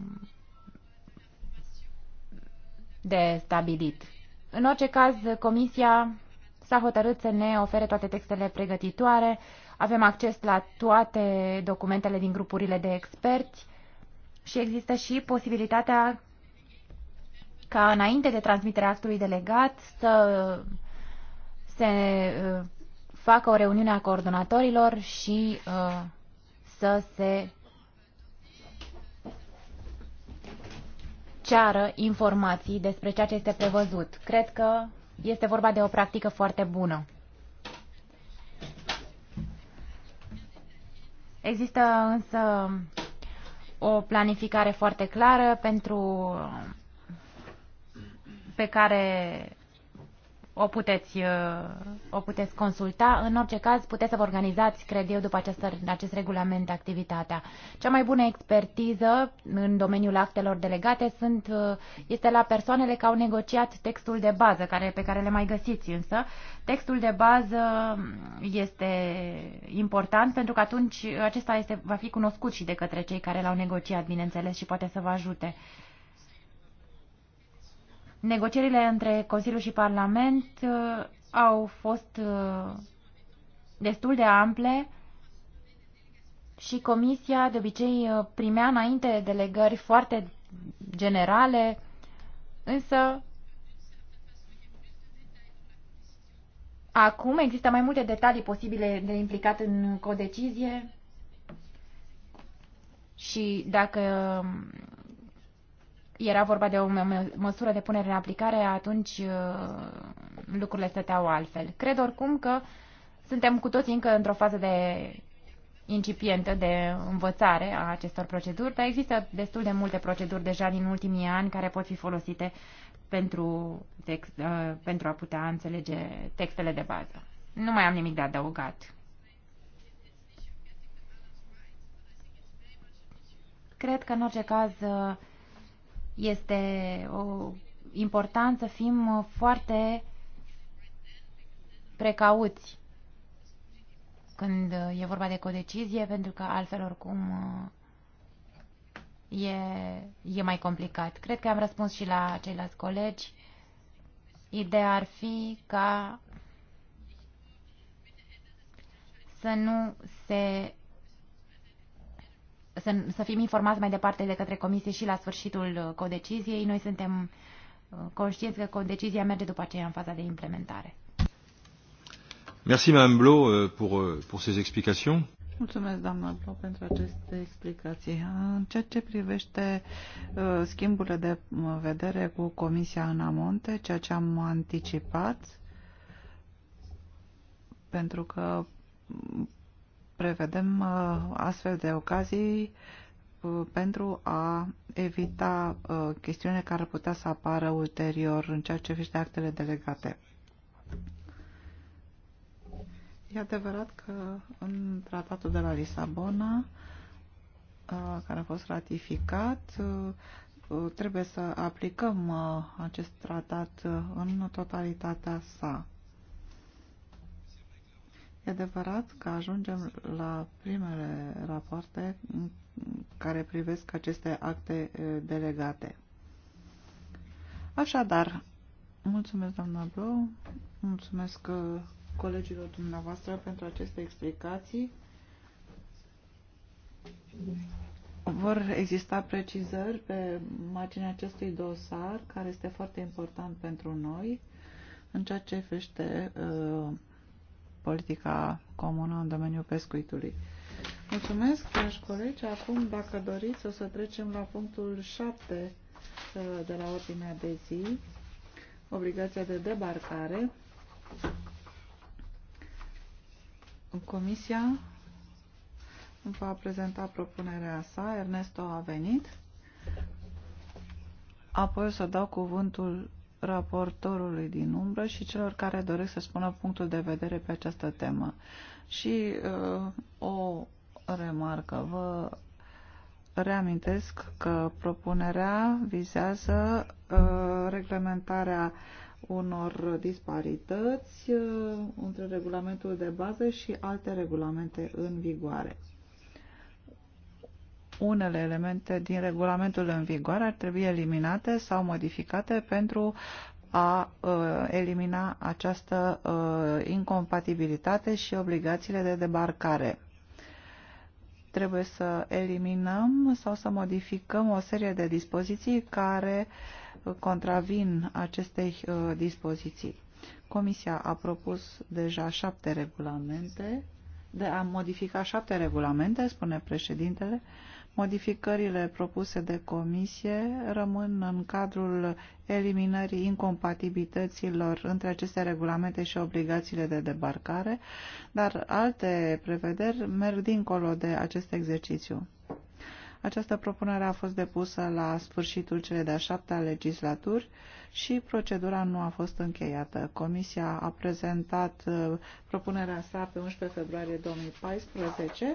de stabilit. În orice caz, Comisia s-a hotărât să ne ofere toate textele pregătitoare, avem acces la toate documentele din grupurile de experți și există și posibilitatea ca înainte de transmiterea actului delegat să se uh, facă o reuniune a coordonatorilor și uh, să se ceară informații despre ceea ce este prevăzut. Cred că este vorba de o practică foarte bună. Există însă o planificare foarte clară pentru pe care o puteți, uh, o puteți consulta. În orice caz, puteți să vă organizați, cred eu, după acest, acest regulament activitatea. Cea mai bună expertiză în domeniul actelor delegate sunt, uh, este la persoanele care au negociat textul de bază, care, pe care le mai găsiți însă. Textul de bază este important pentru că atunci acesta este, va fi cunoscut și de către cei care l-au negociat, bineînțeles, și poate să vă ajute. Negocierile între Consiliu și Parlament uh, au fost uh, destul de ample și Comisia de obicei uh, primea înainte delegări foarte generale, însă acum există mai multe detalii posibile de implicat în codecizie și dacă era vorba de o măsură de punere în aplicare, atunci uh, lucrurile stăteau altfel. Cred oricum că suntem cu toții încă într-o fază de incipientă de învățare a acestor proceduri, dar există destul de multe proceduri deja din ultimii ani care pot fi folosite pentru, text, uh, pentru a putea înțelege textele de bază. Nu mai am nimic de adăugat. Cred că, în orice caz, uh, este o, important să fim foarte precauți când e vorba de codecizie, pentru că altfel oricum uh, e, e mai complicat. Cred că am răspuns și la ceilalți colegi. Ideea ar fi ca să nu se să, să fim informați mai departe de către comisie și la sfârșitul codeciziei. Noi suntem uh, conștienți că codecizia merge după aceea în faza de implementare. Merci, Madame Blo, uh, pour, uh, pour ces explications. Mulțumesc, doamna Blo, pentru aceste explicații. În ceea ce privește schimburile de vedere cu Comisia în amonte, ceea ce am anticipat, pentru că prevedem uh, astfel de ocazii uh, pentru a evita uh, chestiunile care ar putea să apară ulterior în ceea ce vește actele delegate. E adevărat că în tratatul de la Lisabona, care a fost ratificat, trebuie să aplicăm acest tratat în totalitatea sa. E adevărat că ajungem la primele rapoarte care privesc aceste acte delegate. Așadar, mulțumesc doamna Blou, mulțumesc colegilor dumneavoastră pentru aceste explicații. Vor exista precizări pe marginea acestui dosar, care este foarte important pentru noi, în ceea ce fește uh, politica comună în domeniul pescuitului. Mulțumesc, dragi colegi. Acum, dacă doriți, o să trecem la punctul 7 uh, de la ordinea de zi, obligația de debarcare. Comisia va prezenta propunerea sa. Ernesto a venit. Apoi o să dau cuvântul raportorului din umbră și celor care doresc să spună punctul de vedere pe această temă. Și uh, o remarcă. Vă reamintesc că propunerea vizează uh, reglementarea unor disparități uh, între regulamentul de bază și alte regulamente în vigoare unele elemente din regulamentul în vigoare ar trebui eliminate sau modificate pentru a uh, elimina această uh, incompatibilitate și obligațiile de debarcare. Trebuie să eliminăm sau să modificăm o serie de dispoziții care uh, contravin acestei uh, dispoziții. Comisia a propus deja șapte regulamente, de a modifica șapte regulamente, spune președintele, uh, Modificările propuse de comisie rămân în cadrul eliminării incompatibilităților între aceste regulamente și obligațiile de debarcare, dar alte prevederi merg dincolo de acest exercițiu. Această propunere a fost depusă la sfârșitul celei de-a șaptea legislaturi și procedura nu a fost încheiată. Comisia a prezentat uh, propunerea sa pe 11 februarie 2014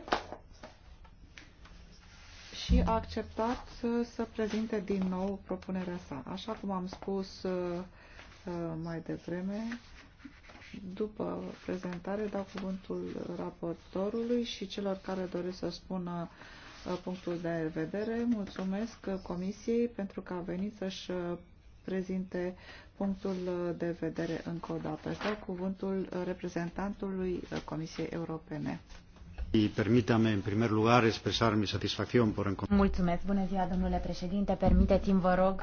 și a acceptat să prezinte din nou propunerea sa. Așa cum am spus uh, uh, mai devreme, după prezentare dau cuvântul raportorului și celor care doresc să spună uh, punctul de vedere. Mulțumesc Comisiei pentru că a venit să-și prezinte punctul de vedere încă o dată. Este cuvântul reprezentantului Comisiei Europene. Mulțumesc, bună ziua, domnule președinte. Permiteți-mi, vă rog,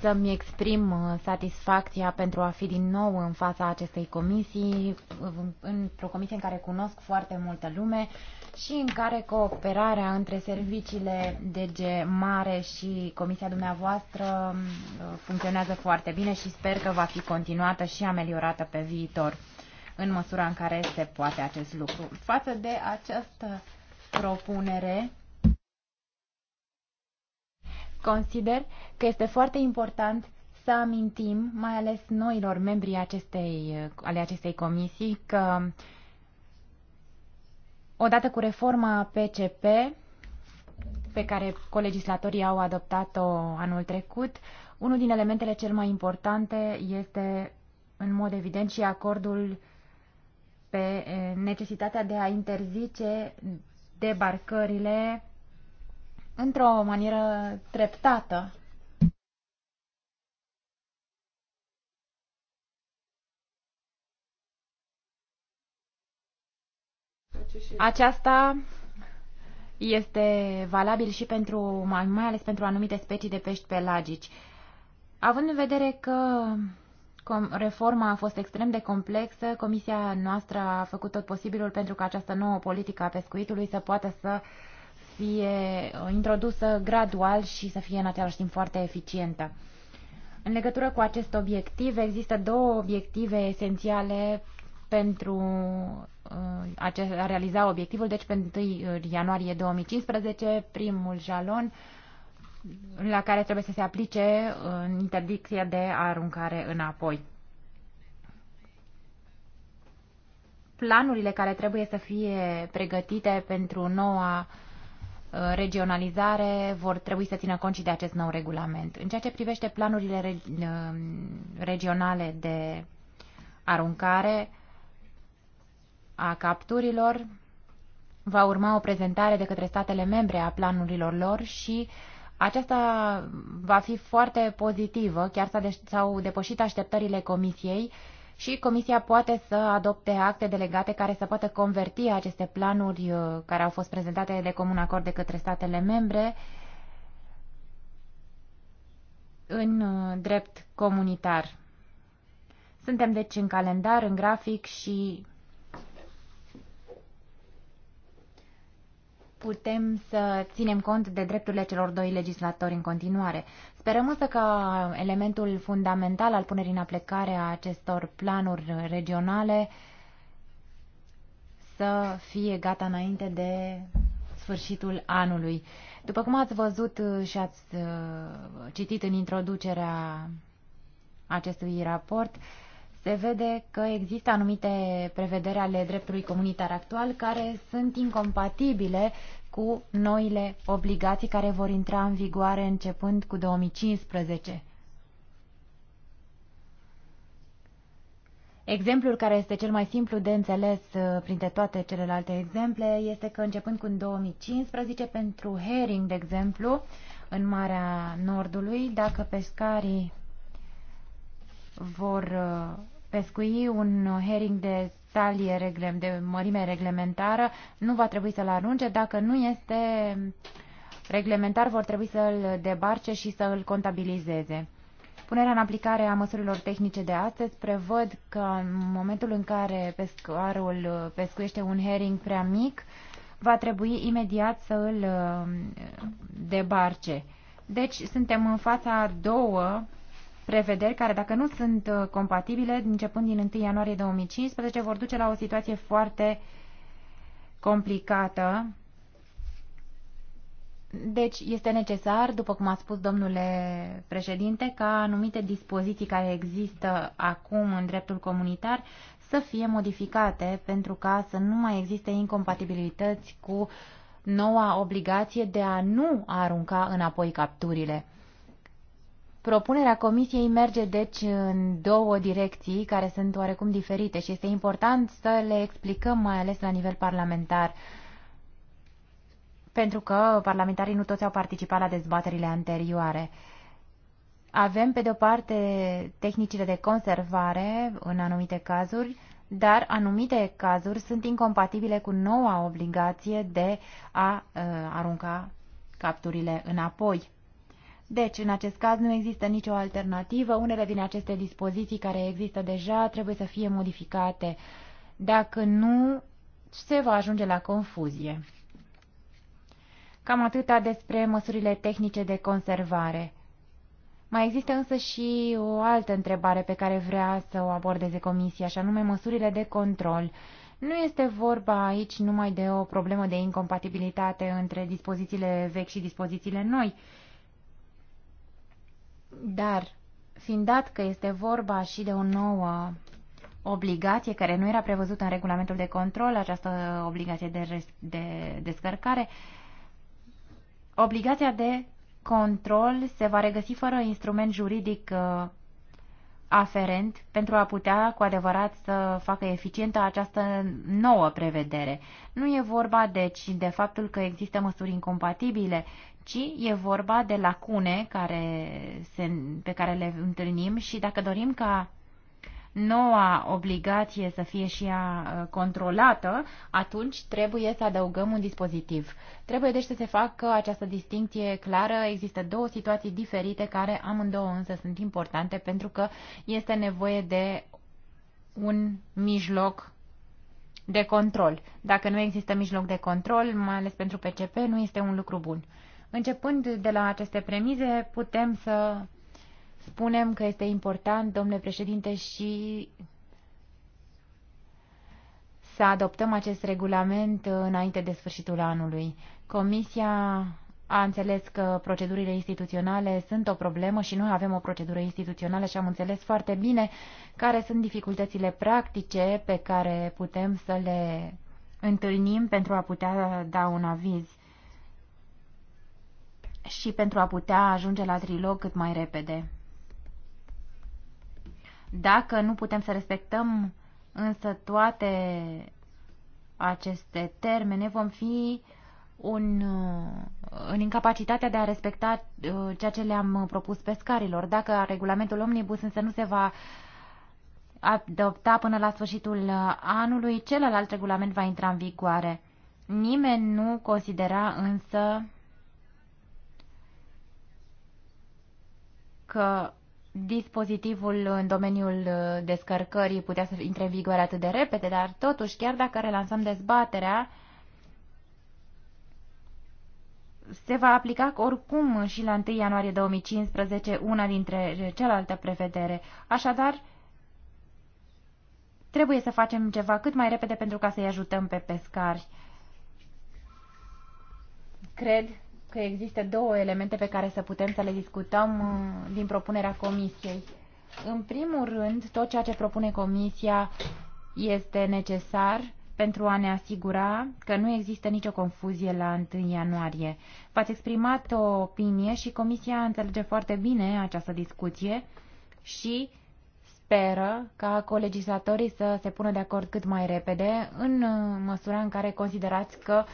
să-mi exprim uh, satisfacția pentru a fi din nou în fața acestei comisii, uh, într-o comisie în care cunosc foarte multă lume și în care cooperarea între serviciile DG Mare și comisia dumneavoastră uh, funcționează foarte bine și sper că va fi continuată și ameliorată pe viitor în măsura în care se poate acest lucru. Față de această propunere, consider că este foarte important să amintim, mai ales noilor membri acestei, ale acestei comisii, că odată cu reforma PCP, pe care colegislatorii au adoptat-o anul trecut, unul din elementele cel mai importante este, în mod evident, și acordul pe necesitatea de a interzice debarcările într-o manieră treptată. Aceasta este valabil și pentru, mai ales pentru anumite specii de pești pelagici. Având în vedere că Reforma a fost extrem de complexă. Comisia noastră a făcut tot posibilul pentru ca această nouă politică a pescuitului să poată să fie uh, introdusă gradual și să fie în același timp foarte eficientă. În legătură cu acest obiectiv, există două obiective esențiale pentru uh, a realiza obiectivul, deci pe 1 uh, ianuarie 2015, primul jalon, la care trebuie să se aplice interdicția de aruncare înapoi. Planurile care trebuie să fie pregătite pentru noua uh, regionalizare vor trebui să țină cont și de acest nou regulament. În ceea ce privește planurile uh, regionale de aruncare a capturilor, va urma o prezentare de către statele membre a planurilor lor și uh, aceasta va fi foarte pozitivă, chiar s-au depășit așteptările comisiei și comisia poate să adopte acte delegate care să poată converti aceste planuri uh, care au fost prezentate de comun acord de către statele membre în uh, drept comunitar. Suntem deci în calendar, în grafic și putem să ținem cont de drepturile celor doi legislatori în continuare. Sperăm însă ca elementul fundamental al punerii în aplicare a acestor planuri regionale să fie gata înainte de sfârșitul anului. După cum ați văzut și ați uh, citit în introducerea acestui raport, uh, se vede că există anumite prevederi ale dreptului comunitar actual care sunt incompatibile cu noile obligații care vor intra în vigoare începând cu 2015. Exemplul care este cel mai simplu de înțeles uh, printre toate celelalte exemple este că începând cu 2015, pentru herring, de exemplu, în Marea Nordului, dacă pescarii vor uh, pescui un herring de talie de mărime reglementară nu va trebui să-l arunce. Dacă nu este reglementar, vor trebui să-l debarce și să-l contabilizeze. Punerea în aplicare a măsurilor tehnice de astăzi prevăd că în momentul în care pescarul pescuiește un herring prea mic, va trebui imediat să îl uh, debarce. Deci suntem în fața a două prevederi care, dacă nu sunt uh, compatibile, începând din 1 ianuarie 2015, vor duce la o situație foarte complicată. Deci este necesar, după cum a spus domnule președinte, ca anumite dispoziții care există acum în dreptul comunitar să fie modificate pentru ca să nu mai existe incompatibilități cu noua obligație de a nu arunca înapoi capturile. Propunerea Comisiei merge deci în două direcții care sunt oarecum diferite și este important să le explicăm mai ales la nivel parlamentar pentru că parlamentarii nu toți au participat la dezbaterile anterioare. Avem, pe de o parte, tehnicile de conservare în anumite cazuri, dar anumite cazuri sunt incompatibile cu noua obligație de a uh, arunca capturile înapoi. Deci, în acest caz, nu există nicio alternativă. Unele din aceste dispoziții care există deja trebuie să fie modificate. Dacă nu, se va ajunge la confuzie. Cam atâta despre măsurile tehnice de conservare. Mai există însă și o altă întrebare pe care vrea să o abordeze comisia, și anume măsurile de control. Nu este vorba aici numai de o problemă de incompatibilitate între dispozițiile vechi și dispozițiile noi, dar, fiind dat că este vorba și de o nouă obligație care nu era prevăzută în regulamentul de control, această obligație de, res, de descărcare, obligația de control se va regăsi fără instrument juridic uh, aferent pentru a putea cu adevărat să facă eficientă această nouă prevedere. Nu e vorba deci de faptul că există măsuri incompatibile, ci e vorba de lacune care se, pe care le întâlnim și dacă dorim ca noua obligație să fie și ea uh, controlată, atunci trebuie să adăugăm un dispozitiv. Trebuie deci să se facă această distinție clară. Există două situații diferite care amândouă însă sunt importante pentru că este nevoie de un mijloc de control. Dacă nu există mijloc de control, mai ales pentru PCP, nu este un lucru bun. Începând de la aceste premize, putem să spunem că este important, domnule președinte, și să adoptăm acest regulament înainte de sfârșitul anului. Comisia a înțeles că procedurile instituționale sunt o problemă și noi avem o procedură instituțională și am înțeles foarte bine care sunt dificultățile practice pe care putem să le întâlnim pentru a putea da un aviz și pentru a putea ajunge la trilog cât mai repede. Dacă nu putem să respectăm însă toate aceste termene, vom fi un, în incapacitatea de a respecta uh, ceea ce le-am propus pescarilor. Dacă regulamentul omnibus însă nu se va adopta până la sfârșitul anului, celălalt regulament va intra în vigoare. Nimeni nu considera însă că dispozitivul în domeniul uh, descărcării putea să intre în vigoare atât de repede, dar totuși, chiar dacă relansăm dezbaterea, se va aplica oricum și la 1 ianuarie 2015 una dintre celelalte prevedere. Așadar, trebuie să facem ceva cât mai repede pentru ca să-i ajutăm pe pescari. Cred că există două elemente pe care să putem să le discutăm uh, din propunerea Comisiei. În primul rând, tot ceea ce propune Comisia este necesar pentru a ne asigura că nu există nicio confuzie la 1 ianuarie. V-ați exprimat o opinie și Comisia înțelege foarte bine această discuție și speră ca colegislatorii să se pună de acord cât mai repede în uh, măsura în care considerați că uh,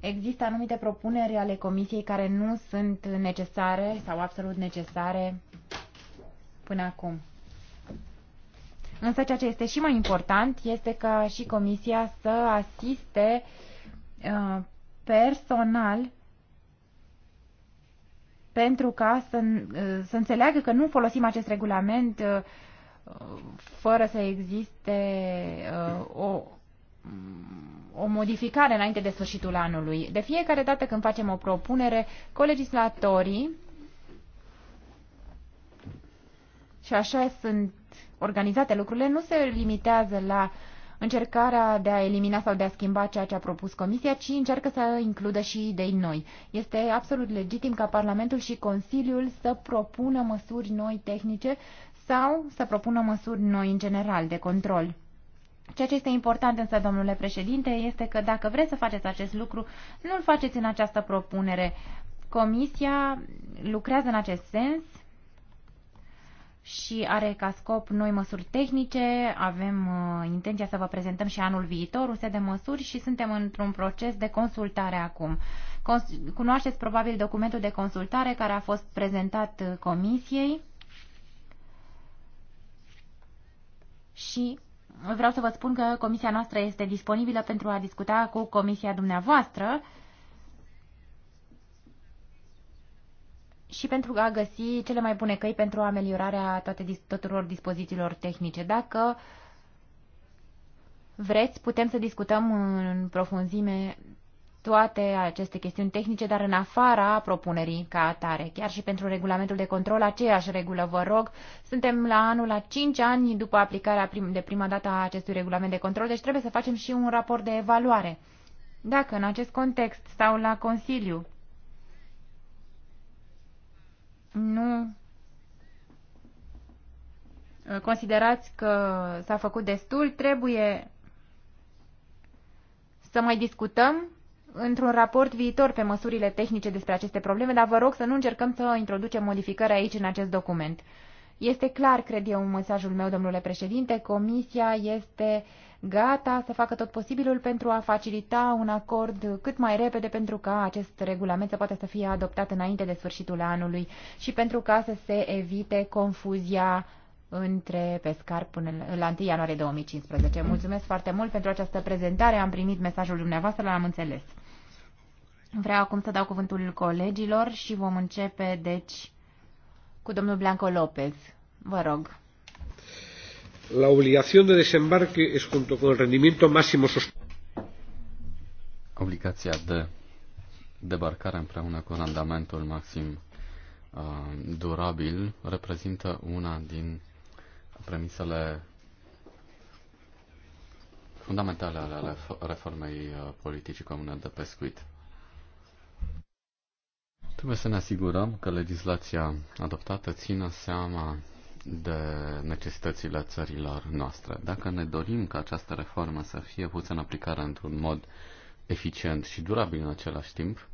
Există anumite propuneri ale Comisiei care nu sunt necesare sau absolut necesare până acum. Însă ceea ce este și mai important este ca și Comisia să asiste uh, personal pentru ca să, uh, să înțeleagă că nu folosim acest regulament uh, fără să existe o o modificare înainte de sfârșitul anului. De fiecare dată când facem o propunere, colegislatorii, și așa sunt organizate lucrurile, nu se limitează la încercarea de a elimina sau de a schimba ceea ce a propus Comisia, ci încearcă să includă și idei noi. Este absolut legitim ca Parlamentul și Consiliul să propună măsuri noi tehnice sau să propună măsuri noi în general de control. Ceea ce este important însă, domnule președinte, este că dacă vreți să faceți acest lucru, nu-l faceți în această propunere. Comisia lucrează în acest sens și are ca scop noi măsuri tehnice, avem uh, intenția să vă prezentăm și anul viitor un set de măsuri și suntem într-un proces de consultare acum. Cons- cunoașteți probabil documentul de consultare care a fost prezentat uh, comisiei și vreau să vă spun că comisia noastră este disponibilă pentru a discuta cu comisia dumneavoastră și pentru a găsi cele mai bune căi pentru ameliorarea toate, tuturor dispozițiilor tehnice. Dacă vreți, putem să discutăm în profunzime toate aceste chestiuni tehnice, dar în afara propunerii ca atare. Chiar și pentru regulamentul de control, aceeași regulă, vă rog. Suntem la anul, la 5 ani după aplicarea prim, de prima dată a acestui regulament de control, deci trebuie să facem și un raport de evaluare. Dacă în acest context sau la Consiliu nu ă, considerați că s-a făcut destul, trebuie să mai discutăm într-un raport viitor pe măsurile tehnice despre aceste probleme, dar vă rog să nu încercăm să introducem modificări aici în acest document. Este clar, cred eu, mesajul meu, domnule președinte, Comisia este gata să facă tot posibilul pentru a facilita un acord cât mai repede pentru ca acest regulament să poată să fie adoptat înainte de sfârșitul anului și pentru ca să se evite confuzia între pescar până la 1 ianuarie 2015. Mulțumesc foarte mult pentru această prezentare. Am primit mesajul dumneavoastră, l-am înțeles. Vreau acum să dau cuvântul colegilor și vom începe, deci, cu domnul Blanco Lopez. Vă rog. La obligación de desembarque es junto con el rendimiento máximo sostenible. Obligația de debarcare împreună cu randamentul maxim uh, durabil reprezintă una din premisele fundamentale ale reformei uh, politicii comune de pescuit. Trebuie să ne asigurăm că legislația adoptată țină seama de necesitățile țărilor noastre. Dacă ne dorim ca această reformă să fie pusă în aplicare într-un mod eficient și durabil în același timp,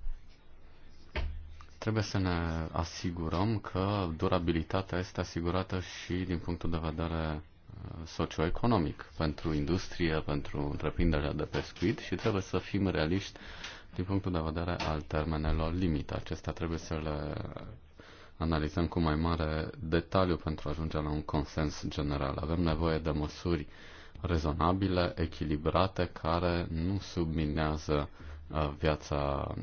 Trebuie să ne asigurăm că durabilitatea este asigurată și din punctul de vedere uh, socioeconomic pentru industrie, pentru întreprinderea de pescuit și trebuie să fim realiști din punctul de vedere al termenelor limită. Acestea trebuie să le analizăm cu mai mare detaliu pentru a ajunge la un consens general. Avem nevoie de măsuri rezonabile, echilibrate, care nu subminează viața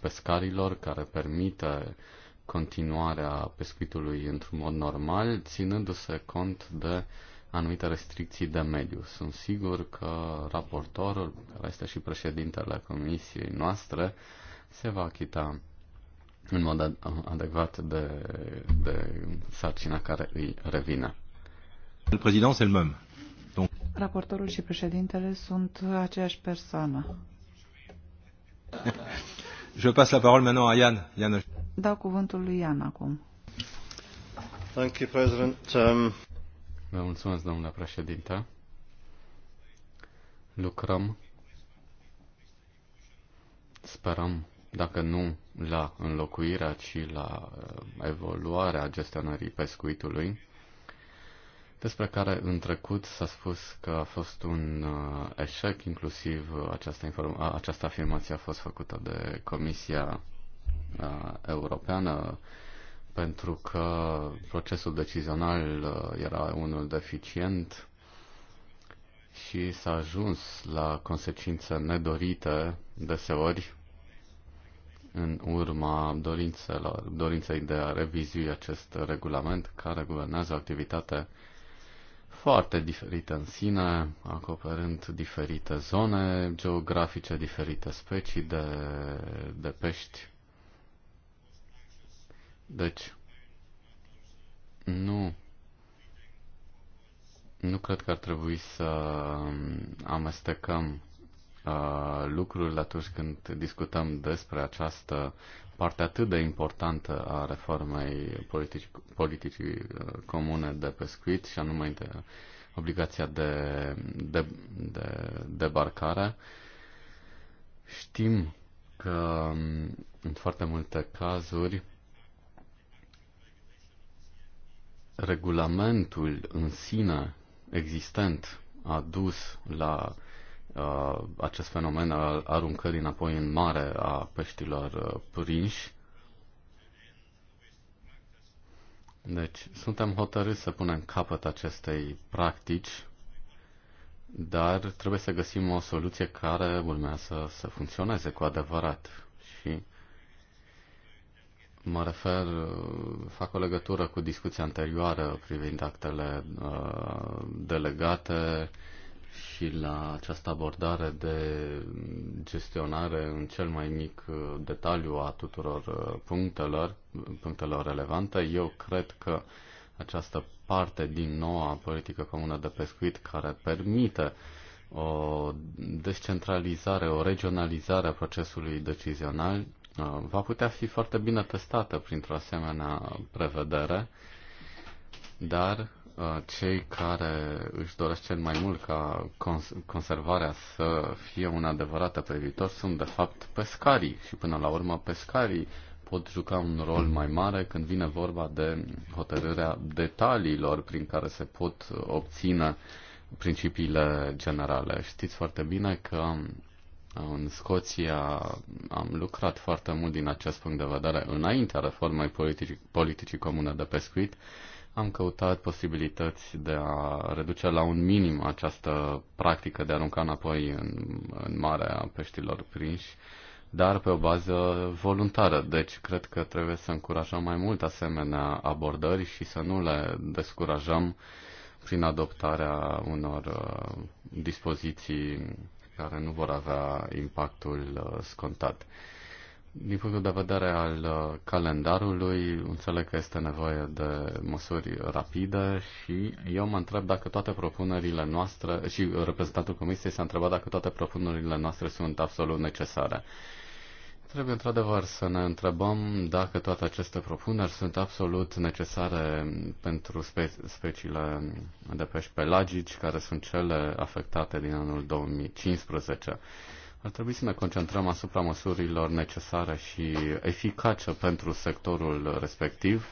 pescarilor, care permite continuarea pescuitului într-un mod normal, ținându-se cont de anumite restricții de mediu. Sunt sigur că raportorul, care este și președintele comisiei noastre, se va achita în mod adecvat de, de sarcina care îi revine. Raportorul și președintele sunt aceeași persoană. Je passe la parole maintenant à Yann. Yann. Dau cuvântul lui Yann acum. Thank you, President. Um... Vă mulțumesc, domnule președinte. Lucrăm, sperăm, dacă nu la înlocuirea, ci la uh, evoluarea gestionării pescuitului despre care în trecut s-a spus că a fost un uh, eșec, inclusiv uh, această, inform- această afirmație a fost făcută de Comisia uh, Europeană pentru că procesul decizional era unul deficient și s-a ajuns la consecințe nedorite deseori în urma dorințelor, dorinței de a revizui acest regulament care guvernează activitatea foarte diferită în sine, acoperând diferite zone geografice, diferite specii de, de pești. Deci, nu nu cred că ar trebui să um, amestecăm Uh, lucrul atunci când discutăm despre această parte atât de importantă a reformei politici, politicii uh, comune de pescuit și anume de obligația de, de, de debarcare. Știm că um, în foarte multe cazuri regulamentul în sine existent a dus la uh, acest fenomen al aruncării înapoi în mare a peștilor uh, prinși. Deci, suntem hotărâți să punem capăt acestei practici, dar trebuie să găsim o soluție care urmează să funcționeze cu adevărat. Și mă refer, uh, fac o legătură cu discuția anterioară privind actele uh, delegate, uh, și la această abordare de gestionare în cel mai mic uh, detaliu a tuturor uh, punctelor, punctelor relevante, eu cred că această parte din noua politică comună de pescuit care permite o descentralizare, o regionalizare a procesului decizional uh, va putea fi foarte bine testată printr-o asemenea prevedere, dar Uh, cei care își doresc cel mai mult ca cons- conservarea să fie un adevărat pe viitor sunt de fapt pescarii și până la urmă pescarii pot juca un rol mai mare când vine vorba de hotărârea detaliilor prin care se pot obține principiile generale. Știți foarte bine că um, în Scoția am lucrat foarte mult din acest punct de vedere înaintea reformei politicii, politicii comune de pescuit am căutat posibilități de a reduce la un minim această practică de a arunca înapoi în, în mare peștilor prinși, dar pe o bază voluntară. Deci cred că trebuie să încurajăm mai mult asemenea abordări și să nu le descurajăm prin adoptarea unor uh, dispoziții care nu vor avea impactul uh, scontat. Din punctul de vedere al uh, calendarului, înțeleg că este nevoie de măsuri rapide și eu mă întreb dacă toate propunerile noastre și reprezentantul Comisiei s-a întrebat dacă toate propunerile noastre sunt absolut necesare. Trebuie într-adevăr să ne întrebăm dacă toate aceste propuneri sunt absolut necesare pentru spe- speciile de pești pelagici, care sunt cele afectate din anul 2015. Ar trebui să ne concentrăm asupra măsurilor necesare și eficace pentru sectorul respectiv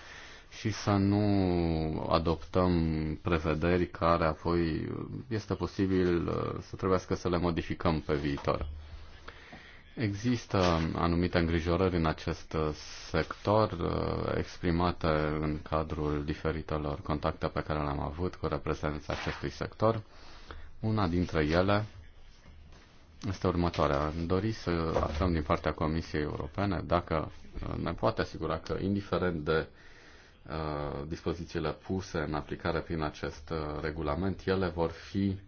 și să nu adoptăm prevederi care apoi este posibil uh, să trebuiască să le modificăm pe viitor. Există anumite îngrijorări în acest uh, sector uh, exprimate în cadrul diferitelor contacte pe care le-am avut cu reprezentanții acestui sector. Una dintre ele este următoarea. Am dori să aflăm din partea Comisiei Europene dacă uh, ne poate asigura că, indiferent de uh, dispozițiile puse în aplicare prin acest uh, regulament, ele vor fi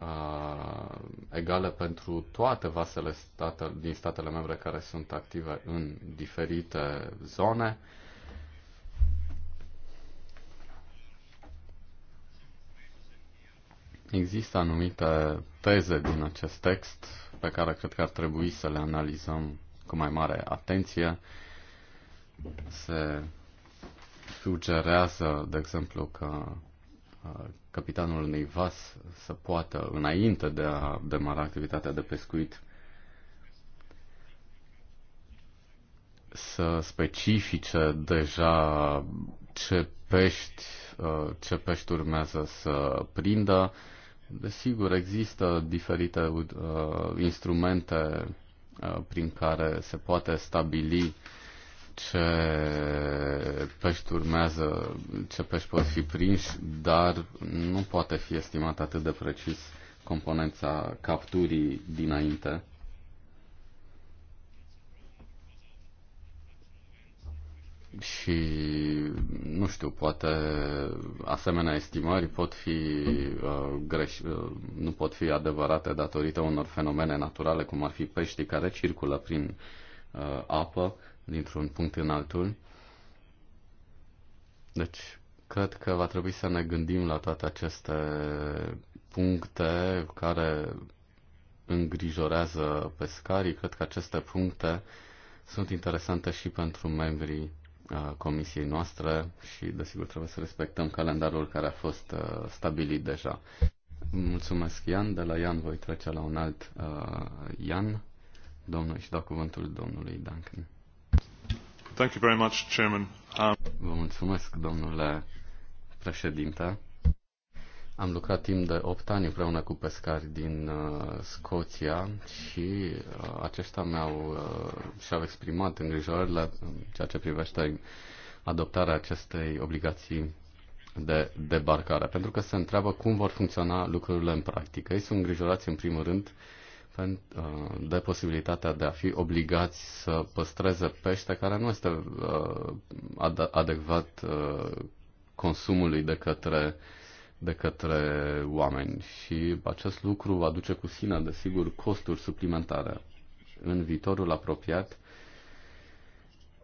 uh, egale pentru toate vasele state, din statele membre care sunt active în diferite zone, uh, Există anumite teze din acest text pe care cred că ar trebui să le analizăm cu mai mare atenție. Se sugerează, de exemplu, că uh, capitanul unui vas să poată, înainte de a demara activitatea de pescuit, să specifice deja ce pești, uh, ce pești urmează să prindă, Desigur, există diferite uh, instrumente uh, prin care se poate stabili ce pești urmează, ce pești pot fi prinși, dar nu poate fi estimat atât de precis componența capturii dinainte. și, nu știu, poate asemenea estimări pot fi uh, greș- uh, nu pot fi adevărate datorită unor fenomene naturale, cum ar fi peștii care circulă prin uh, apă dintr-un punct în altul. Deci, cred că va trebui să ne gândim la toate aceste puncte care îngrijorează pescarii. Cred că aceste puncte sunt interesante și pentru membrii Uh, comisiei noastre și, desigur, trebuie să respectăm calendarul care a fost uh, stabilit deja. Mulțumesc, Ian. De la Ian voi trece la un alt uh, Ian. Domnul și dau cuvântul domnului Duncan. Thank you very much, Chairman. Um... Vă mulțumesc, domnule președinte. Am lucrat timp de 8 ani împreună cu pescari din uh, Scoția și uh, aceștia mi-au, uh, și-au exprimat îngrijorările în ceea ce privește adoptarea acestei obligații de debarcare, pentru că se întreabă cum vor funcționa lucrurile în practică. Ei sunt îngrijorați în primul rând uh, de posibilitatea de a fi obligați să păstreze pește care nu este uh, adecvat uh, consumului de către uh, de către oameni și acest lucru aduce cu sine, desigur, costuri suplimentare. În viitorul apropiat,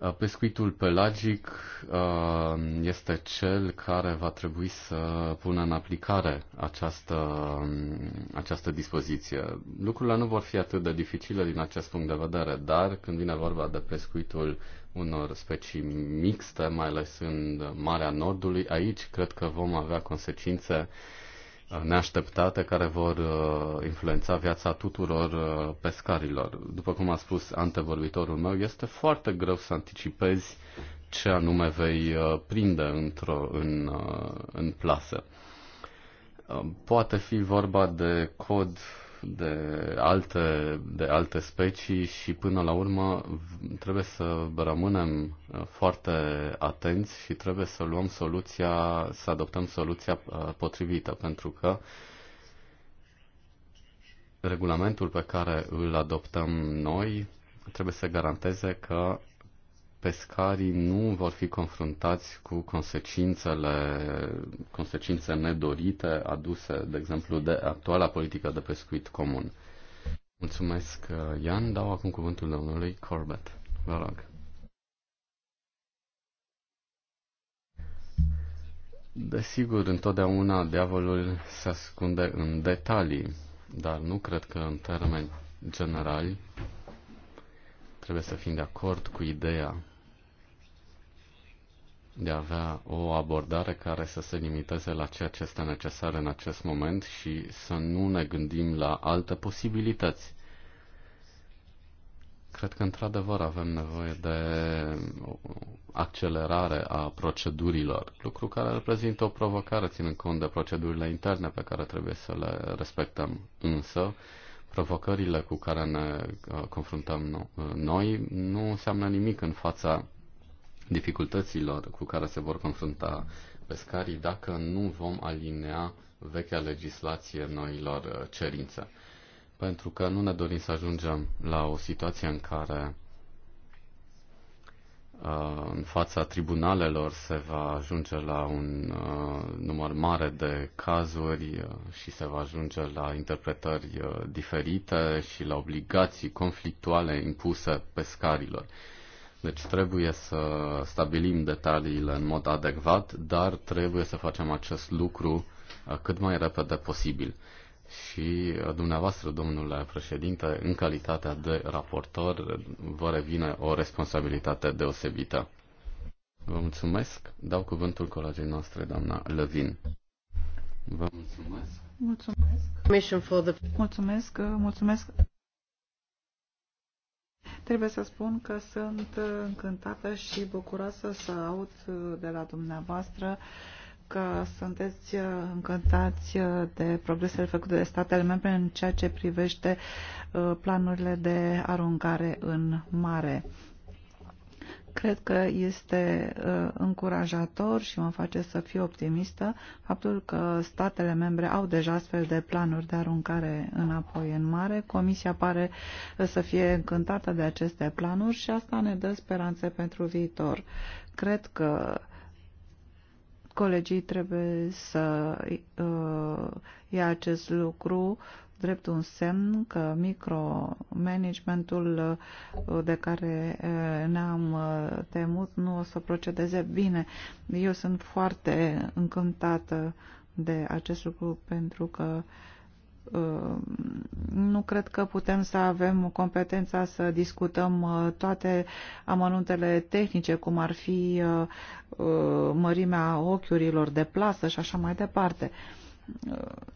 Uh, pescuitul pelagic uh, este cel care va trebui să pună în aplicare această, um, această dispoziție. Lucrurile nu vor fi atât de dificile din acest punct de vedere, dar când vine vorba de pescuitul unor specii mixte, mai ales în Marea Nordului, aici cred că vom avea consecințe uh, neașteptate care vor uh, influența viața tuturor uh, pescarilor. După cum a spus antevorbitorul meu, este foarte greu să anticipezi ce anume vei uh, prinde într-o, în, în plasă. Poate fi vorba de cod de alte, de alte specii și până la urmă trebuie să rămânem uh, foarte atenți și trebuie să luăm soluția, să adoptăm soluția uh, potrivită, pentru că regulamentul pe care îl adoptăm noi trebuie să garanteze că pescarii nu vor fi confruntați cu consecințele, consecințe nedorite aduse, de exemplu, de actuala politică de pescuit comun. Mulțumesc, uh, Ian. Dau acum cuvântul domnului Corbett. Vă rog. Desigur, întotdeauna diavolul se ascunde în detalii, dar nu cred că în termeni generali trebuie să fim de acord cu ideea de a avea o abordare care să se limiteze la ceea ce este necesar în acest moment și să nu ne gândim la alte posibilități. Cred că, într-adevăr, avem nevoie de accelerare a procedurilor, lucru care reprezintă o provocare, ținând cont de procedurile interne pe care trebuie să le respectăm. Însă, provocările cu care ne uh, confruntăm uh, noi nu înseamnă nimic în fața dificultăților cu care se vor confrunta pescarii dacă nu vom alinea vechea legislație noilor uh, cerințe. Pentru că nu ne dorim să ajungem la o situație în care în fața tribunalelor se va ajunge la un număr mare de cazuri și se va ajunge la interpretări diferite și la obligații conflictuale impuse pescarilor. Deci trebuie să stabilim detaliile în mod adecvat, dar trebuie să facem acest lucru cât mai repede posibil și uh, dumneavoastră, domnule președinte, în calitatea de raportor, vă revine o responsabilitate deosebită. Vă mulțumesc. Dau cuvântul colegii noastre, doamna Lăvin. Vă mulțumesc. Mulțumesc. Mulțumesc. Uh, mulțumesc. Trebuie să spun că sunt uh, încântată și bucuroasă să aud de la dumneavoastră uh, că sunteți uh, încântați uh, de progresele făcute de statele membre în ceea ce privește uh, planurile de aruncare în mare. Cred că este încurajator și mă face să fiu optimistă faptul că statele membre au deja astfel de planuri de aruncare înapoi în mare. Comisia pare să fie încântată de aceste planuri și asta ne dă speranțe pentru viitor. Cred că uh, Colegii trebuie să uh, ia acest lucru drept un semn că micromanagementul uh, de care uh, ne-am uh, temut nu o să procedeze bine. Eu sunt foarte încântată de acest lucru pentru că uh, Ehm, nu cred că putem să avem competența să discutăm uh, toate amănuntele tehnice, cum ar fi uh, uh, mărimea ochiurilor de plasă și așa mai departe.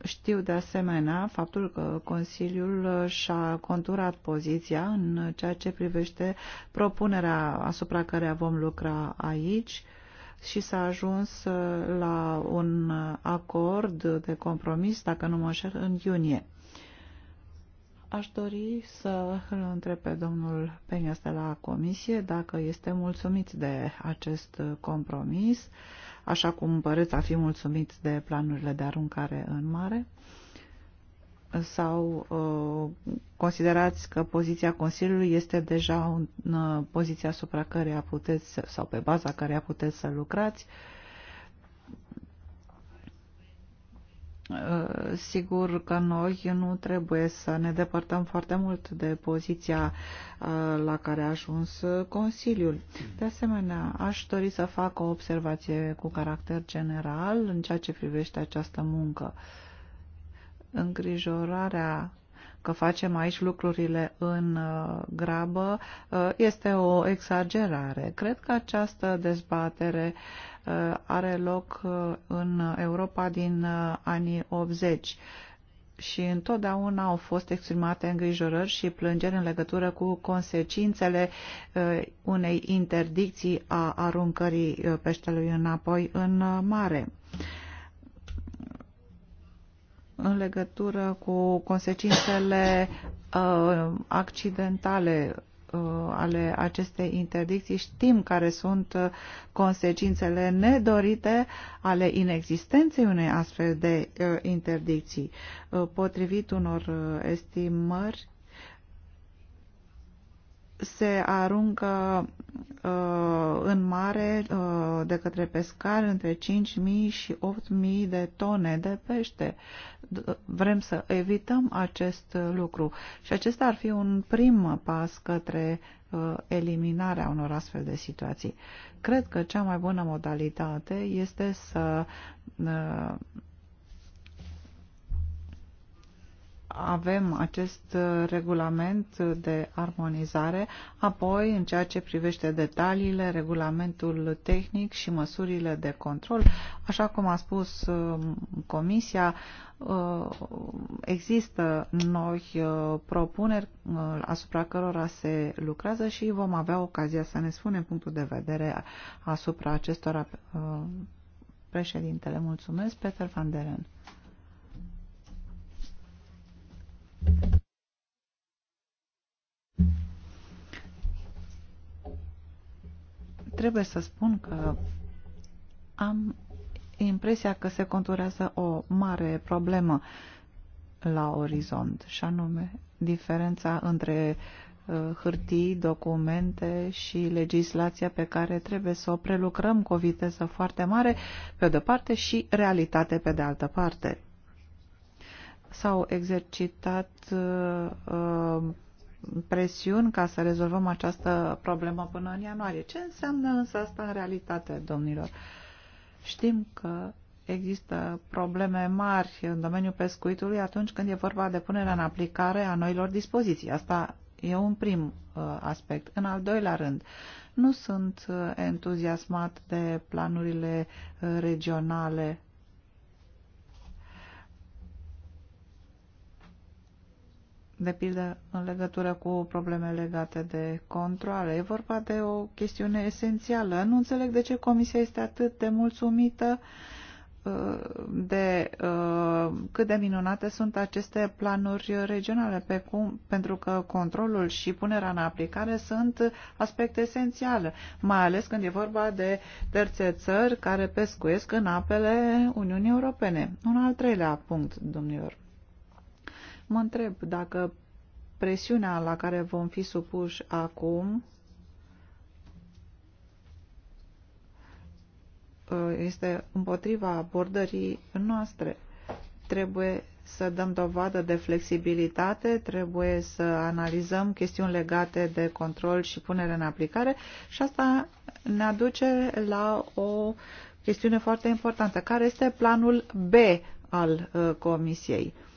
Știu de asemenea faptul că Consiliul și-a conturat poziția în ceea ce privește propunerea asupra care vom lucra aici, uh, și s-a ajuns uh, la un uh, acord de compromis, dacă nu mă șer, în iunie. Aș dori să îl întreb pe domnul Penias de la Comisie dacă este mulțumit de acest compromis, așa cum păreți a fi mulțumit de planurile de aruncare în mare sau uh, considerați că poziția Consiliului este deja în uh, poziția asupra a puteți sau pe baza a puteți să lucrați. Uh, sigur că noi nu trebuie să ne depărtăm foarte mult de poziția uh, la care a ajuns uh, Consiliul. De asemenea, aș dori să fac o observație cu caracter general în ceea ce privește această muncă. Uh, îngrijorarea că facem aici lucrurile în uh, grabă uh, este o exagerare. Cred că această dezbatere uh, are loc în Europa din anii 80 și întotdeauna au fost exprimate îngrijorări și plângeri în legătură cu consecințele unei interdicții a aruncării peștelui înapoi în mare în legătură cu consecințele uh, accidentale uh, ale acestei interdicții. Știm care sunt uh, consecințele nedorite ale inexistenței unei astfel de uh, interdicții. Uh, potrivit unor uh, estimări, se aruncă uh, în mare uh, de către pescari între 5.000 și 8.000 de tone de pește. Vrem să evităm acest lucru și acesta ar fi un prim pas către uh, eliminarea unor astfel de situații. Cred că cea mai bună modalitate este să uh, avem acest uh, regulament de armonizare, apoi în ceea ce privește detaliile, regulamentul tehnic și măsurile de control, așa cum a spus uh, Comisia, uh, există noi propuneri asupra cărora se lucrează și vom avea ocazia să ne spunem punctul de vedere asupra acestora președintele. Mulțumesc, Peter van Deren. Trebuie să spun că am impresia că se conturează o mare problemă la orizont, și anume diferența între uh, hârtii, documente și legislația pe care trebuie să o prelucrăm cu o viteză foarte mare, pe de-o parte, și realitate pe de altă parte s-au exercitat uh, presiuni ca să rezolvăm această problemă până în ianuarie. Ce înseamnă însă asta în realitate, domnilor? Știm că există probleme mari în domeniul pescuitului atunci când e vorba de punerea în aplicare a noilor dispoziții. Asta e un prim uh, aspect. În al doilea rând, nu sunt uh, entuziasmat de planurile uh, regionale de pildă în legătură cu probleme legate de controle. E vorba de o chestiune esențială. Nu înțeleg de ce Comisia este atât de mulțumită uh, de uh, cât de minunate sunt aceste planuri regionale, pe cum, pentru că controlul și punerea în aplicare sunt aspecte esențiale, mai ales când e vorba de terțe țări care pescuiesc în apele Uniunii Europene. Un al treilea punct, domnilor Mă întreb dacă presiunea la care vom fi supuși acum uh, este împotriva abordării noastre. Trebuie să dăm dovadă de flexibilitate, trebuie să analizăm chestiuni legate de control și punere în aplicare și asta ne aduce la o chestiune foarte importantă. Care este planul B al uh, Comisiei? Uh,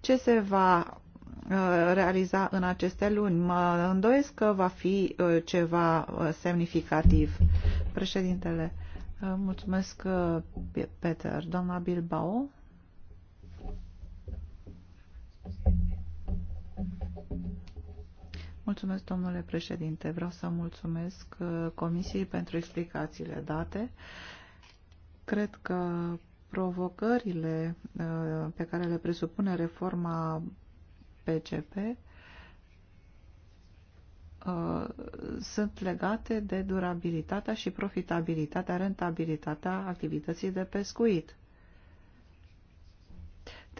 ce se va uh, realiza în aceste luni. Mă îndoiesc că va fi uh, ceva uh, semnificativ. Președintele, mulțumesc, Peter. Doamna Bilbao? Mulțumesc, domnule președinte. Vreau să mulțumesc Comisiei pentru explicațiile date. Cred că provocările uh, pe care le presupune reforma PCP uh, sunt legate de durabilitatea și profitabilitatea, rentabilitatea activității de pescuit.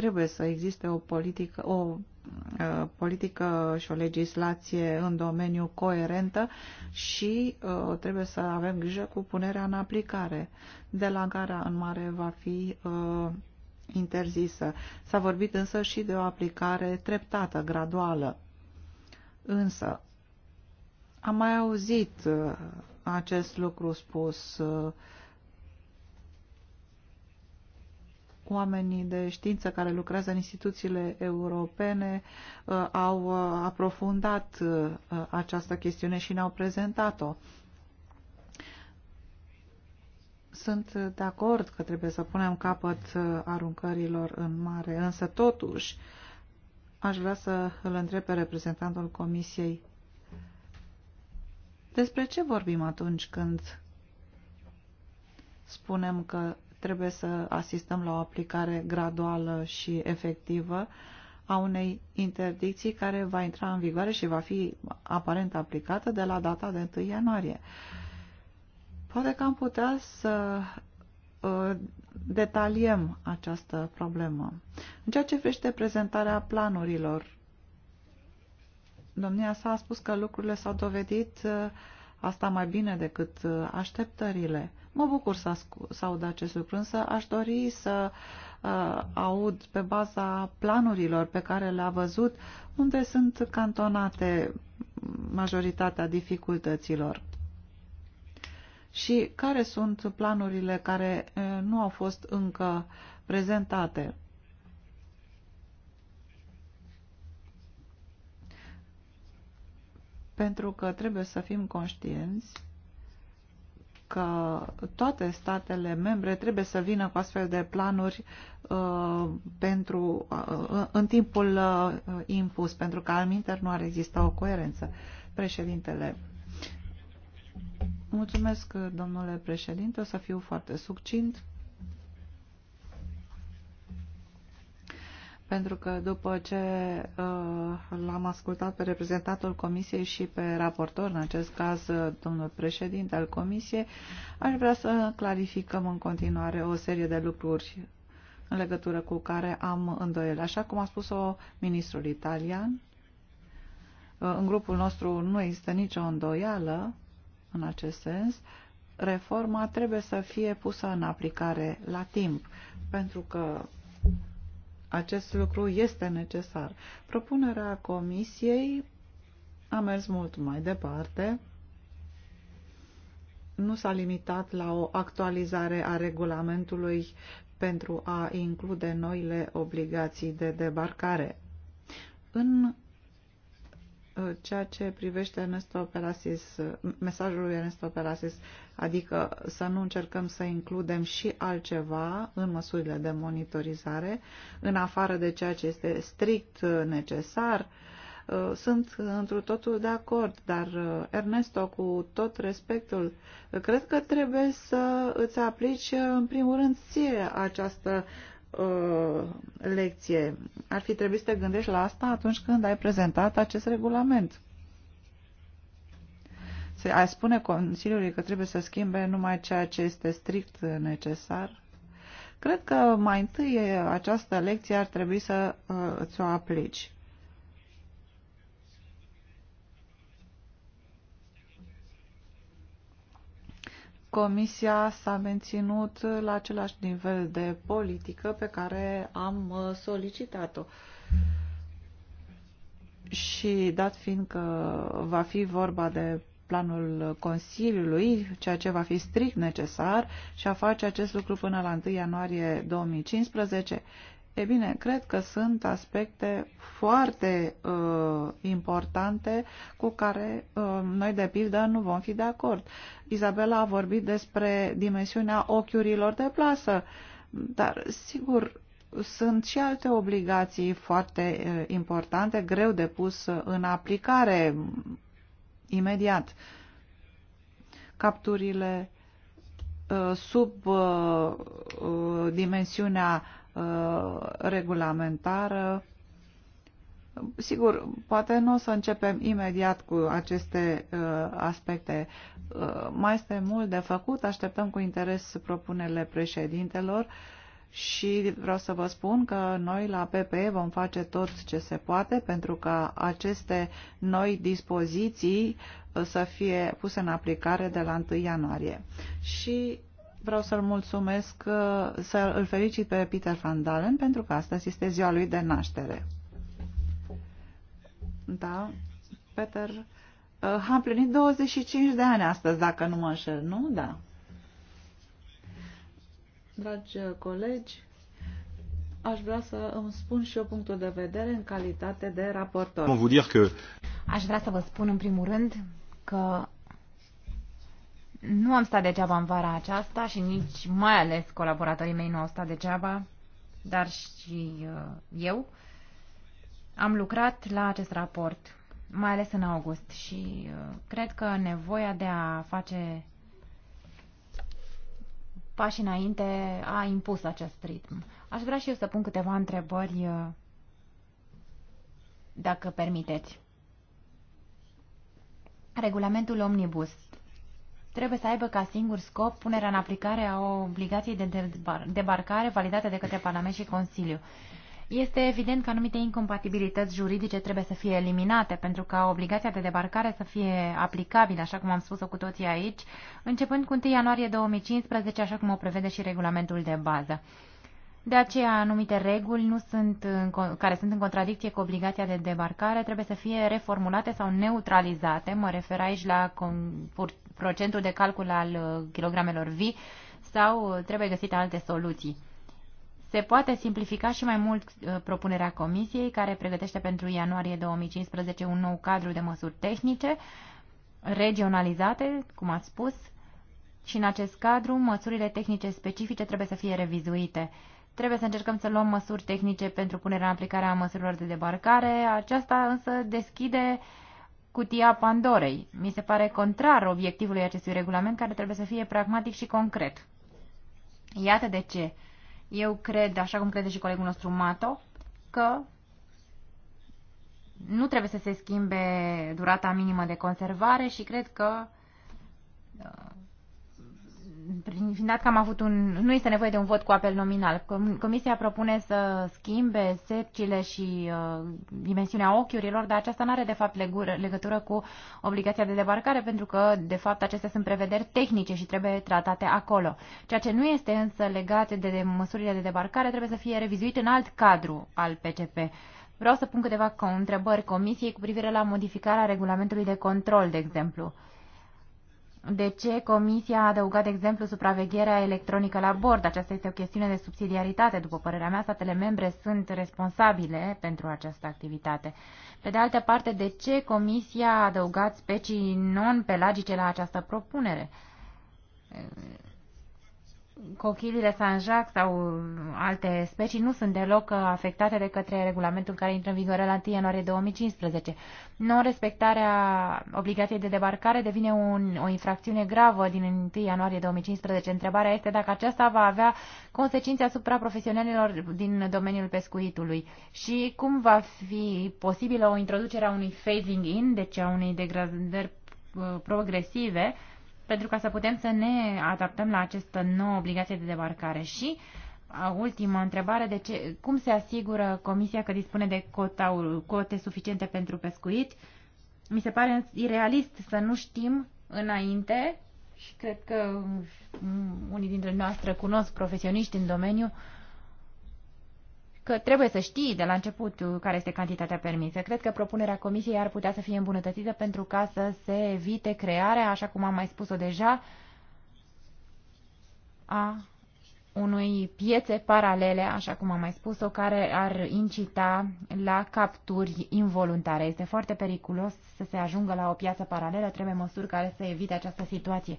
Trebuie să existe o politică, o uh, politică și o legislație în domeniu coerentă și uh, trebuie să avem grijă cu punerea în aplicare, de la care în mare va fi uh, interzisă. S-a vorbit însă și de o aplicare treptată, graduală. Însă, am mai auzit uh, acest lucru spus uh, oamenii de știință care lucrează în instituțiile europene uh, au uh, aprofundat uh, această chestiune și ne-au prezentat-o. Sunt de acord că trebuie să punem capăt aruncărilor în mare, însă totuși aș vrea să îl întreb pe reprezentantul Comisiei despre ce vorbim atunci când spunem că trebuie să asistăm la o aplicare graduală și efectivă a unei interdicții care va intra în vigoare și va fi aparent aplicată de la data de 1 ianuarie. Poate că am putea să uh, detaliem această problemă. În ceea ce privește prezentarea planurilor, domnia s-a spus că lucrurile s-au dovedit uh, asta mai bine decât uh, așteptările. Mă bucur să, să aud acest lucru, însă aș dori să uh, aud pe baza planurilor pe care le-a văzut unde sunt cantonate majoritatea dificultăților și care sunt planurile care uh, nu au fost încă prezentate. pentru că trebuie să fim conștienți că toate statele membre trebuie să vină cu astfel de planuri uh, pentru, uh, uh, în timpul uh, impus, pentru că alminter nu ar exista o coerență. Președintele, mulțumesc, domnule președinte, o să fiu foarte succint. pentru că după ce uh, l-am ascultat pe reprezentantul Comisiei și pe raportor, în acest caz uh, domnul președinte al Comisiei, aș vrea să clarificăm în continuare o serie de lucruri în legătură cu care am îndoiele. Așa cum a spus-o ministrul italian, uh, în grupul nostru nu există nicio îndoială în acest sens. Reforma trebuie să fie pusă în aplicare la timp, pentru că acest lucru este necesar. Propunerea Comisiei a mers mult mai departe. Nu s-a limitat la o actualizare a regulamentului pentru a include noile obligații de debarcare. În ceea ce privește Ernesto Perasis, mesajul lui Ernesto Perasis, adică să nu încercăm să includem și altceva în măsurile de monitorizare, în afară de ceea ce este strict necesar, sunt întru totul de acord, dar Ernesto, cu tot respectul, cred că trebuie să îți aplici în primul rând ție această Uh, lecție. Ar fi trebuit să te gândești la asta atunci când ai prezentat acest regulament. Se, ai spune Consiliului că trebuie să schimbe numai ceea ce este strict necesar? Cred că mai întâi această lecție ar trebui să uh, ți-o aplici. Comisia s-a menținut la același nivel de politică pe care am uh, solicitat-o. Și dat fiind că va fi vorba de planul Consiliului, ceea ce va fi strict necesar, și a face acest lucru până la 1 ianuarie 2015, E bine, cred că sunt aspecte foarte uh, importante cu care uh, noi, de pildă, nu vom fi de acord. Izabela a vorbit despre dimensiunea ochiurilor de plasă, dar, sigur, sunt și alte obligații foarte uh, importante, greu de pus în aplicare imediat. Capturile uh, sub uh, uh, dimensiunea uh, Uh, regulamentară. Sigur, poate nu o să începem imediat cu aceste uh, aspecte. Uh, mai este mult de făcut, așteptăm cu interes propunerile președintelor și vreau să vă spun că noi la PPE vom face tot ce se poate pentru ca aceste noi dispoziții uh, să fie puse în aplicare de la 1 ianuarie. Și Vreau să-l mulțumesc, uh, să l felicit pe Peter Van Dalen, pentru că astăzi este ziua lui de naștere. Da, Peter a împlinit 25 de ani astăzi, dacă nu mă înșel, nu? Da. Dragi uh, colegi, aș vrea să îmi spun și eu punctul de vedere în calitate de raportor. Aș vrea să vă spun în primul rând că nu am stat degeaba în vara aceasta și nici mai ales colaboratorii mei nu au stat degeaba, dar și uh, eu. Am lucrat la acest raport, mai ales în august și uh, cred că nevoia de a face pași înainte a impus acest ritm. Aș vrea și eu să pun câteva întrebări, uh, dacă permiteți. Regulamentul Omnibus trebuie să aibă ca singur scop punerea în aplicare a obligației de debarcare validate de către Parlament și Consiliu. Este evident că anumite incompatibilități juridice trebuie să fie eliminate pentru ca obligația de debarcare să fie aplicabilă, așa cum am spus-o cu toții aici, începând cu 1 ianuarie 2015, așa cum o prevede și regulamentul de bază. De aceea, anumite reguli nu sunt în, care sunt în contradicție cu obligația de debarcare trebuie să fie reformulate sau neutralizate. Mă refer aici la procentul de calcul al uh, kilogramelor vii sau uh, trebuie găsite alte soluții. Se poate simplifica și mai mult uh, propunerea Comisiei, care pregătește pentru ianuarie 2015 un nou cadru de măsuri tehnice regionalizate, cum ați spus, și în acest cadru măsurile tehnice specifice trebuie să fie revizuite. Trebuie să încercăm să luăm măsuri tehnice pentru punerea în aplicare a măsurilor de debarcare. Aceasta însă deschide uh, cutia Pandorei. Mi se pare contrar obiectivului acestui regulament care trebuie să fie pragmatic și concret. Iată de ce eu cred, așa cum crede și colegul nostru Mato, că nu trebuie să se schimbe durata minimă de conservare și cred că uh, prin dat că am avut un, nu este nevoie de un vot cu apel nominal. Comisia propune să schimbe sercile și uh, dimensiunea ochiurilor, dar aceasta nu are de fapt legură, legătură cu obligația de debarcare, pentru că de fapt acestea sunt prevederi tehnice și trebuie tratate acolo. Ceea ce nu este însă legat de, de măsurile de debarcare trebuie să fie revizuit în alt cadru al PCP. Vreau să pun câteva întrebări Comisiei cu privire la modificarea regulamentului de control, de exemplu. Uh, de ce Comisia a adăugat, de exemplu, supravegherea electronică la bord. Aceasta este o chestiune de subsidiaritate. După părerea mea, statele membre sunt responsabile pentru această activitate. Pe de altă parte, de ce Comisia a adăugat specii non-pelagice la această propunere? cochilile Saint-Jacques sau alte specii nu sunt deloc afectate de către regulamentul care intră în vigoare la 1 ianuarie 2015. Non-respectarea obligației de debarcare devine un, o infracțiune gravă din 1 ianuarie 2015. Întrebarea este dacă aceasta va avea consecințe asupra profesionalilor din domeniul pescuitului și cum va fi posibilă o introducere a unui phasing in, deci a unei degradări uh, progresive, pentru ca să putem să ne adaptăm la această nouă obligație de debarcare. Și ultima întrebare, de ce, cum se asigură Comisia că dispune de cotaul, cote suficiente pentru pescuit? Mi se pare irealist să nu știm înainte și cred că unii dintre noastre cunosc profesioniști în domeniu că trebuie să știi de la început care este cantitatea permisă. Cred că propunerea comisiei ar putea să fie îmbunătățită pentru ca să se evite crearea, așa cum am mai spus-o deja, a unui piețe paralele, așa cum am mai spus-o, care ar incita la capturi involuntare. Este foarte periculos să se ajungă la o piață paralelă, trebuie măsuri care să evite această situație.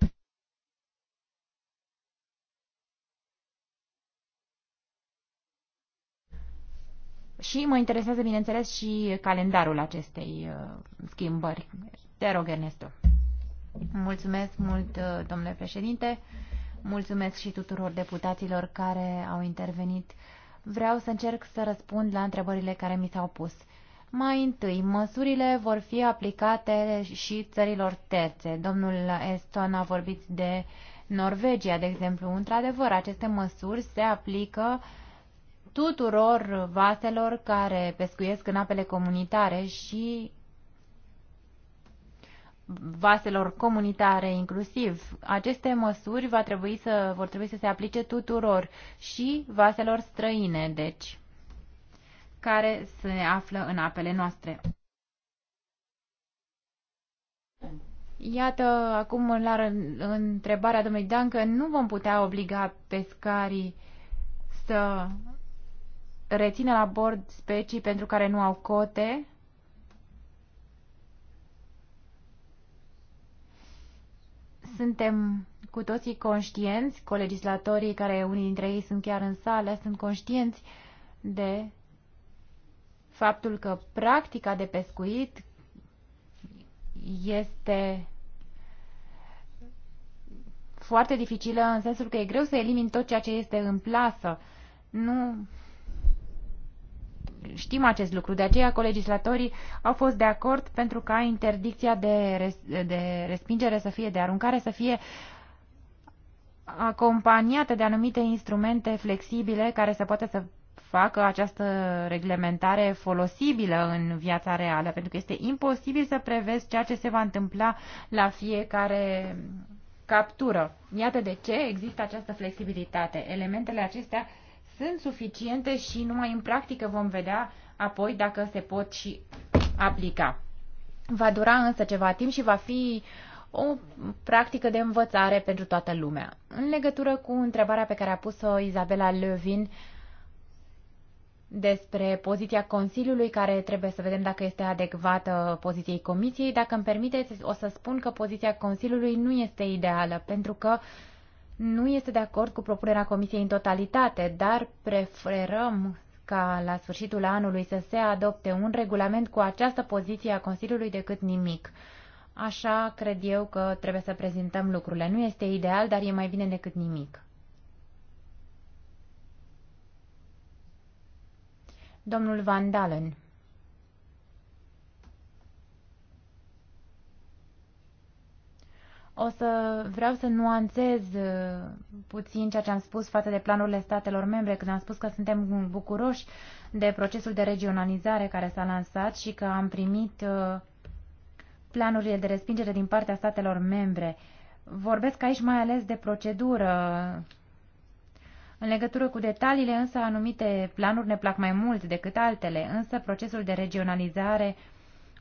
Și mă interesează, bineînțeles, și calendarul acestei uh, schimbări. Te rog, Ernesto. Mulțumesc mult, uh, domnule președinte. Mulțumesc și tuturor deputaților care au intervenit. Vreau să încerc să răspund la întrebările care mi s-au pus. Mai întâi, măsurile vor fi aplicate și țărilor terțe. Domnul Eston a vorbit de Norvegia, de exemplu. Într-adevăr, aceste măsuri se aplică uh, tuturor vaselor care pescuiesc în apele comunitare și vaselor comunitare inclusiv. Aceste măsuri va trebui să, vor trebui să se aplice tuturor și vaselor străine, deci, care se află în apele noastre. Iată, acum la întrebarea domnului Dancă, nu vom putea obliga pescarii să reține la bord specii pentru care nu au cote, suntem cu toții conștienți, colegislatorii care unii dintre ei sunt chiar în sală, sunt conștienți de faptul că practica de pescuit este foarte dificilă în sensul că e greu să elimini tot ceea ce este în plasă. Nu știm acest lucru. De aceea colegislatorii au fost de acord pentru ca interdicția de, res, de respingere să fie, de aruncare să fie acompaniată de anumite instrumente flexibile care să poată să facă această reglementare folosibilă în viața reală, pentru că este imposibil să prevezi ceea ce se va întâmpla la fiecare captură. Iată de ce există această flexibilitate. Elementele acestea sunt suficiente și numai în practică vom vedea apoi dacă se pot și aplica. Va dura însă ceva timp și va fi o practică de învățare pentru toată lumea. În legătură cu întrebarea pe care a pus-o Izabela Lövin despre poziția Consiliului, care trebuie să vedem dacă este adecvată poziției Comisiei, dacă îmi permiteți, o să spun că poziția Consiliului nu este ideală, pentru că uh, nu este de acord cu propunerea Comisiei în totalitate, dar preferăm ca la sfârșitul anului să se adopte un regulament cu această poziție a Consiliului decât nimic. Așa cred eu că trebuie să prezentăm lucrurile. Nu este ideal, dar e mai bine decât nimic. Domnul Van Dalen O să vreau să nuanțez uh, puțin ceea ce am spus față de planurile statelor membre, când am spus că suntem bucuroși de procesul de regionalizare care s-a lansat și că am primit uh, planurile de respingere din partea statelor membre. Vorbesc aici mai ales de procedură. În legătură cu detaliile, însă, anumite planuri ne plac mai mult decât altele, însă procesul de regionalizare,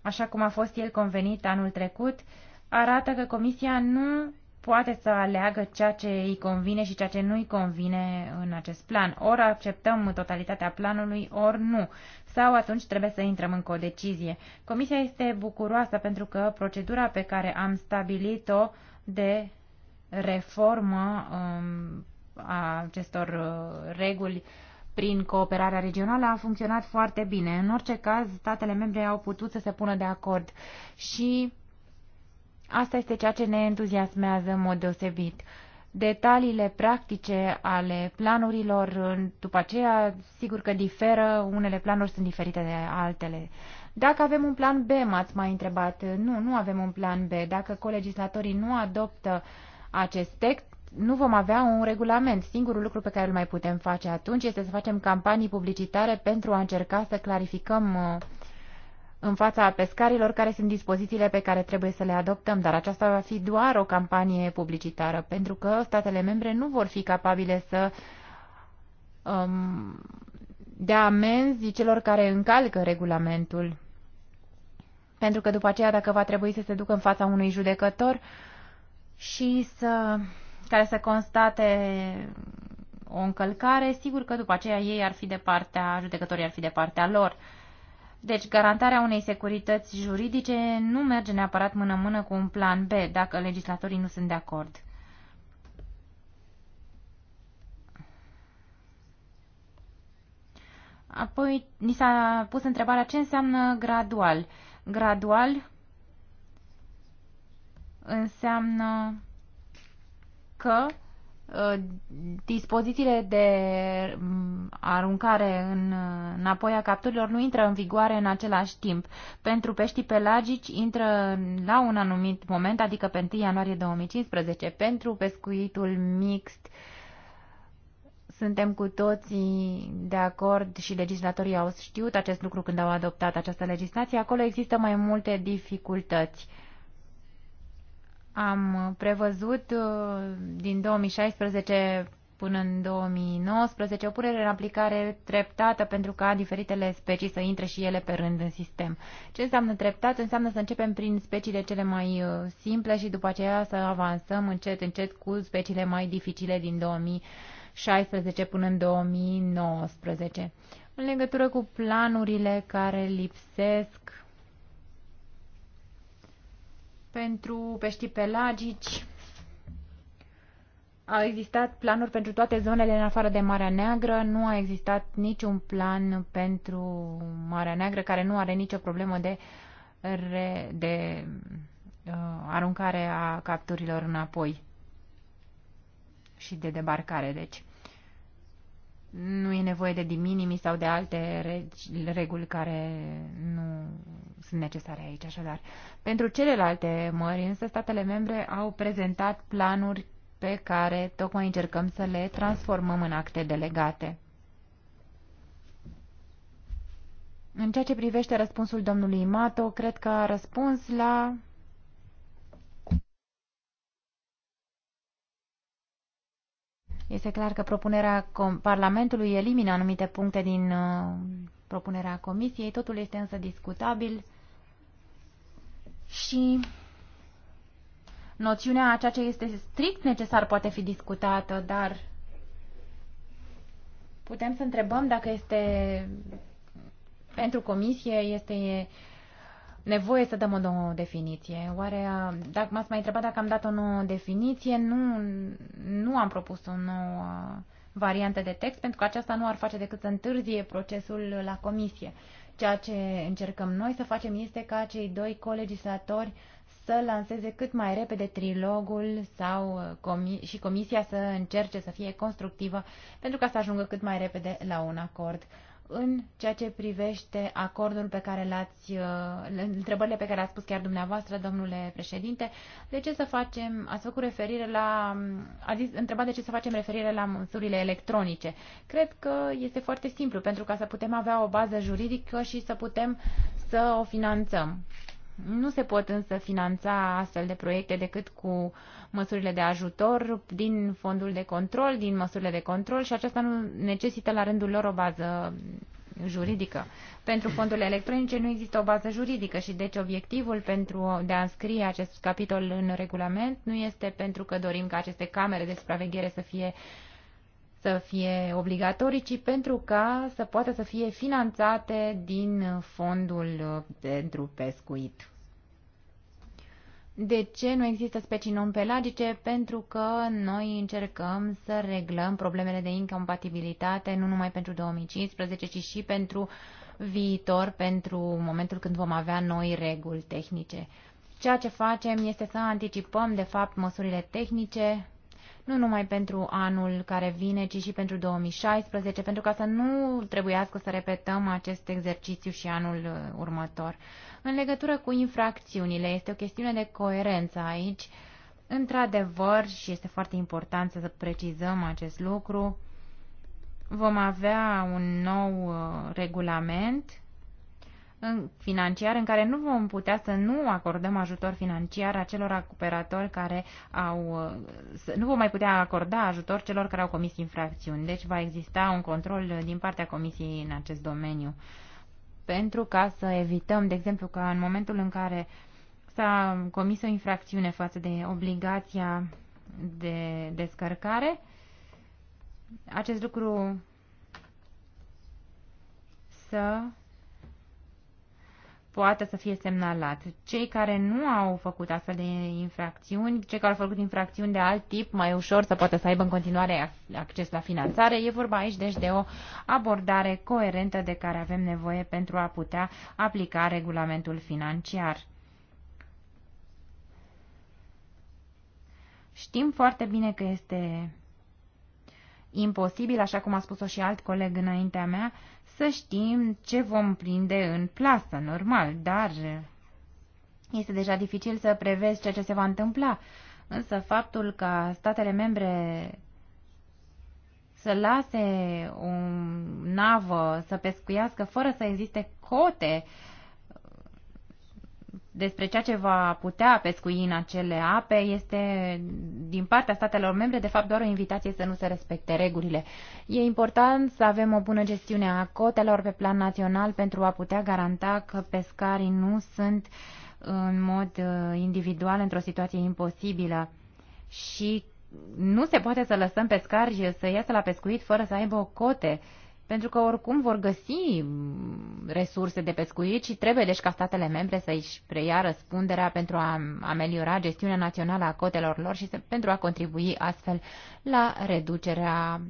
așa cum a fost el convenit anul trecut, uh, arată că Comisia nu poate să aleagă ceea ce îi convine și ceea ce nu îi convine în acest plan. Ori acceptăm totalitatea planului, ori nu. Sau atunci trebuie să intrăm în codecizie. Comisia este bucuroasă pentru că procedura pe care am stabilit-o de reformă um, a acestor uh, reguli prin cooperarea regională a funcționat foarte bine. În orice caz, statele membre au putut să se pună de acord și Asta este ceea ce ne entuziasmează în mod deosebit. Detaliile practice ale planurilor, după aceea, sigur că diferă, unele planuri sunt diferite de altele. Dacă avem un plan B, m-ați mai întrebat. Nu, nu avem un plan B. Dacă colegislatorii nu adoptă acest text, nu vom avea un regulament. Singurul lucru pe care îl mai putem face atunci este să facem campanii publicitare pentru a încerca să clarificăm uh, în fața pescarilor care sunt dispozițiile pe care trebuie să le adoptăm, dar aceasta va fi doar o campanie publicitară, pentru că statele membre nu vor fi capabile să um, dea amenzi celor care încalcă regulamentul. Pentru că după aceea, dacă va trebui să se ducă în fața unui judecător și să, care să constate o încălcare, sigur că după aceea ei ar fi de partea, judecătorii ar fi de partea lor. Deci, garantarea unei securități juridice nu merge neapărat mână-mână cu un plan B, dacă legislatorii nu sunt de acord. Apoi, ni s-a pus întrebarea ce înseamnă gradual. Gradual înseamnă că Uh, dispozițiile de mm, aruncare în, uh, înapoi a capturilor nu intră în vigoare în același timp. Pentru peștii pelagici intră la un anumit moment, adică pe 1 ianuarie 2015. Pentru pescuitul mixt suntem cu toții de acord și legislatorii au știut acest lucru când au adoptat această legislație. Acolo există mai multe dificultăți. Uh, am uh, prevăzut uh, din 2016 până în 2019 o punere în aplicare treptată pentru ca diferitele specii să intre și ele pe rând în sistem. Ce înseamnă treptat? Înseamnă să începem prin speciile cele mai uh, simple și după aceea să avansăm încet, încet cu speciile mai dificile din 2016 până în 2019. În legătură cu planurile care lipsesc pentru peștii pelagici. Au existat planuri pentru toate zonele în afară de Marea Neagră, nu a existat niciun plan pentru Marea Neagră care nu are nicio problemă de, re, de uh, aruncare a capturilor înapoi și de debarcare, deci nu e nevoie de diminimi sau de alte reguli care nu sunt necesare aici. Așadar, pentru celelalte mări, însă, statele membre au prezentat planuri pe care tocmai încercăm să le transformăm în acte delegate. În ceea ce privește răspunsul domnului Mato, cred că a răspuns la Este clar că propunerea Parlamentului elimină anumite puncte din uh, propunerea Comisiei, totul este însă discutabil și noțiunea a ceea ce este strict necesar poate fi discutată, dar putem să întrebăm dacă este pentru Comisie, este nevoie să dăm o nouă definiție. Oare, dacă m-ați mai întrebat dacă am dat o nouă definiție, nu, nu am propus o nouă variantă de text, pentru că aceasta nu ar face decât să întârzie procesul la comisie. Ceea ce încercăm noi să facem este ca cei doi colegislatori să lanseze cât mai repede trilogul sau comi- și comisia să încerce să fie constructivă pentru ca să ajungă cât mai repede la un acord în ceea ce privește acordul pe care l-ați, uh, întrebările pe care le-ați pus chiar dumneavoastră, domnule președinte, de ce să facem, ați făcut referire la, a zis, întrebat de ce să facem referire la măsurile electronice. Cred că este foarte simplu, pentru ca să putem avea o bază juridică și să putem să o finanțăm. Nu se pot însă finanța astfel de proiecte decât cu măsurile de ajutor din fondul de control, din măsurile de control și aceasta nu necesită la rândul lor o bază juridică. Pentru fondurile electronice nu există o bază juridică și deci obiectivul pentru de a înscrie acest capitol în regulament nu este pentru că dorim ca aceste camere de supraveghere să fie să fie obligatorii, ci pentru ca să poată să fie finanțate din fondul uh, pentru pescuit. De ce nu există specii non-pelagice? Pentru că noi încercăm să reglăm problemele de incompatibilitate nu numai pentru 2015, ci și pentru viitor, pentru momentul când vom avea noi reguli tehnice. Ceea ce facem este să anticipăm, de fapt, măsurile tehnice nu numai pentru anul care vine, ci și pentru 2016, pentru ca să nu trebuiască să repetăm acest exercițiu și anul uh, următor. În legătură cu infracțiunile, este o chestiune de coerență aici. Într-adevăr, și este foarte important să precizăm acest lucru, vom avea un nou uh, regulament financiar în care nu vom putea să nu acordăm ajutor financiar acelor recuperatori care au... nu vom mai putea acorda ajutor celor care au comis infracțiuni. Deci va exista un control din partea Comisiei în acest domeniu pentru ca să evităm, de exemplu, că în momentul în care s-a comis o infracțiune față de obligația de descărcare, acest lucru să poată să fie semnalat. Cei care nu au făcut astfel de infracțiuni, cei care au făcut infracțiuni de alt tip, mai ușor să poată să aibă în continuare acces la finanțare. E vorba aici deci de o abordare coerentă de care avem nevoie pentru a putea aplica regulamentul financiar. Știm foarte bine că este imposibil, așa cum a spus-o și alt coleg înaintea mea, să știm ce vom prinde în plasă, normal, dar este deja dificil să prevezi ceea ce se va întâmpla. Însă faptul că statele membre să lase o navă să pescuiască fără să existe cote uh, despre ceea ce va putea pescui în acele ape este din partea statelor membre de fapt doar o invitație să nu se respecte regulile. E important să avem o bună gestiune a cotelor pe plan național pentru a putea garanta că pescarii nu sunt în mod uh, individual într-o situație imposibilă și nu se poate să lăsăm pescari să iasă la pescuit fără să aibă o cote pentru că oricum vor găsi mm, resurse de pescuit și trebuie deci ca statele membre să își preia răspunderea pentru a ameliora gestiunea națională a cotelor lor și să, pentru a contribui astfel la reducerea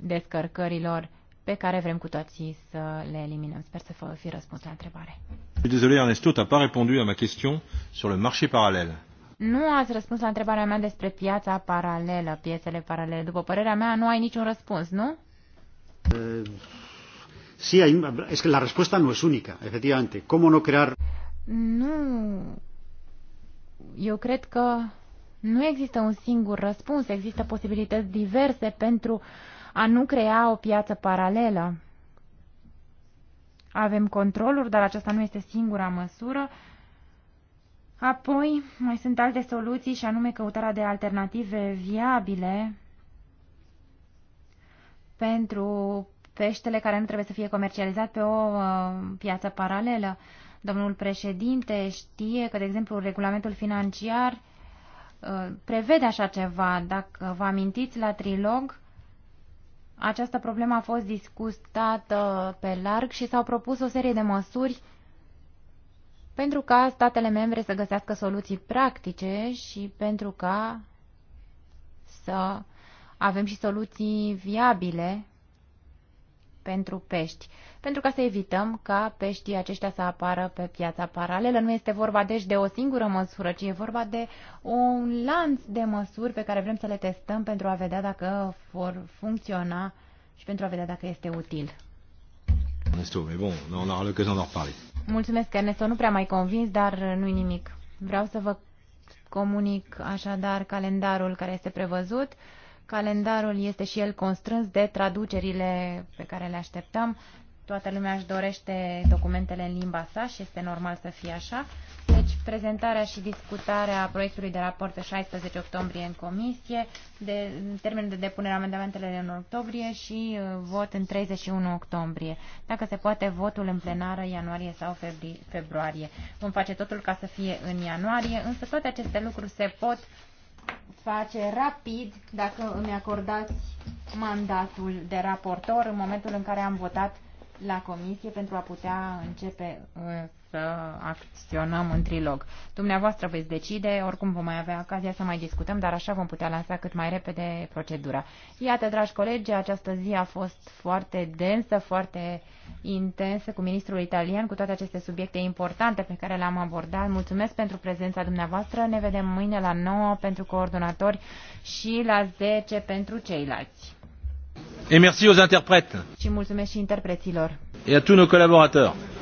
descărcărilor pe care vrem cu toții să le eliminăm. Sper să fi răspuns la întrebare. Désolé Ernesto, pas répondu à ma question sur le marché parallèle. Nu ați răspuns la întrebarea mea despre piața paralelă, piețele paralele. După părerea mea, nu ai niciun răspuns, nu? Eh, sí, hay, es que la respuesta no es única, efectivamente. ¿Cómo no crear? Nu. Eu cred că nu există un singur răspuns, există posibilități diverse pentru a nu crea o piață paralelă. Avem controluri, dar aceasta nu este singura măsură. Apoi, mai sunt alte soluții și anume căutarea de alternative viabile pentru peștele care nu trebuie să fie comercializat pe o uh, piață paralelă. Domnul președinte știe că, de exemplu, regulamentul financiar uh, prevede așa ceva. Dacă vă amintiți la trilog, această problemă a fost discutată pe larg și s-au propus o serie de măsuri pentru ca statele membre să găsească soluții practice și pentru ca să uh, avem și soluții viabile pentru pești, pentru ca să evităm ca peștii aceștia să apară pe piața paralelă. Nu este vorba deci de o singură măsură, ci e vorba de un lanț de măsuri pe care vrem să le testăm pentru a vedea dacă vor funcționa și pentru a vedea dacă este util. Ernesto, Mulțumesc, Ernesto, nu prea mai convins, dar nu-i nimic. Vreau să vă comunic așadar calendarul care este prevăzut. Calendarul este și el constrâns de traducerile pe care le așteptăm. Toată lumea își dorește documentele în limba sa și este normal să fie așa. Deci, prezentarea și discutarea proiectului de raport pe 16 octombrie în comisie, de, în termen de depunere a amendamentelor în octombrie și uh, vot în 31 octombrie. Dacă se poate, votul în plenară ianuarie sau februarie. Vom face totul ca să fie în ianuarie, însă toate aceste lucruri se pot face rapid, dacă îmi acordați mandatul de raportor în momentul în care am votat la comisie pentru a putea începe uh, să acționăm în trilog. Dumneavoastră veți decide, oricum vom mai avea ocazia să mai discutăm, dar așa vom putea lansa cât mai repede procedura. Iată, dragi colegi, această zi a fost foarte densă, foarte intensă cu ministrul italian, cu toate aceste subiecte importante pe care le-am abordat. Mulțumesc pentru prezența dumneavoastră. Ne vedem mâine la 9 pentru coordonatori și la 10 pentru ceilalți. Et merci aux interprètes. Și mulțumesc și interpreților. Et à tous nos collaborateurs.